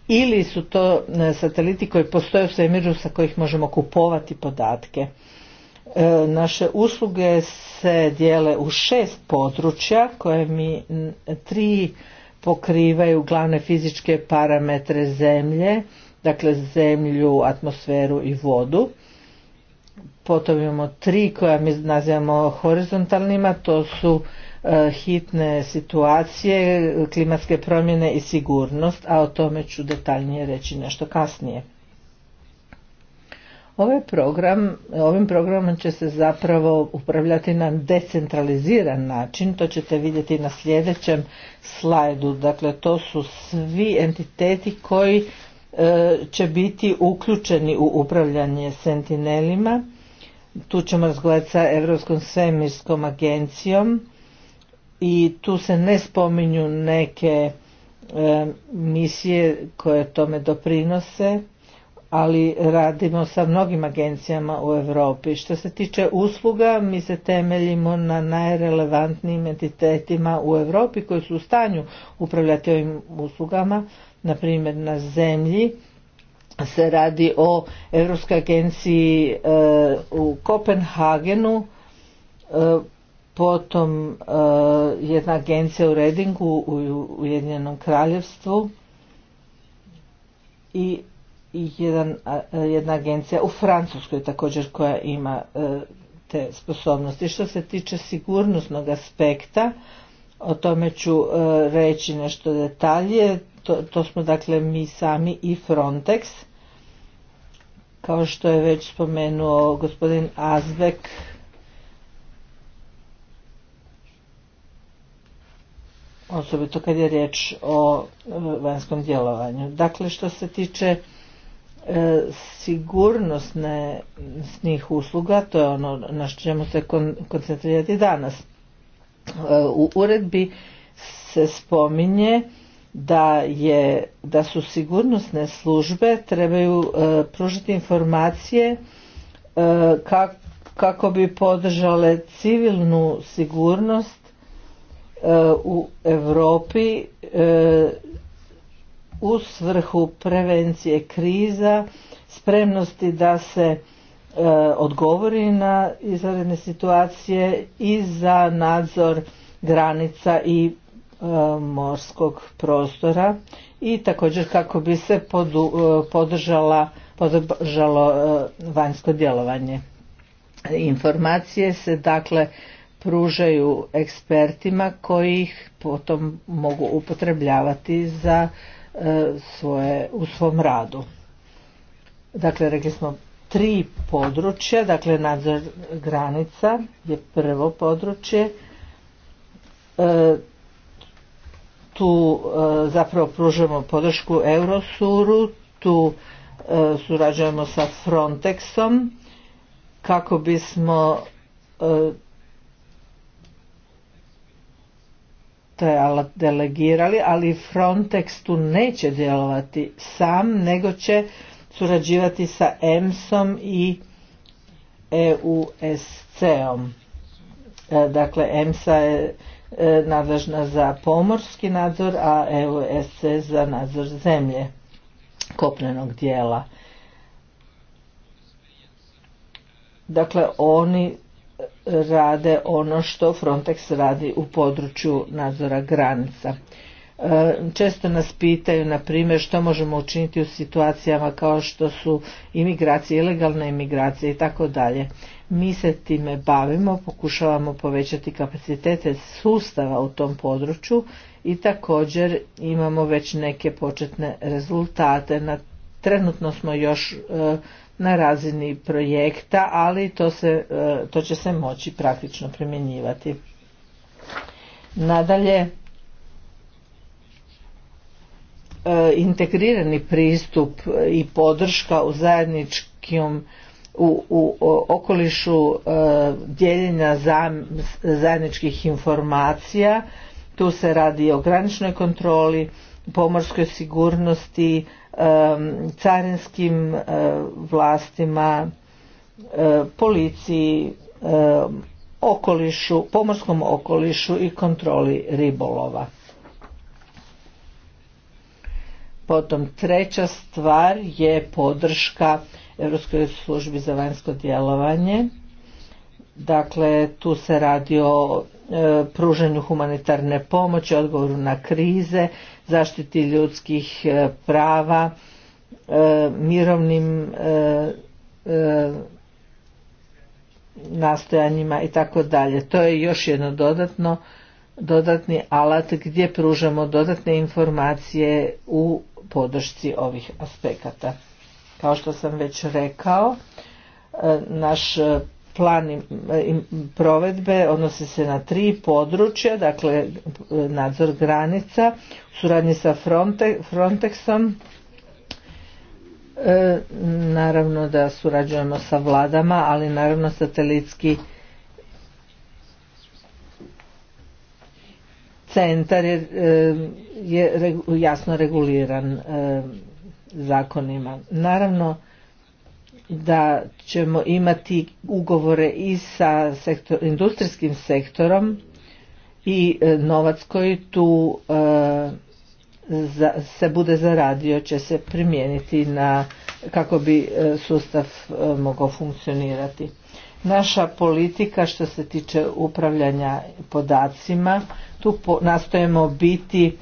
ili su to e, sateliti koji postoje u svemiru sa kojih možemo kupovati podatke. E, naše usluge se dijele u šest područja koje mi tri pokrivaju glavne fizičke parametre zemlje, dakle zemlju, atmosferu i vodu Potom imamo tri koja mi nazivamo horizontalnima, to su e, hitne situacije, klimatske promjene i sigurnost, a o tome ću detaljnije reći nešto kasnije. Ovaj program, ovim programom će se zapravo upravljati na decentraliziran način, to ćete vidjeti na sljedećem slajdu. Dakle, to su svi entiteti koji E, će biti uključeni u upravljanje sentinelima. Tu ćemo razgledati sa Europskom svemirskom agencijom i tu se ne spominju neke e, misije koje tome doprinose, ali radimo sa mnogim agencijama u Europi. Što se tiče usluga, mi se temeljimo na najrelevantnijim entitetima u Europi koji su u stanju upravljati ovim uslugama, na primjer na zemlji se radi o Europskoj agenciji eh, u Kopenhagenu, eh, potom eh, jedna agencija u Redingu u Ujedinjenom kraljevstvu i jedan, jedna agencija u Francuskoj također koja ima te sposobnosti. Što se tiče sigurnosnog aspekta, o tome ću reći nešto detalje to, to smo dakle mi sami i Frontex. Kao što je već spomenuo gospodin Azbek, osobito kad je riječ o e, vanjskom djelovanju. Dakle, što se tiče e, usluga, to je ono na što ćemo se koncentrirati danas. E, u uredbi se spominje da je da su sigurnosne službe trebaju e, pružiti informacije e, kako bi podržale civilnu sigurnost e, u Europi e, u svrhu prevencije kriza, spremnosti da se odgovori na izvanredne situacije i za nadzor granica i E, morskog prostora i također kako bi se e, podržalo e, vanjsko djelovanje. Informacije se dakle pružaju ekspertima koji ih potom mogu upotrebljavati za svoje, u svom radu. Dakle, rekli smo tri područja, dakle nadzor granica je prvo područje, tu e, zapravo pružamo podršku Eurosuru, tu e, surađujemo sa Frontexom kako bismo e, taj alat delegirali, ali Frontex tu neće djelovati sam, nego će surađivati sa EMS-om i EUSC-om. Dakle, EMSA je E, nadležna za pomorski nadzor, a EUSC za nadzor zemlje kopnenog dijela. Dakle, oni rade ono što Frontex radi u području nadzora granica. E, često nas pitaju, na primjer, što možemo učiniti u situacijama kao što su imigracije, ilegalne imigracije i tako dalje. Mi se time bavimo, pokušavamo povećati kapacitete sustava u tom području i također imamo već neke početne rezultate. Na, trenutno smo još e, na razini projekta, ali e, to, će se moći praktično primjenjivati. Nadalje, e, integrirani pristup i podrška u zajedničkom u, okolišu e, dijeljenja zajedničkih informacija tu se radi o graničnoj kontroli pomorskoj sigurnosti e, carinskim e, vlastima policiji okolišu pomorskom okolišu i kontroli ribolova potom treća stvar je podrška Europskoj službi za vanjsko djelovanje. Dakle, tu se radi o e, pruženju humanitarne pomoći, odgovoru na krize, zaštiti ljudskih e, prava, e, mirovnim e, nastojanjima i tako dalje. To je još jedno dodatno dodatni alat gdje pružamo dodatne informacije u podršci ovih aspekata. Kao što sam već rekao, e, naš plan provedbe odnosi se na tri područja, dakle e, nadzor granica, suradnji sa Frontexom, e, naravno da surađujemo sa vladama, ali naravno satelitski centar je jasno reguliran zakonima. Naravno da ćemo imati ugovore i sa sektor, industrijskim sektorom i e, novac koji tu e, se bude zaradio će se primijeniti na kako bi e, sustav mogao funkcionirati. Naša politika što se tiče upravljanja podacima, tu nastojimo biti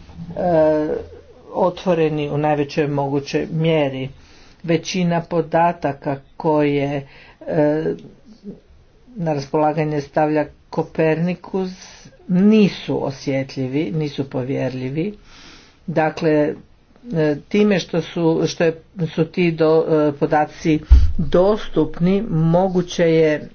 otvoreni u najvećoj mogućoj mjeri. Većina podataka koje e, na raspolaganje stavlja Kopernikus nisu osjetljivi, nisu povjerljivi. Dakle, e, time što su, što su ti do, e, podaci dostupni, moguće je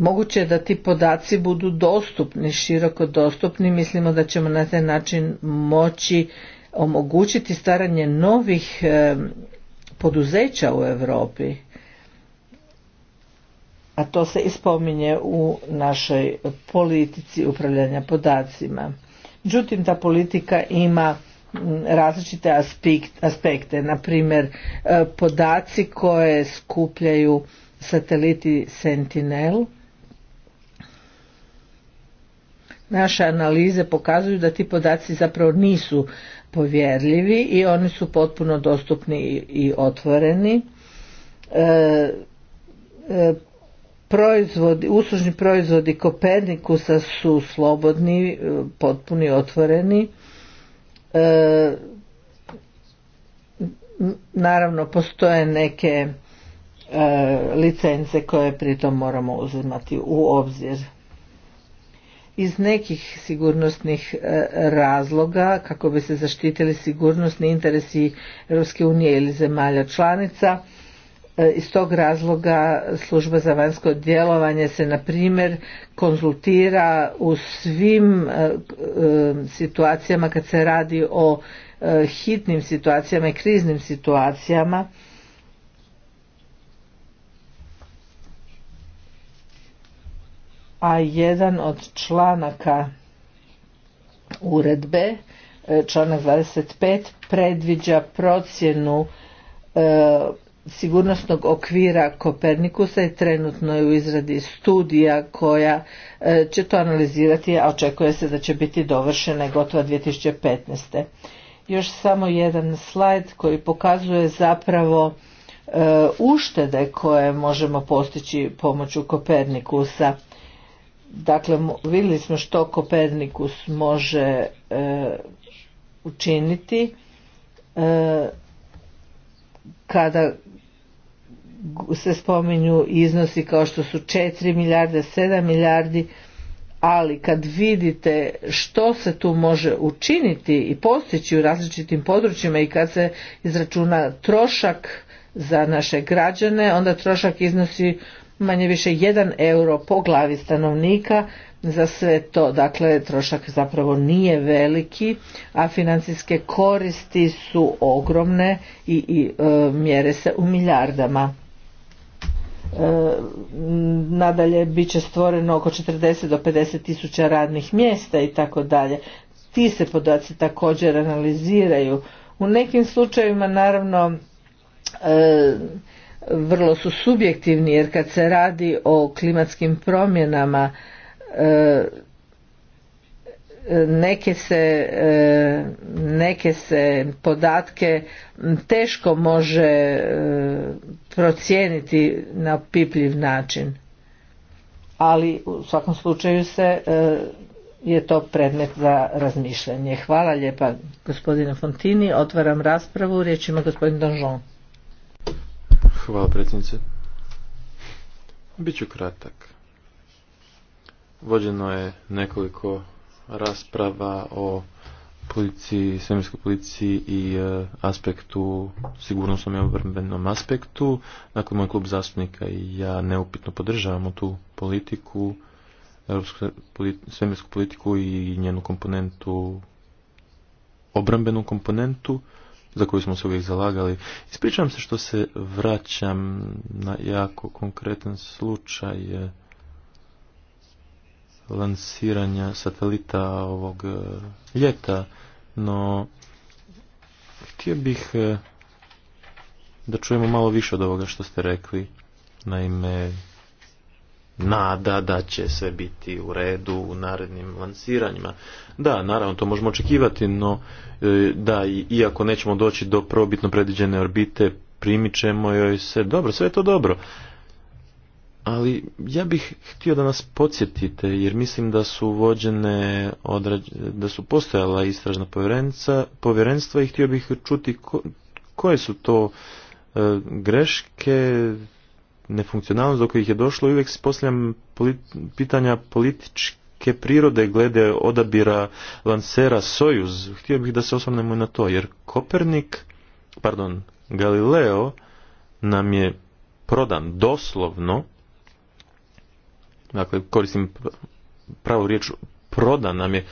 moguće da ti podaci budu dostupni, široko dostupni. Mislimo da ćemo na taj način moći omogućiti stvaranje novih poduzeća u Europi. A to se ispominje u našoj politici upravljanja podacima. Međutim, ta politika ima različite aspekte, na primjer e, podaci koje skupljaju sateliti Sentinel naše analize pokazuju da ti podaci zapravo nisu povjerljivi i oni su potpuno dostupni i otvoreni. E, e, proizvodi, uslužni proizvodi Kopernikusa su slobodni, e, potpuni otvoreni. naravno postoje neke licence koje pritom moramo uzimati u obzir iz nekih sigurnosnih e, razloga kako bi se zaštitili sigurnosni interesi Europske unije ili zemalja članica. E, iz tog razloga služba za vanjsko djelovanje se na primjer konzultira u svim e, situacijama kad se radi o hitnim situacijama i kriznim situacijama a jedan od članaka uredbe, e, članak 25, predviđa procjenu e, sigurnosnog okvira Kopernikusa i trenutno je u izradi studija koja e, će to analizirati, a očekuje se da će biti dovršena i gotova 2015. Još samo jedan slajd koji pokazuje zapravo uštede koje možemo postići pomoću Kopernikusa Dakle, vidjeli smo što Kopernikus može e, učiniti e, kada se spominju iznosi kao što su 4 milijarde, 7 milijardi, ali kad vidite što se tu može učiniti i postići u različitim područjima i kad se izračuna trošak za naše građane, onda trošak iznosi manje više 1 euro po glavi stanovnika za sve to. Dakle, trošak zapravo nije veliki, a financijske koristi su ogromne i, i e, mjere se u milijardama. E, nadalje bit će stvoreno oko 40 do 50 tisuća radnih mjesta i tako dalje. Ti se podaci također analiziraju. U nekim slučajevima naravno E, vrlo su subjektivni jer kad se radi o klimatskim promjenama e, neke se, e, neke se podatke teško može procijeniti na pipljiv način ali u svakom slučaju se je to predmet za razmišljanje. Hvala lijepa gospodine Fontini. Otvaram raspravu. Riječ ima gospodin Donžon. Hvala predsjednice. Biću kratak. Vođeno je nekoliko rasprava o policiji, svemirskoj policiji i e, aspektu, sigurnosnom i obrbenom aspektu. Dakle, moj klub zastupnika i ja neupitno podržavamo tu politiku, europsku politi, svemirsku politiku i njenu komponentu, obrambenu komponentu za koju smo se uvijek zalagali. Ispričavam se što se vraćam na jako konkretan slučaj eh, lansiranja satelita ovog eh, ljeta, no htio bih eh, da čujemo malo više od ovoga što ste rekli. Naime, nada da će sve biti u redu u narednim lansiranjima. Da, naravno, to možemo očekivati, no e, da, iako nećemo doći do probitno predviđene orbite, primit ćemo joj se. Dobro, sve je to dobro. Ali ja bih htio da nas podsjetite, jer mislim da su vođene, da su postojala istražna povjerenstva i htio bih čuti ko, koje su to e, greške, nefunkcionalnost do kojih je došlo i uvijek se postavljam pitanja političke prirode glede odabira lansera Sojuz. Htio bih da se osvrnemo na to, jer Kopernik, pardon, Galileo nam je prodan doslovno, dakle koristim pravu riječ, prodan nam je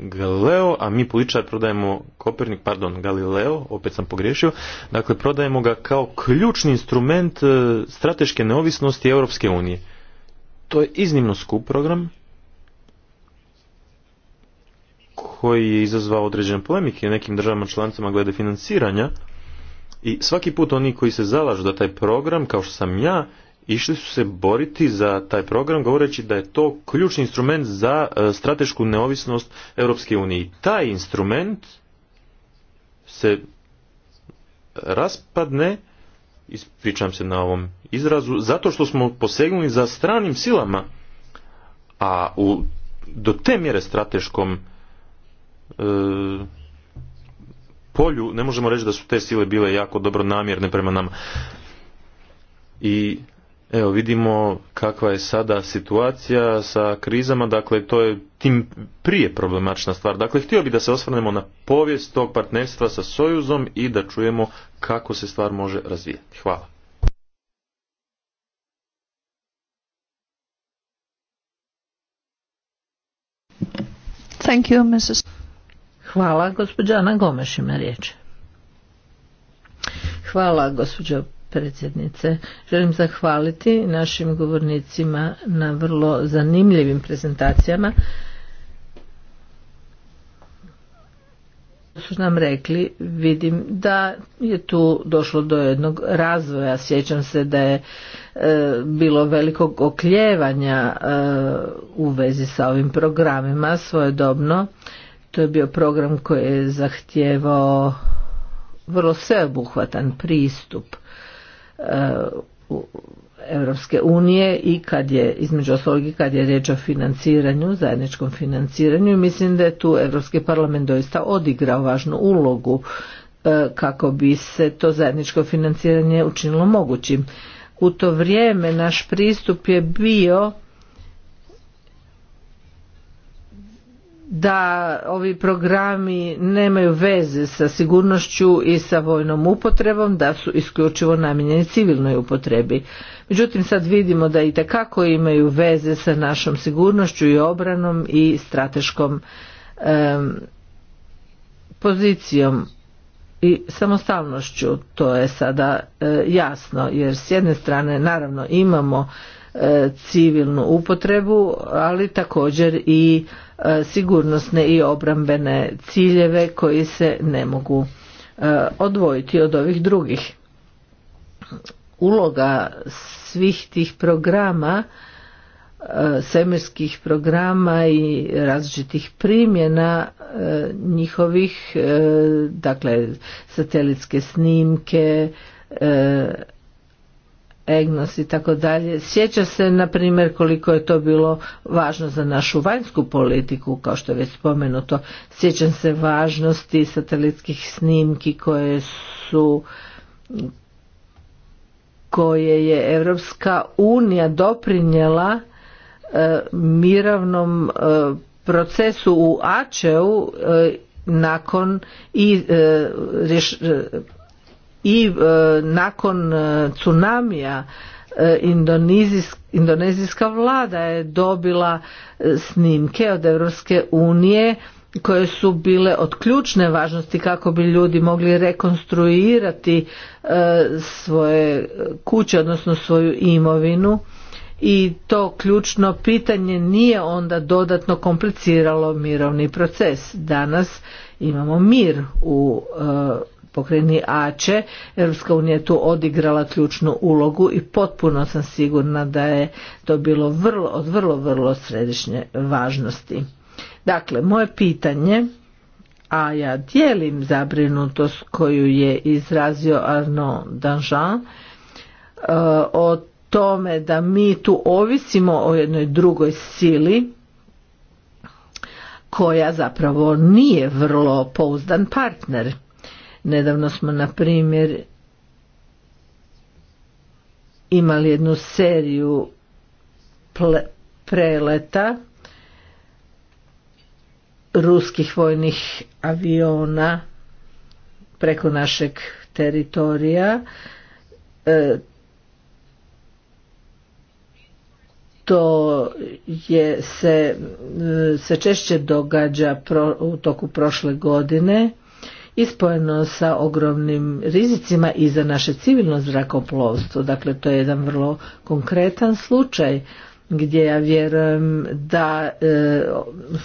Galileo, a mi političar prodajemo Kopernik, pardon, Galileo, opet sam pogriješio, dakle prodajemo ga kao ključni instrument e, strateške neovisnosti Europske unije. To je iznimno skup program koji je izazvao određene polemike nekim državama članicama glede financiranja i svaki put oni koji se zalažu da taj program, kao što sam ja, išli su se boriti za taj program govoreći da je to ključni instrument za e, stratešku neovisnost Europske unije. taj instrument se raspadne, ispričam se na ovom izrazu, zato što smo posegnuli za stranim silama, a u, do te mjere strateškom e, polju ne možemo reći da su te sile bile jako dobro namjerne prema nama. I Evo vidimo kakva je sada situacija sa krizama, dakle to je tim prije problematična stvar. Dakle, htio bih da se osvrnemo na povijest tog partnerstva sa Sojuzom i da čujemo kako se stvar može razvijati. Hvala. Hvala, gospođa Ana Gomeš ima riječ. Hvala, gospođa predsjednice. Želim zahvaliti našim govornicima na vrlo zanimljivim prezentacijama. su nam rekli, vidim da je tu došlo do jednog razvoja. Sjećam se da je e, bilo velikog okljevanja e, u vezi sa ovim programima svojedobno. To je bio program koji je zahtijevao vrlo sveobuhvatan pristup. E, Europske unije i kad je između ostalog kad je riječ o financiranju, zajedničkom financiranju i mislim da je tu Europski parlament doista odigrao važnu ulogu e, kako bi se to zajedničko financiranje učinilo mogućim. U to vrijeme naš pristup je bio da ovi programi nemaju veze sa sigurnošću i sa vojnom upotrebom, da su isključivo namijenjeni civilnoj upotrebi. Međutim, sad vidimo da i tekako imaju veze sa našom sigurnošću i obranom i strateškom pozicijom i samostalnošću. To je sada e, jasno, jer s jedne strane naravno imamo e, civilnu upotrebu, ali također i E, sigurnosne i obrambene ciljeve koji se ne mogu e, odvojiti od ovih drugih. Uloga svih tih programa, e, semirskih programa i različitih primjena njihovih, dakle satelitske snimke, EGNOS i tako dalje. Sjeća se, na primjer, koliko je to bilo važno za našu vanjsku politiku, kao što je već spomenuto. Sjećam se važnosti satelitskih snimki koje su koje je Europska unija doprinjela e, miravnom e, procesu u Ačeu e, nakon i rješ, i e, nakon e, tsunamija e, indonezijska vlada je dobila snimke od Europske unije koje su bile od ključne važnosti kako bi ljudi mogli rekonstruirati svoje kuće odnosno svoju imovinu i to ključno pitanje nije onda dodatno kompliciralo mirovni proces. Danas imamo mir u Pokreni Ače. Europska unija je tu odigrala ključnu ulogu i potpuno sam sigurna da je to bilo vrlo, od vrlo, vrlo središnje važnosti. Dakle, moje pitanje, a ja dijelim zabrinutost koju je izrazio Arnaud Danjean, e, o tome da mi tu ovisimo o jednoj drugoj sili koja zapravo nije vrlo pouzdan partner Nedavno smo, na primjer, imali jednu seriju preleta ruskih vojnih aviona preko našeg teritorija. E, to je se, se češće događa u toku prošle godine ispojeno sa ogromnim rizicima i za naše civilno zrakoplovstvo. Dakle, to je jedan vrlo konkretan slučaj gdje ja vjerujem da e,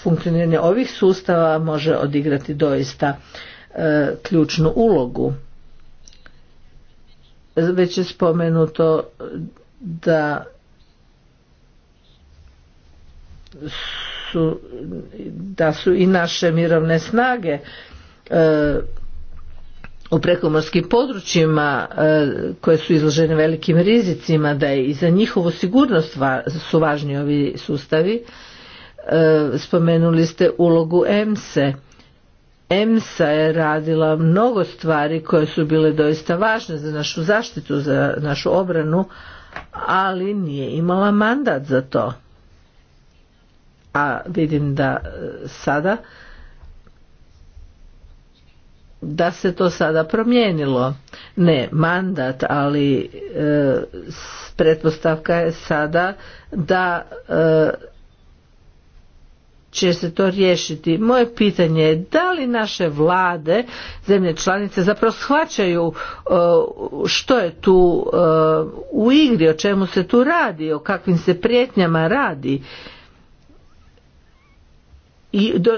funkcioniranje ovih sustava može odigrati doista e, ključnu ulogu. Već je spomenuto da su da su i naše mirovne snage u prekomorskim područjima e, koje su izložene velikim rizicima da je i za njihovu sigurnost su važni ovi sustavi e, spomenuli ste ulogu EMSE EMSA je radila mnogo stvari koje su bile doista važne za našu zaštitu, za našu obranu, ali nije imala mandat za to. A vidim da e, sada da se to sada promijenilo. Ne mandat, ali e, pretpostavka je sada da e, će se to riješiti. Moje pitanje je da li naše vlade, zemlje članice, zapravo shvaćaju e, što je tu u igri, o čemu se tu radi, o kakvim se prijetnjama radi i do,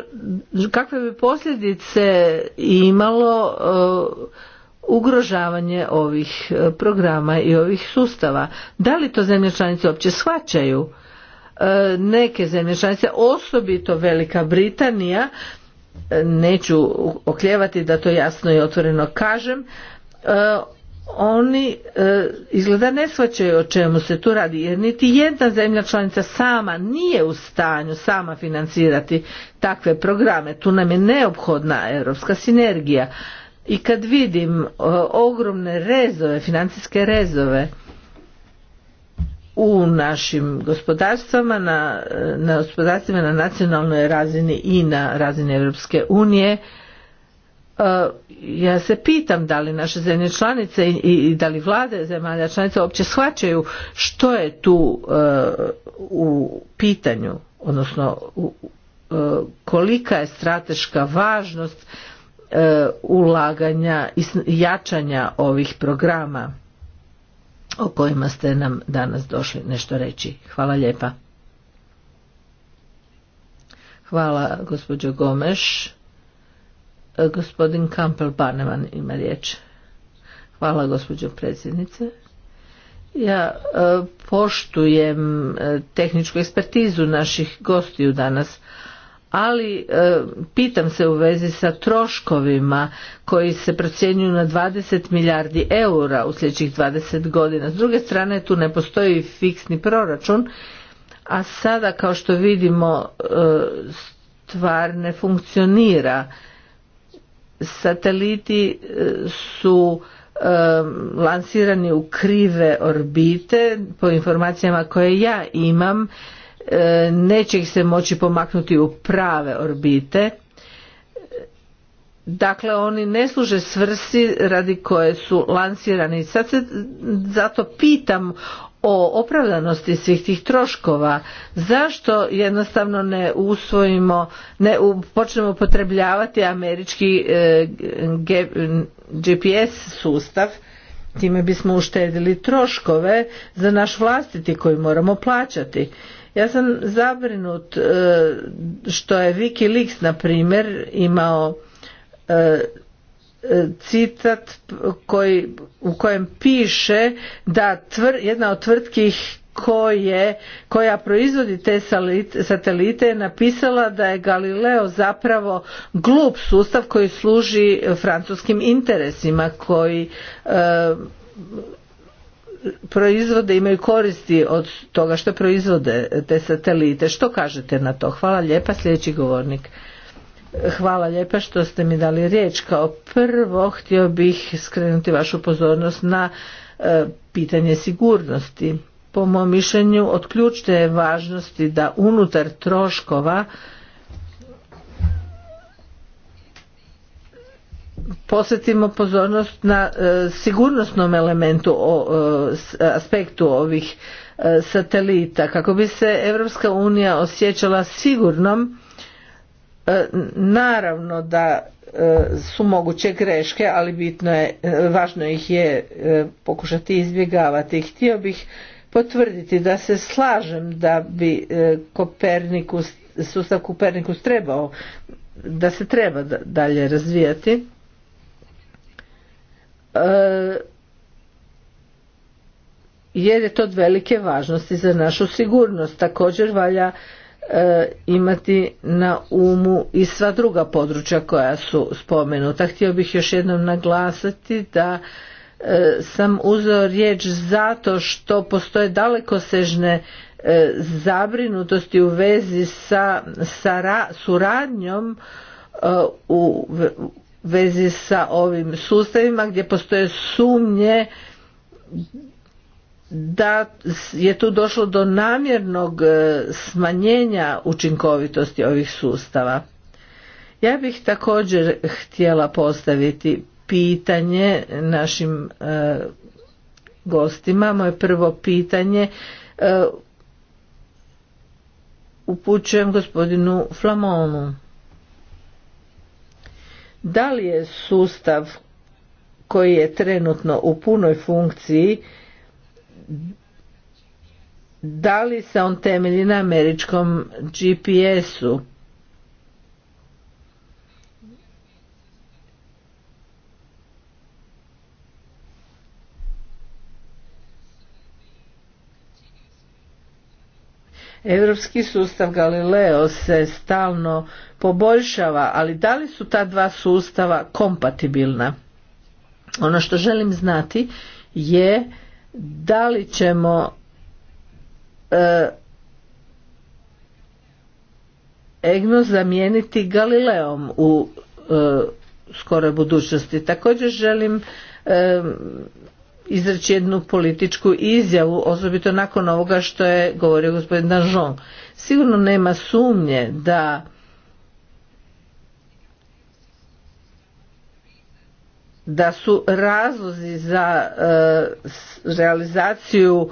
kakve bi posljedice imalo e, ugrožavanje ovih e, programa i ovih sustava. Da li to zemlje članice uopće shvaćaju? E, neke zemlje članice, osobito Velika Britanija, neću okljevati da to jasno i otvoreno kažem, oni e, izgleda ne shvaćaju o čemu se tu radi jer niti jedna zemlja članica sama nije u stanju sama financirati takve programe tu nam je neophodna europska sinergija i kad vidim e, ogromne rezove financijske rezove u našim gospodarstvama na, e, na gospodarstvima na nacionalnoj razini i na razini Europske unije E, ja se pitam da li naše zemlje članice i da li vlade zemalja članica uopće shvaćaju što je tu e, u pitanju odnosno e, kolika je strateška važnost ulaganja i jačanja ovih programa o kojima ste nam danas došli nešto reći. Hvala lijepa. Hvala gospođo Gomeš. Gospodin Kampel Baneman ima riječ. Hvala gospođo predsjednice. Ja e, poštujem e, tehničku ekspertizu naših gostiju danas, ali e, pitam se u vezi sa troškovima koji se procjenjuju na 20 milijardi eura u sljedećih 20 godina. S druge strane tu ne postoji fiksni proračun, a sada kao što vidimo stvar ne funkcionira Sateliti e, su e, lansirani u krive orbite, po informacijama koje ja imam, e, neće ih se moći pomaknuti u prave orbite. Dakle, oni ne služe svrsi radi koje su lansirani. Sad se zato pitam o opravdanosti svih tih troškova zašto jednostavno ne usvojimo ne počnemo upotrebljavati američki e, GPS sustav time bismo uštedili troškove za naš vlastiti koji moramo plaćati ja sam zabrinut e, što je Wikileaks na primjer imao e, E, citat koji, u kojem piše da tvr, jedna od tvrtki koje, koja proizvodi te satelite je napisala da je Galileo zapravo glup sustav koji služi francuskim interesima koji e, proizvode imaju koristi od toga što proizvode te satelite. Što kažete na to? Hvala lijepa, sljedeći govornik. Hvala lijepa što ste mi dali riječ. Kao prvo htio bih skrenuti vašu pozornost na e, pitanje sigurnosti. Po mom mišljenju od ključne je važnosti da unutar troškova posjetimo pozornost na e, sigurnosnom elementu o e, aspektu ovih satelita kako bi se Europska unija osjećala sigurnom E, naravno da e, su moguće greške ali bitno je e, važno ih je pokušati izbjegavati htio bih potvrditi da se slažem da bi Kopernikus sustav Kopernikus trebao da se treba dalje razvijati jer je to od velike važnosti za našu sigurnost također valja E, imati na umu i sva druga područja koja su spomenuta. Htio bih još jednom naglasiti da e, sam uzeo riječ zato što postoje daleko dalekosežne e, zabrinutosti u vezi sa suradnjom u vezi sa ovim sustavima gdje postoje sumnje da je tu došlo do namjernog e, smanjenja učinkovitosti ovih sustava. Ja bih također htjela postaviti pitanje našim e, gostima. Moje prvo pitanje e, upućujem gospodinu Flamonu. Da li je sustav koji je trenutno u punoj funkciji da li se on temelji na američkom GPS-u. Europski sustav Galileo se stalno poboljšava, ali da li su ta dva sustava kompatibilna? Ono što želim znati je da li ćemo e, zamijeniti Galileom u e, skoroj budućnosti. Također želim e, izreći jednu političku izjavu, osobito nakon ovoga što je govorio gospodin Danjon. Sigurno nema sumnje da da su razlozi za e, realizaciju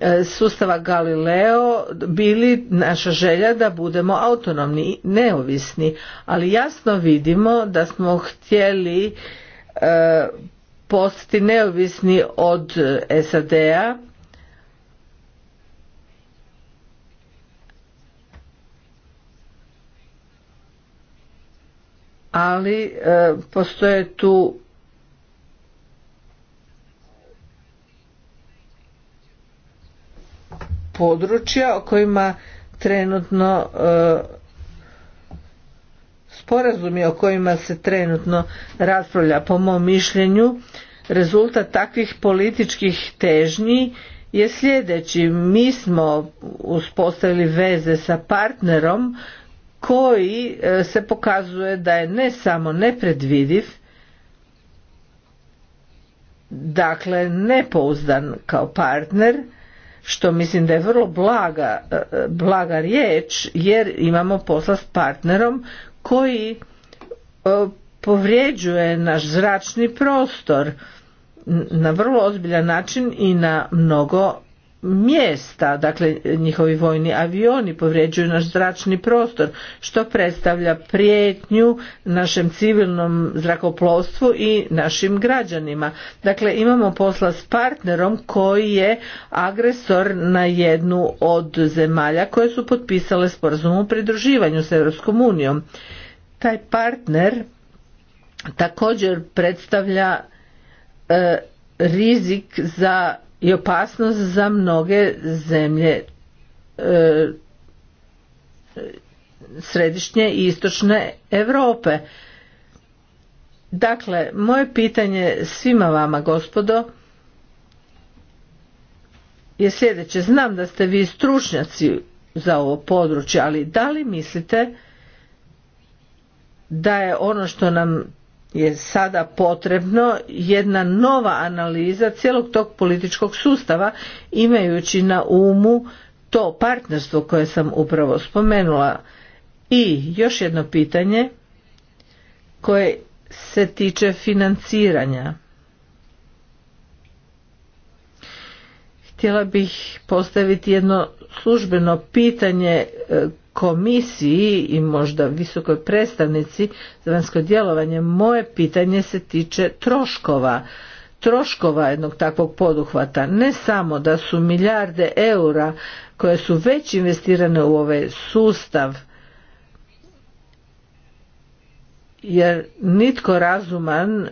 e, sustava Galileo bili naša želja da budemo autonomni i neovisni, ali jasno vidimo da smo htjeli e, postati neovisni od SAD-a ali postoje tu područja o kojima trenutno e, sporazumi o kojima se trenutno raspravlja po mom mišljenju rezultat takvih političkih težnji je sljedeći mi smo uspostavili veze sa partnerom koji e, se pokazuje da je ne samo nepredvidiv dakle nepouzdan kao partner što mislim da je vrlo blaga, blaga riječ jer imamo posla s partnerom koji e, povrijeđuje naš zračni prostor na vrlo ozbiljan način i na mnogo mjesta, dakle njihovi vojni avioni povrijeđuju naš zračni prostor, što predstavlja prijetnju našem civilnom zrakoplovstvu i našim građanima. Dakle, imamo posla s partnerom koji je agresor na jednu od zemalja koje su potpisale sporazum o pridruživanju s Europskom unijom. Taj partner također predstavlja e, rizik za i opasnost za mnoge zemlje e, središnje i istočne Europe. Dakle, moje pitanje svima vama, gospodo, je sljedeće. Znam da ste vi stručnjaci za ovo područje, ali da li mislite da je ono što nam je sada potrebno jedna nova analiza cijelog tog političkog sustava imajući na umu to partnerstvo koje sam upravo spomenula. I još jedno pitanje koje se tiče financiranja. Htjela bih postaviti jedno službeno pitanje e, komisiji i možda visokoj predstavnici za vanjsko djelovanje moje pitanje se tiče troškova troškova jednog takvog poduhvata ne samo da su milijarde eura koje su već investirane u ovaj sustav jer nitko razuman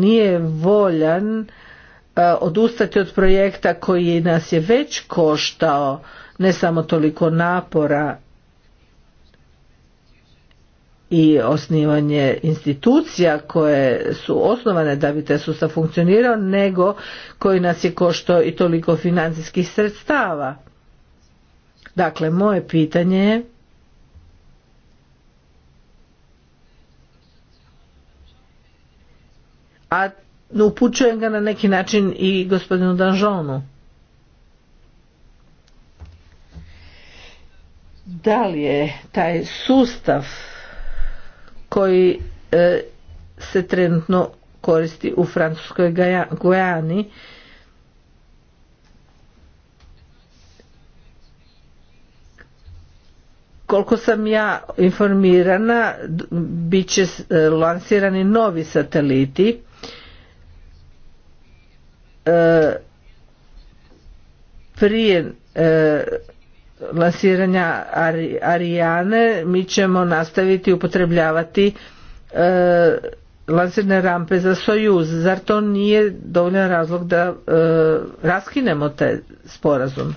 nije voljan e, odustati od projekta koji nas je već koštao ne samo toliko napora i osnivanje institucija koje su osnovane da bi te sustav funkcionirao nego koji nas je koštao i toliko financijskih sredstava. Dakle, moje pitanje je a upućujem ga na neki način i gospodinu Danžonu. Da li je taj sustav koji e, se trenutno koristi u Francuskoj Gojani. Koliko sam ja informirana, bit će e, lansirani novi sateliti. E, prije lansiranja Arijane mi ćemo nastaviti upotrebljavati e, lansirne rampe za Sojuz. Zar to nije dovoljan razlog da e, raskinemo taj sporazum?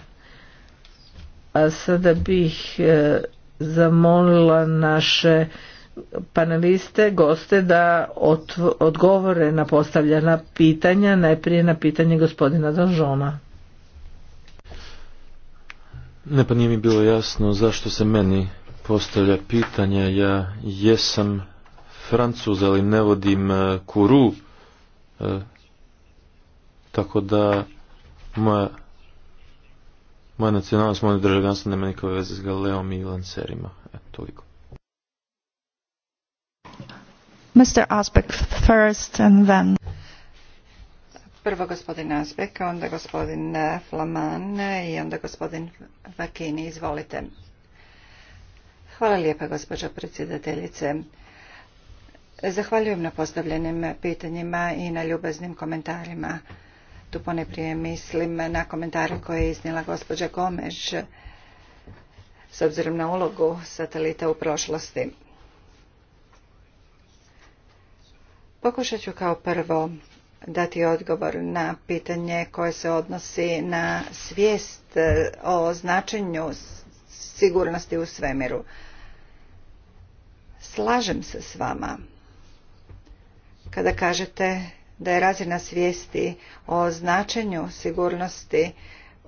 A sada bih e, zamolila naše paneliste, goste da odgovore na postavljena pitanja, najprije na pitanje gospodina Donžona. Ne pa nije mi bilo jasno zašto se meni postavlja pitanje. Ja jesam francuz, ali ne vodim e, kuru, e, tako da moja, moja nacionalnost, moja državljanstvo nema nikakve veze s Galeom i Lancerima. E, toliko. Mr. Asbeck first and then Prvo gospodin Azbek, onda gospodin e, Flaman e, i onda gospodin Vakini. Izvolite. Hvala lijepa gospođo predsjedateljice. Zahvaljujem na postavljenim pitanjima i na ljubaznim komentarima. Tu poneprije mislim na komentare koje je iznijela gospođa Gomež s obzirom na ulogu satelita u prošlosti. Pokušat ću kao prvo dati odgovor na pitanje koje se odnosi na svijest e, o značenju sigurnosti u svemiru. Slažem se s vama kada kažete da je razina svijesti o značenju sigurnosti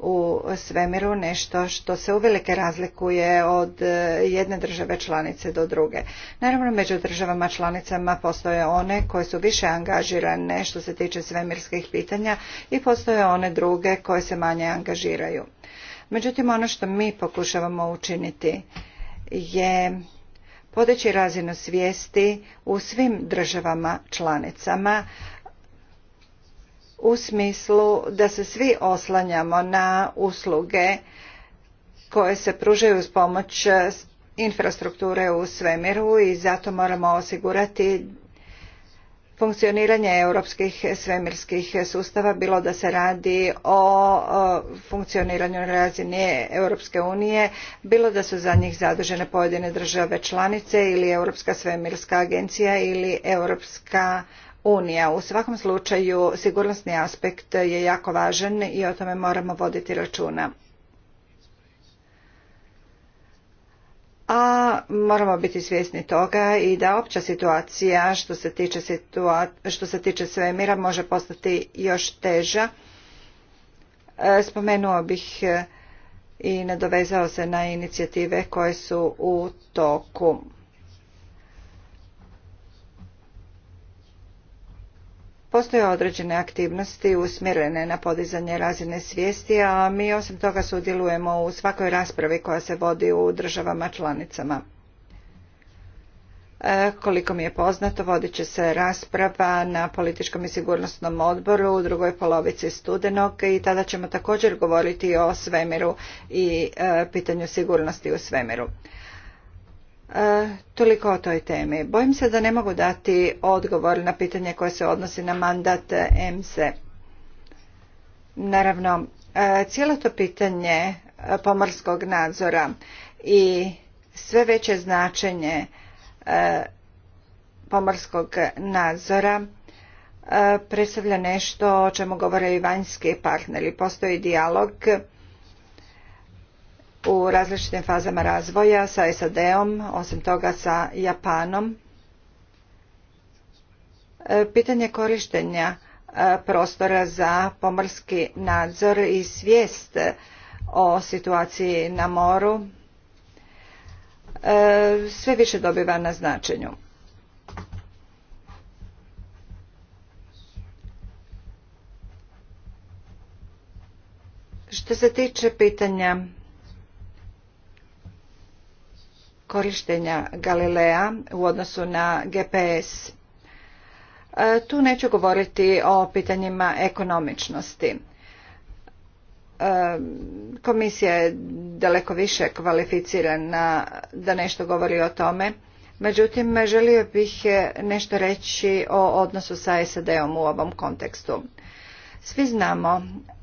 u svemiru nešto što se uvelike razlikuje od e, jedne države članice do druge. Naravno, među državama članicama postoje one koje su više angažirane što se tiče svemirskih pitanja i postoje one druge koje se manje angažiraju. Međutim, ono što mi pokušavamo učiniti je podići razinu svijesti u svim državama članicama u smislu da se svi oslanjamo na usluge koje se pružaju uz pomoć infrastrukture u svemiru i zato moramo osigurati funkcioniranje europskih svemirskih sustava bilo da se radi o funkcioniranju na razini Europske unije, bilo da su za njih zadužene pojedine države članice ili Europska svemirska agencija ili Europska unija. U svakom slučaju sigurnosni aspekt je jako važan i o tome moramo voditi računa. a moramo biti svjesni toga i da opća situacija što se tiče, što se tiče svemira može postati još teža. E, spomenuo bih e, i nadovezao se na inicijative koje su u toku. Postoje određene aktivnosti usmjerene na podizanje razine svijesti, a mi osim toga sudjelujemo u svakoj raspravi koja se vodi u državama članicama. E, koliko mi je poznato, vodit će se rasprava na političkom i sigurnosnom odboru u drugoj polovici studenog i tada ćemo također govoriti o svemiru i e, pitanju sigurnosti u svemiru. E, toliko o toj temi. Bojim se da ne mogu dati odgovor na pitanje koje se odnosi na mandat EMSE. Naravno, e, cijelo to pitanje e, pomorskog nadzora i sve veće značenje pomorskog nadzora predstavlja nešto o čemu govore i vanjski partneri. Postoji dijalog u različitim fazama razvoja sa SAD-om, osim toga sa Japanom. E, pitanje korištenja e, prostora za pomorski nadzor i svijest o situaciji na moru e, sve više dobiva na značenju. Što se tiče pitanja korištenja Galilea u odnosu na GPS. E, tu neću govoriti o pitanjima ekonomičnosti. E, komisija je daleko više kvalificirana da nešto govori o tome. Međutim, želio bih nešto reći o odnosu sa SAD-om u ovom kontekstu. Svi znamo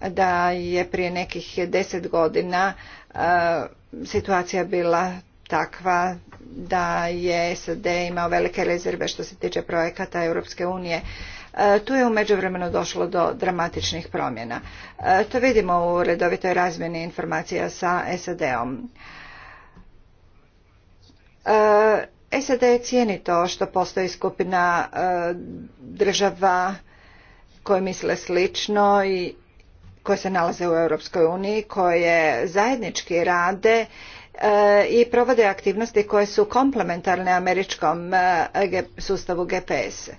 da je prije nekih deset godina e, situacija bila takva da je SAD imao velike rezerve što se tiče projekata Europske unije. E, tu je u međuvremenu došlo do dramatičnih promjena. E, to vidimo u redovitoj razmjeni informacija sa SAD-om. E, SAD cijeni to što postoji skupina država koje misle slično i koje se nalaze u Europskoj uniji, koje zajednički rade E, i provode aktivnosti koje su komplementarne američkom e, sustavu GPS.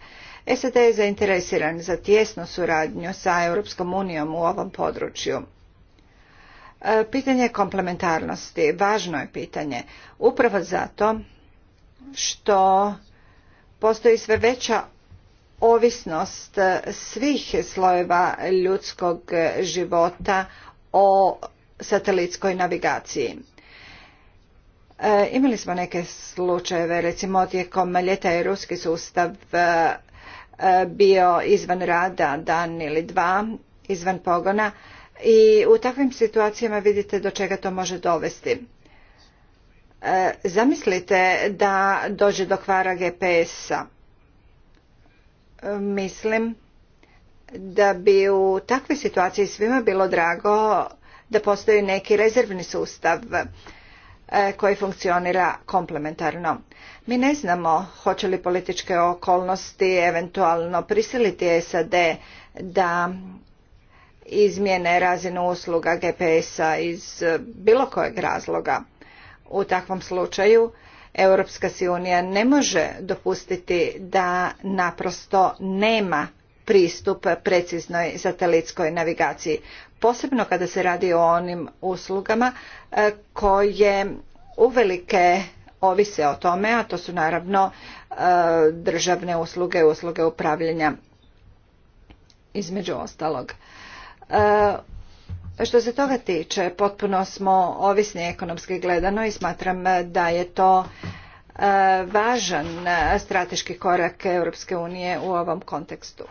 SAD je zainteresiran za tjesnu suradnju sa Europskom unijom u ovom području. E, pitanje komplementarnosti važno je pitanje upravo zato što postoji sve veća ovisnost svih slojeva ljudskog života o satelitskoj navigaciji. E, imali smo neke slučajeve, recimo tijekom ljeta je ruski sustav e, e, bio izvan rada dan ili dva, izvan pogona i u takvim situacijama vidite do čega to može dovesti. Zamislite da dođe do kvara GPS-a. Mislim da bi u takvoj situaciji svima bilo drago da postoji neki rezervni sustav E, koji funkcionira komplementarno. Mi ne znamo hoće li političke okolnosti eventualno prisiliti SAD da izmjene razinu usluga GPS-a iz bilo kojeg razloga. U takvom slučaju Europska si unija ne može dopustiti da naprosto nema pristup preciznoj satelitskoj navigaciji posebno kada se radi o onim uslugama e, koje uvelike ovise o tome, a to su naravno e, državne usluge, usluge upravljanja između ostalog. E, što se toga tiče, potpuno smo ovisni ekonomski gledano i smatram da je to važan strateški korak Europske unije u ovom kontekstu.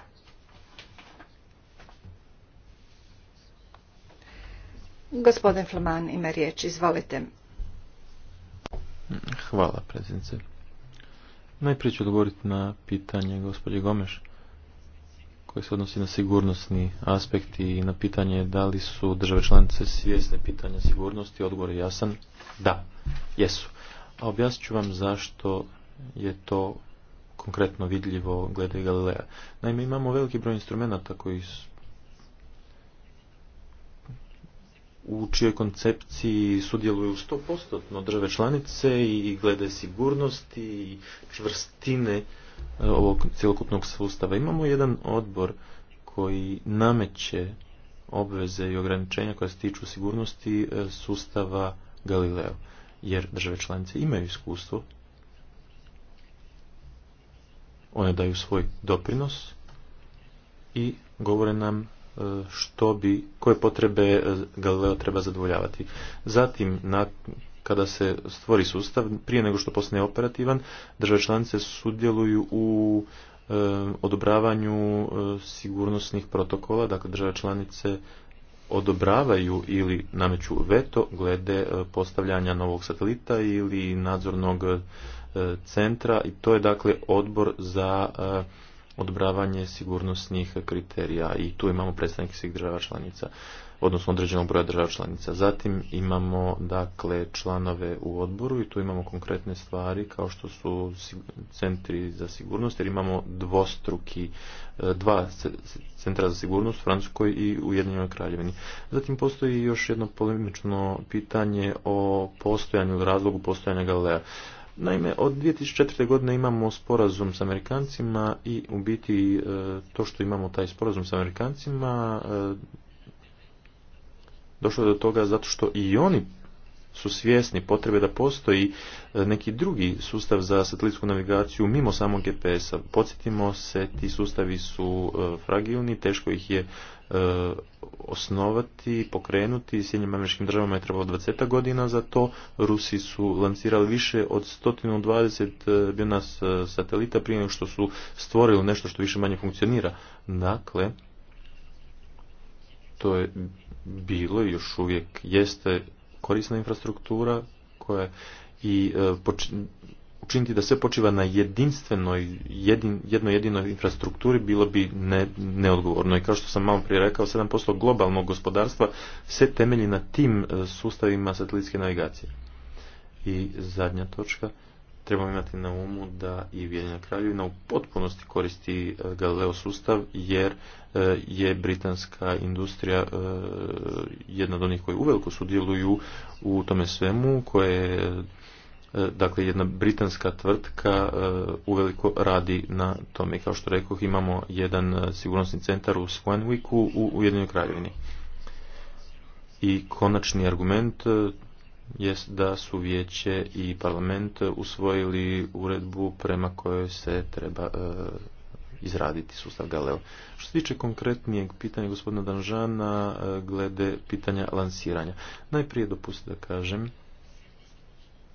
Gospodin Flaman ima riječ, izvolite. Hvala, predsjednice. Najprije ću odgovoriti na pitanje gospođe Gomeš koje se odnosi na sigurnosni aspekt i na pitanje da li su države članice svjesne pitanja sigurnosti, odgovor je jasan, da, jesu. A objasnit ću vam zašto je to konkretno vidljivo glede Galilea. Naime, imamo veliki broj instrumenta koji u čijoj koncepciji sudjeluju 100% države članice i glede sigurnosti i čvrstine e, ovog cjelokupnog sustava. Imamo jedan odbor koji nameće obveze i ograničenja koja se tiču sigurnosti e, sustava Galileo, jer države članice imaju iskustvo, one daju svoj doprinos i govore nam što bi, koje potrebe e, Galileo treba zadovoljavati. Zatim, na, kada se stvori sustav, prije nego što postane operativan, države članice sudjeluju u e, odobravanju e, sigurnosnih protokola, dakle države članice odobravaju ili nameću veto glede postavljanja novog satelita ili nadzornog centra i to je dakle odbor za odbravanje sigurnosnih kriterija i tu imamo predstavnike svih država članica odnosno određenog broja država članica. Zatim imamo dakle članove u odboru i tu imamo konkretne stvari kao što su centri za sigurnost jer imamo dvostruki e, dva centra za sigurnost u Francuskoj i Ujedinjenoj Kraljevini. Zatim postoji još jedno polemično pitanje o postojanju razlogu postojanja Galilea. Naime, od 2004. godine imamo sporazum s Amerikancima i u biti e, to što imamo taj sporazum s Amerikancima e, došlo je do toga zato što i oni su svjesni potrebe da postoji e, neki drugi sustav za satelitsku navigaciju mimo samog GPS-a. Podsjetimo se, ti sustavi su e, fragilni, teško ih je e, osnovati, pokrenuti. Sjednjim američkim državama je trebalo 20 godina za to. Rusi su lancirali više od 120 bionas satelita prije nego što su stvorili nešto što više manje funkcionira. Dakle, to je bilo i još uvijek jeste korisna infrastruktura koja i e, učiniti da sve počiva na jedinstvenoj, jedin, jednoj jedinoj infrastrukturi bilo bi neodgovorno. I kao što sam malo prije rekao, 7% globalnog gospodarstva se temelji na tim e, sustavima satelitske navigacije. I zadnja točka, trebamo imati na umu da i Vijeljena kraljevina u potpunosti koristi e, Galileo sustav jer e, je britanska industrija e, jedna od onih koji uveliko sudjeluju u tome svemu koje dakle jedna britanska tvrtka uveliko radi na tome kao što rekoh imamo jedan sigurnosni centar u Swanwicku u Ujedinjenoj kraljevini i konačni argument jest da su vijeće i parlament usvojili uredbu prema kojoj se treba e, izraditi sustav Galeo. Što se tiče konkretnijeg pitanja gospodina Danžana e, glede pitanja lansiranja. Najprije dopustite da kažem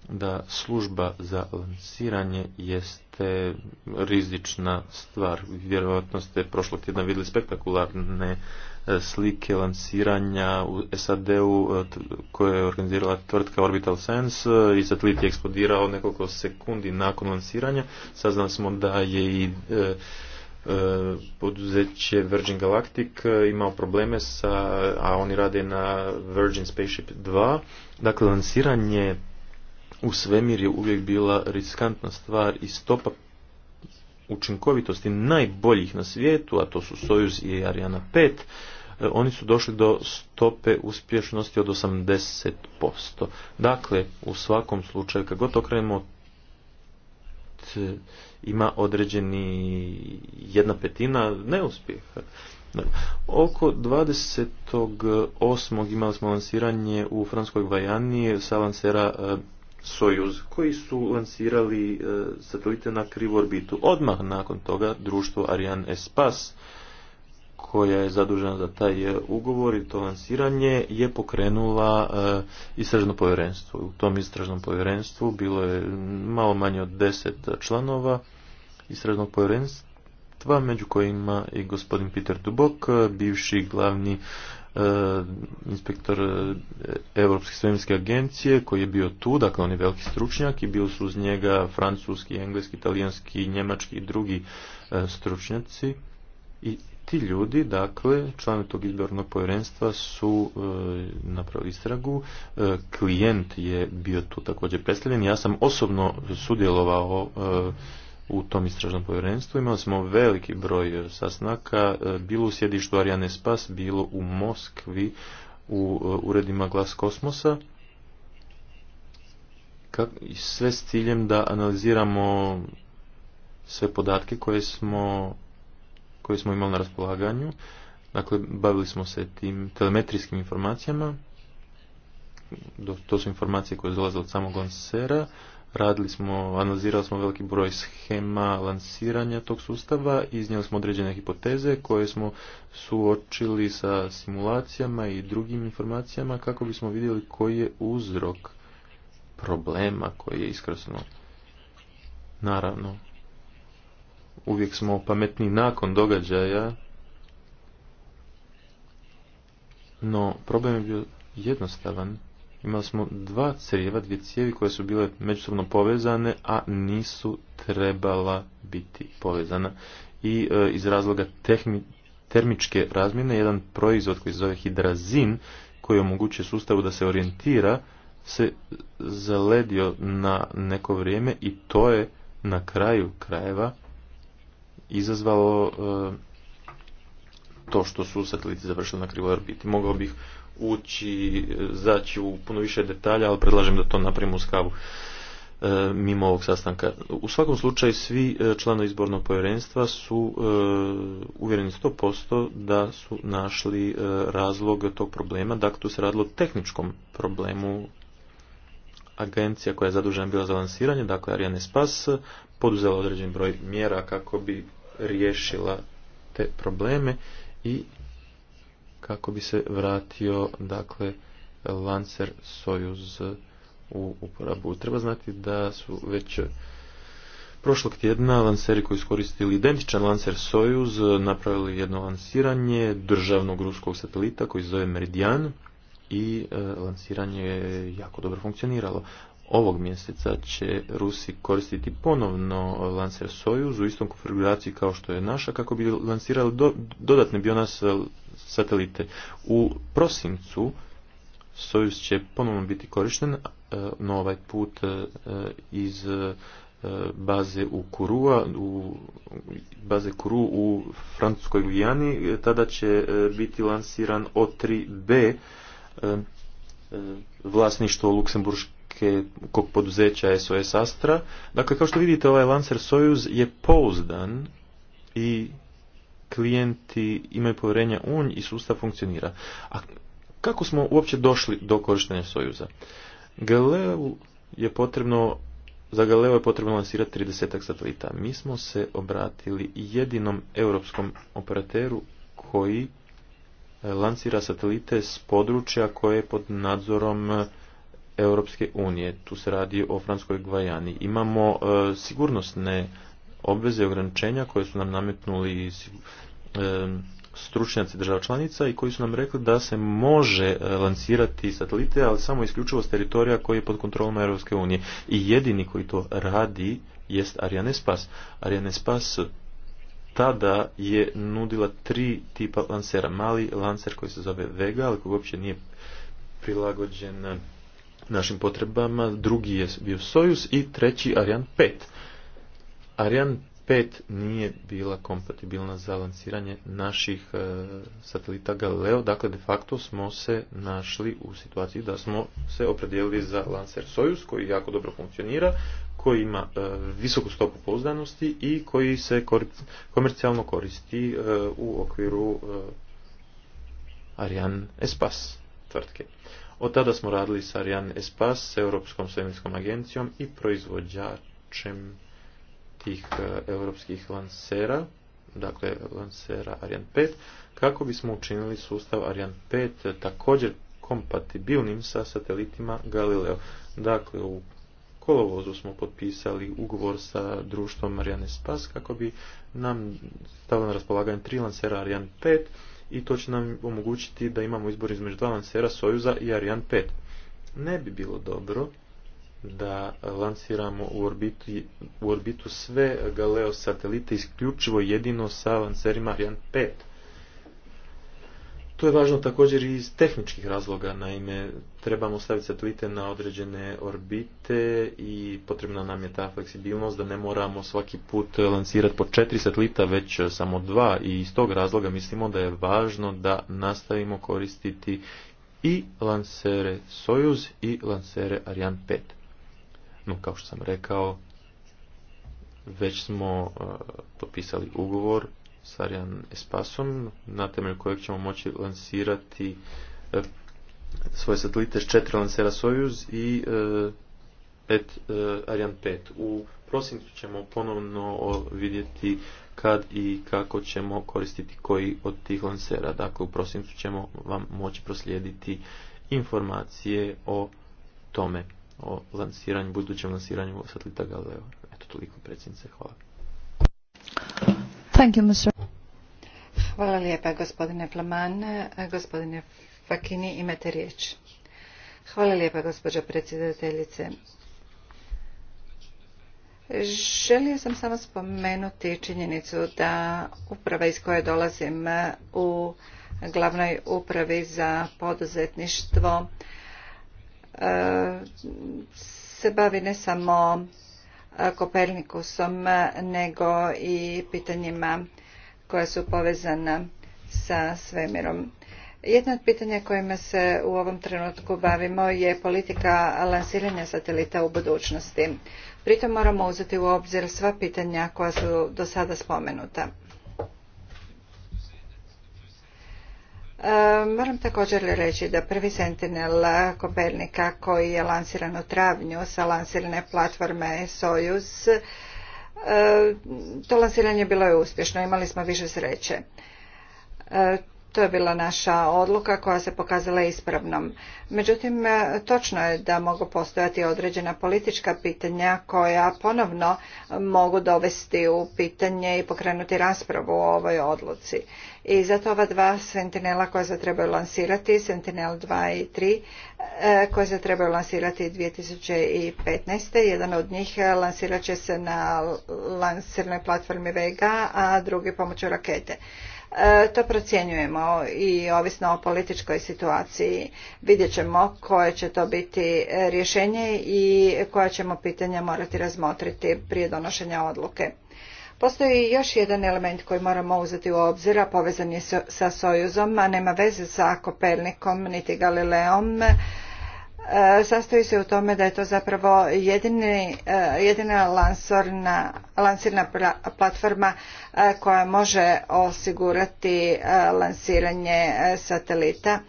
da služba za lansiranje jeste rizična stvar. Vjerojatno ste prošlog tjedna vidjeli spektakularne E, slike lansiranja u SAD-u e, koje je organizirala tvrtka Orbital Sense e, i satelit je eksplodirao nekoliko sekundi nakon lansiranja. Saznali smo da je i poduzeće Virgin Galactic imao probleme sa, a oni rade na Virgin Spaceship 2. Dakle, lansiranje u svemir je uvijek bila riskantna stvar i stopa učinkovitosti najboljih na svijetu, a to su Sojuz i Ariana 5, e, oni su došli do stope uspješnosti od 80%. Dakle, u svakom slučaju, kako to krenemo, ima određeni jedna petina neuspjeha. Oko 28. imali smo lansiranje u Franskoj Vajani sa lansera e, Sojuz koji su lansirali e, satelite na krivu orbitu. Odmah nakon toga društvo Ariane Espas koja je zadužena za taj e, ugovor i to lansiranje je pokrenula e, istražno povjerenstvo. U tom istražnom povjerenstvu bilo je malo manje od deset članova istražnog povjerenstva među kojima i gospodin Peter Dubok, bivši glavni E, inspektor e, Europske svemirske agencije koji je bio tu, dakle on je veliki stručnjak i bio su uz njega francuski, engleski, italijanski, njemački i drugi e, stručnjaci i ti ljudi, dakle, članovi tog izbornog povjerenstva su napravili istragu, klijent je bio tu također predstavljen, ja sam osobno sudjelovao u tom istražnom povjerenstvu. Imali smo veliki broj e, sasnaka, e, bilo u sjedištu Ariane Spas, bilo u Moskvi, u e, uredima Glas Kosmosa. Sve s ciljem da analiziramo sve podatke koje smo, koje smo imali na raspolaganju. Dakle, bavili smo se tim telemetrijskim informacijama. To su informacije koje dolaze od samog onsera radili smo, analizirali smo veliki broj schema lansiranja tog sustava, iznijeli smo određene hipoteze koje smo suočili sa simulacijama i drugim informacijama kako bismo vidjeli koji je uzrok problema koji je iskrasno. Naravno, uvijek smo pametni nakon događaja, no problem je bio jednostavan imali smo dva crijeva, dvije cijevi koje su bile međusobno povezane, a nisu trebala biti povezana. I e, iz razloga termičke razmjene, jedan proizvod koji se zove hidrazin, koji omogućuje sustavu da se orijentira, se zaledio na neko vrijeme i to je na kraju krajeva izazvalo e, to što su sateliti završili na krivoj orbiti. Mogao bih ući, zaći u puno više detalja, ali predlažem da to napravimo u skavu e, mimo ovog sastanka. U svakom slučaju svi e, članovi izbornog povjerenstva su e, uvjereni 100% da su našli razlog tog problema, dakle tu se radilo o tehničkom problemu agencija koja je zadužena bila za lansiranje, dakle Ariane Spas, poduzela određen broj mjera kako bi riješila te probleme i kako bi se vratio dakle Lancer Sojuz u uporabu. Treba znati da su već prošlog tjedna lanseri koji su koristili identičan Lancer Sojuz napravili jedno lansiranje državnog ruskog satelita koji se zove Meridian i e, lansiranje je jako dobro funkcioniralo ovog mjeseca će Rusi koristiti ponovno Lancer Sojuz u istom konfiguraciji kao što je naša kako bi lansirali do, dodatne bionas eh, satelite. U prosincu Sojuz će ponovno biti korišten, eh, no ovaj put eh, iz baze u Kurua, u baze Kuru u Francuskoj Gujani, tada će biti lansiran O3B vlasništvo Luksemburške kog poduzeća SOS Astra. Dakle, kao što vidite, ovaj Lancer Soyuz je pouzdan i klijenti imaju povjerenja u i sustav funkcionira. A kako smo uopće došli do korištenja Sojuza? Galeu je potrebno za Galeo je potrebno lansirati 30 satelita. Mi smo se obratili jedinom europskom operateru koji lansira satelite s područja koje je pod nadzorom Europske unije. Tu se radi o Franskoj Gvajani. Imamo e, sigurnosne obveze i ograničenja koje su nam nametnuli e, stručnjaci država članica i koji su nam rekli da se može e, lansirati satelite, ali samo isključivo s teritorija koji je pod kontrolom Europske unije. I jedini koji to radi jest Ariane Spas. Ariane Spas tada je nudila tri tipa lansera. Mali lancer koji se zove Vega, ali koji uopće nije prilagođen našim potrebama, drugi je bio Sojus i treći Ariane 5. Ariane 5 nije bila kompatibilna za lansiranje naših e, satelita Galileo, dakle de facto smo se našli u situaciji da smo se opredijelili za lancer Sojus koji jako dobro funkcionira, koji ima e, visoku stopu pouzdanosti i koji se komercijalno koristi e, u okviru Ariane Espas tvrtke. Od tada smo radili sa Ariane Espas, s Europskom svemirskom agencijom i proizvođačem tih e, europskih lansera, dakle lansera Ariane 5, kako bismo učinili sustav Ariane 5 e, također kompatibilnim sa satelitima Galileo. Dakle, u kolovozu smo potpisali ugovor sa društvom Ariane Spas kako bi nam stavili na raspolaganje tri lansera Ariane 5 i to će nam omogućiti da imamo izbor između dva lansera Sojuza i Ariane 5. Ne bi bilo dobro da lansiramo u orbitu, u orbitu sve Galeo satelite isključivo jedino sa lanserima Ariane 5 to je važno također i iz tehničkih razloga, naime trebamo staviti satelite na određene orbite i potrebna nam je ta fleksibilnost da ne moramo svaki put lansirati po četiri satelita, već samo dva i iz tog razloga mislimo da je važno da nastavimo koristiti i lansere Sojuz i lansere Ariane 5. No, kao što sam rekao, već smo eh, popisali ugovor Sarjan Espasom, na temelju kojeg ćemo moći lansirati e, svoje satelite s četiri lansera Sojuz i e, e, pet, Ariane 5. U prosincu ćemo ponovno vidjeti kad i kako ćemo koristiti koji od tih lansera. Dakle, u prosincu ćemo vam moći proslijediti informacije o tome, o lansiranju, budućem lansiranju satelita Galileo. Eto, toliko predsjednice, hvala. Hvala lijepa, gospodine Plaman. Gospodine Fakini, imate riječ. Hvala lijepa, gospođo predsjedateljice. Želio sam samo spomenuti činjenicu da uprava iz koje dolazim u glavnoj upravi za poduzetništvo e, se bavi ne samo Kopernikusom nego i pitanjima koja su povezana sa svemirom. Jedno od pitanja kojima se u ovom trenutku bavimo je politika lansiranja satelita u budućnosti. Pritom moramo uzeti u obzir sva pitanja koja su do sada spomenuta. Moram također reći da prvi Sentinel Kopernika koji je lansiran u travnju sa lansirane platforme Sojuz, to lansiranje bilo je uspješno, imali smo više sreće. To je bila naša odluka koja se pokazala ispravnom. Međutim, točno je da mogu postojati određena politička pitanja koja ponovno mogu dovesti u pitanje i pokrenuti raspravu o ovoj odluci i zato ova dva sentinela koja se trebaju lansirati, Sentinel 2 i 3, e, koja se trebaju lansirati 2015. Jedan od njih lansirat će se na lansirnoj platformi Vega, a drugi pomoću rakete. E, to procjenjujemo i ovisno o političkoj situaciji vidjet ćemo koje će to biti rješenje i koja ćemo pitanja morati razmotriti prije donošenja odluke. Postoji još jedan element koji moramo uzeti u obzir, a povezan je sa Sojuzom, a nema veze sa Kopernikom niti Galileom. E, sastoji se u tome da je to zapravo jedini, e, jedina lansorna, lansirna platforma e, koja može osigurati lansiranje satelita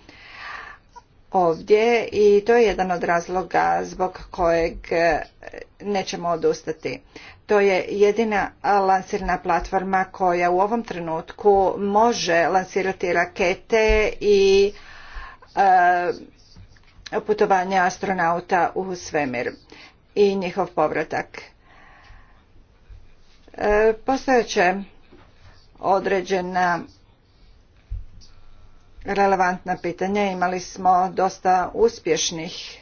ovdje i to je jedan od razloga zbog kojeg nećemo odustati to je jedina lansirna platforma koja u ovom trenutku može lansirati rakete i e, putovanja astronauta u svemir i njihov povratak. E, postojeće određena relevantna pitanja. Imali smo dosta uspješnih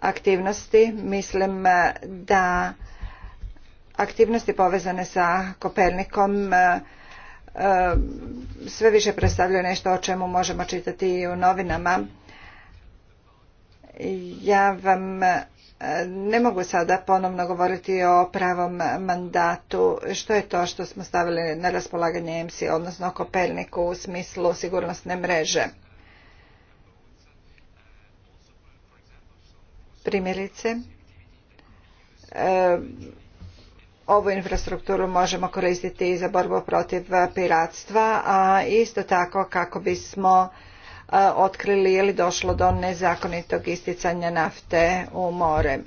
aktivnosti mislim eh, da aktivnosti povezane sa Kopernikom eh, eh, sve više predstavljaju nešto o čemu možemo čitati i u novinama. Ja vam ne mogu sada ponovno govoriti o pravom mandatu. Što je to što smo stavili na raspolaganje MC, odnosno Koperniku u smislu sigurnosne mreže? Primjerice, ovu infrastrukturu možemo koristiti i za borbu protiv piratstva, a isto tako kako bismo e, otkrili ili došlo do nezakonitog isticanja nafte u more.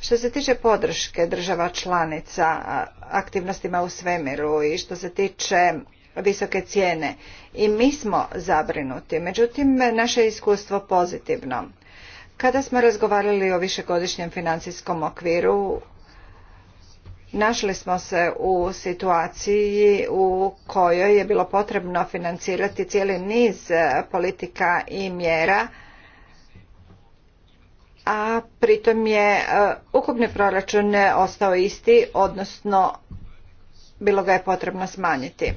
Što se tiče podrške država članica aktivnostima u svemiru i što se tiče visoke cijene i mi smo zabrinuti, međutim naše iskustvo pozitivno. Kada smo razgovarali o višegodišnjem financijskom okviru, našli smo se u situaciji u kojoj je bilo potrebno financirati cijeli niz e, politika i mjera, a pritom je e, ukupni proračun ostao isti, odnosno bilo ga je potrebno smanjiti.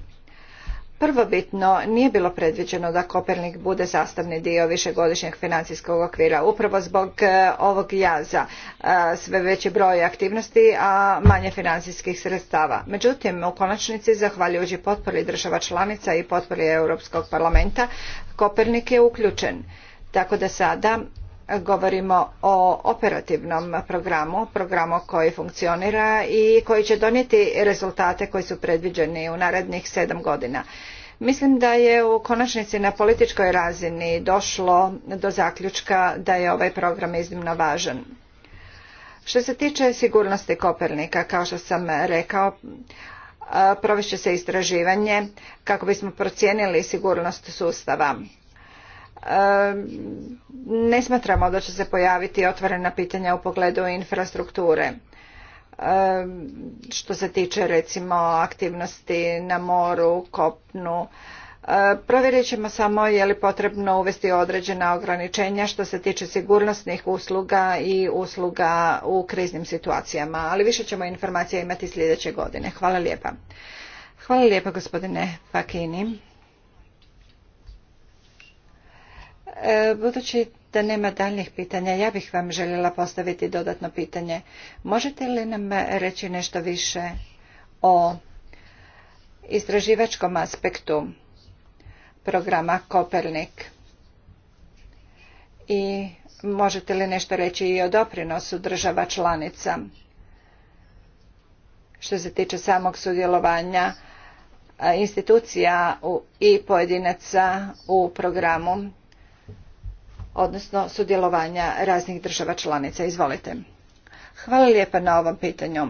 Prvobitno nije bilo predviđeno da Kopernik bude sastavni dio višegodišnjeg financijskog okvira, upravo zbog e, ovog jaza, e, sve veći broj aktivnosti, a manje financijskih sredstava. Međutim, u konačnici, zahvaljujući potpori država članica i potpori Europskog parlamenta, Kopernik je uključen. Tako da sada govorimo o operativnom programu, programu koji funkcionira i koji će donijeti rezultate koji su predviđeni u narednih sedam godina. Mislim da je u konačnici na političkoj razini došlo do zaključka da je ovaj program iznimno važan. Što se tiče sigurnosti Kopernika, kao što sam rekao, će se istraživanje kako bismo procijenili sigurnost sustava ne smatramo da će se pojaviti otvorena pitanja u pogledu infrastrukture što se tiče recimo aktivnosti na moru, kopnu. E, provjerit ćemo samo je li potrebno uvesti određena ograničenja što se tiče sigurnosnih usluga i usluga u kriznim situacijama, ali više ćemo informacija imati sljedeće godine. Hvala lijepa. Hvala lijepa gospodine Pakini. E, budući da nema daljnjih pitanja, ja bih vam željela postaviti dodatno pitanje. Možete li nam reći nešto više o istraživačkom aspektu programa Kopernik? I možete li nešto reći i o doprinosu država članica što se tiče samog sudjelovanja institucija i pojedinaca u programu odnosno sudjelovanja raznih država članica. Izvolite. Hvala lijepa na ovom pitanju.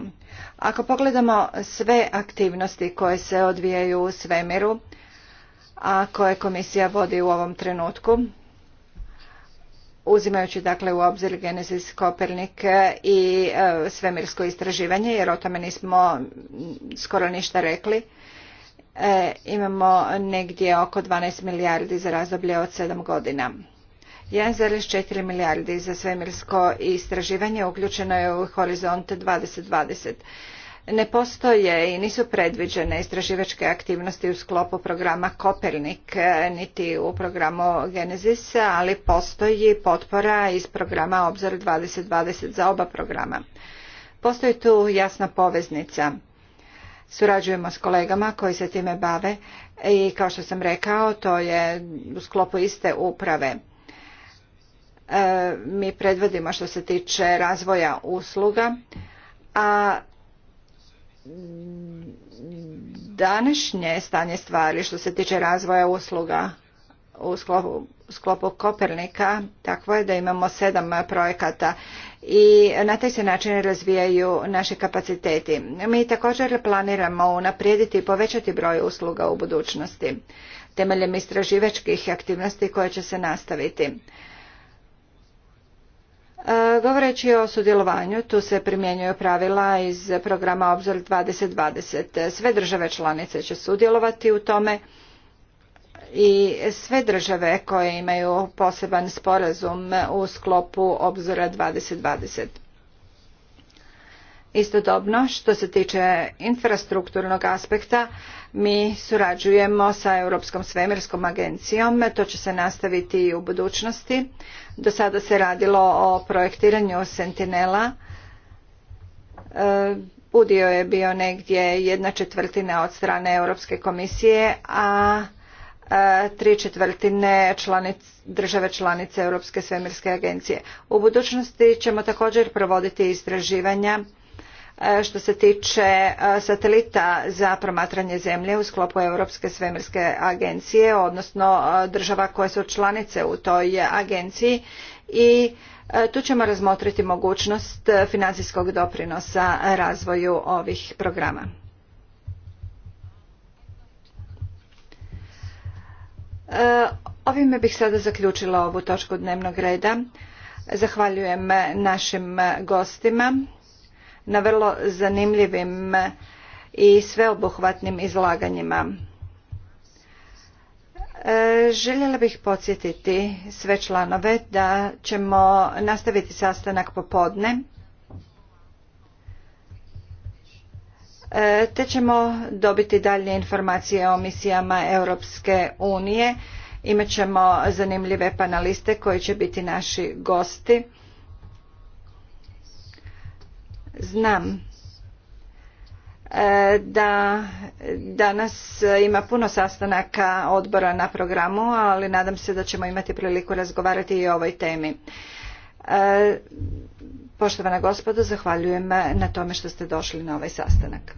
Ako pogledamo sve aktivnosti koje se odvijaju u svemiru, a koje komisija vodi u ovom trenutku, uzimajući dakle u obzir Genesis Kopernik i e, svemirsko istraživanje, jer o tome nismo skoro ništa rekli, e, imamo negdje oko 12 milijardi za razdoblje od 7 godina. 1,4 milijardi za svemirsko istraživanje uključeno je u Horizont 2020. Ne postoje i nisu predviđene istraživačke aktivnosti u sklopu programa Kopernik niti u programu Genesis, ali postoji potpora iz programa Obzor 2020 za oba programa. Postoji tu jasna poveznica. Surađujemo s kolegama koji se time bave i kao što sam rekao, to je u sklopu iste uprave. E, mi predvodimo što se tiče razvoja usluga, a današnje stanje stvari što se tiče razvoja usluga u sklopu, Kopernika takvo je da imamo sedam projekata i na taj se način razvijaju naši kapaciteti. Mi također planiramo unaprijediti i povećati broj usluga u budućnosti temeljem istraživačkih aktivnosti koje će se nastaviti. Eh, govoreći o sudjelovanju, tu se primjenjuju pravila iz programa Obzor 2020. Sve države članice će sudjelovati u tome i sve države koje imaju poseban sporazum u sklopu Obzora 2020. Istodobno, što se tiče infrastrukturnog aspekta, mi surađujemo sa Europskom svemirskom agencijom, to će se nastaviti i u budućnosti. Do sada se radilo o projektiranju sentinela. E, udio je bio negdje jedna četvrtina od strane Europske komisije, a e, tri četvrtine članic, države članice Europske svemirske agencije. U budućnosti ćemo također provoditi istraživanja E, što se tiče e, satelita za promatranje zemlje u sklopu Europske svemirske agencije, odnosno e, država koje su članice u toj agenciji i tu ćemo razmotriti mogućnost financijskog doprinosa razvoju ovih programa. Ovime bih sada zaključila ovu točku dnevnog reda. Zahvaljujem našim gostima na vrlo zanimljivim i sveobuhvatnim izlaganjima. E, željela bih podsjetiti sve članove da ćemo nastaviti sastanak popodne e, te ćemo dobiti dalje informacije o misijama Europske unije. Imat ćemo zanimljive paneliste koji će biti naši gosti. Znam e, da danas ima puno sastanaka odbora na programu, ali nadam se da ćemo imati priliku razgovarati i o ovoj temi. E, poštovana gospodo, zahvaljujem na tome što ste došli na ovaj sastanak.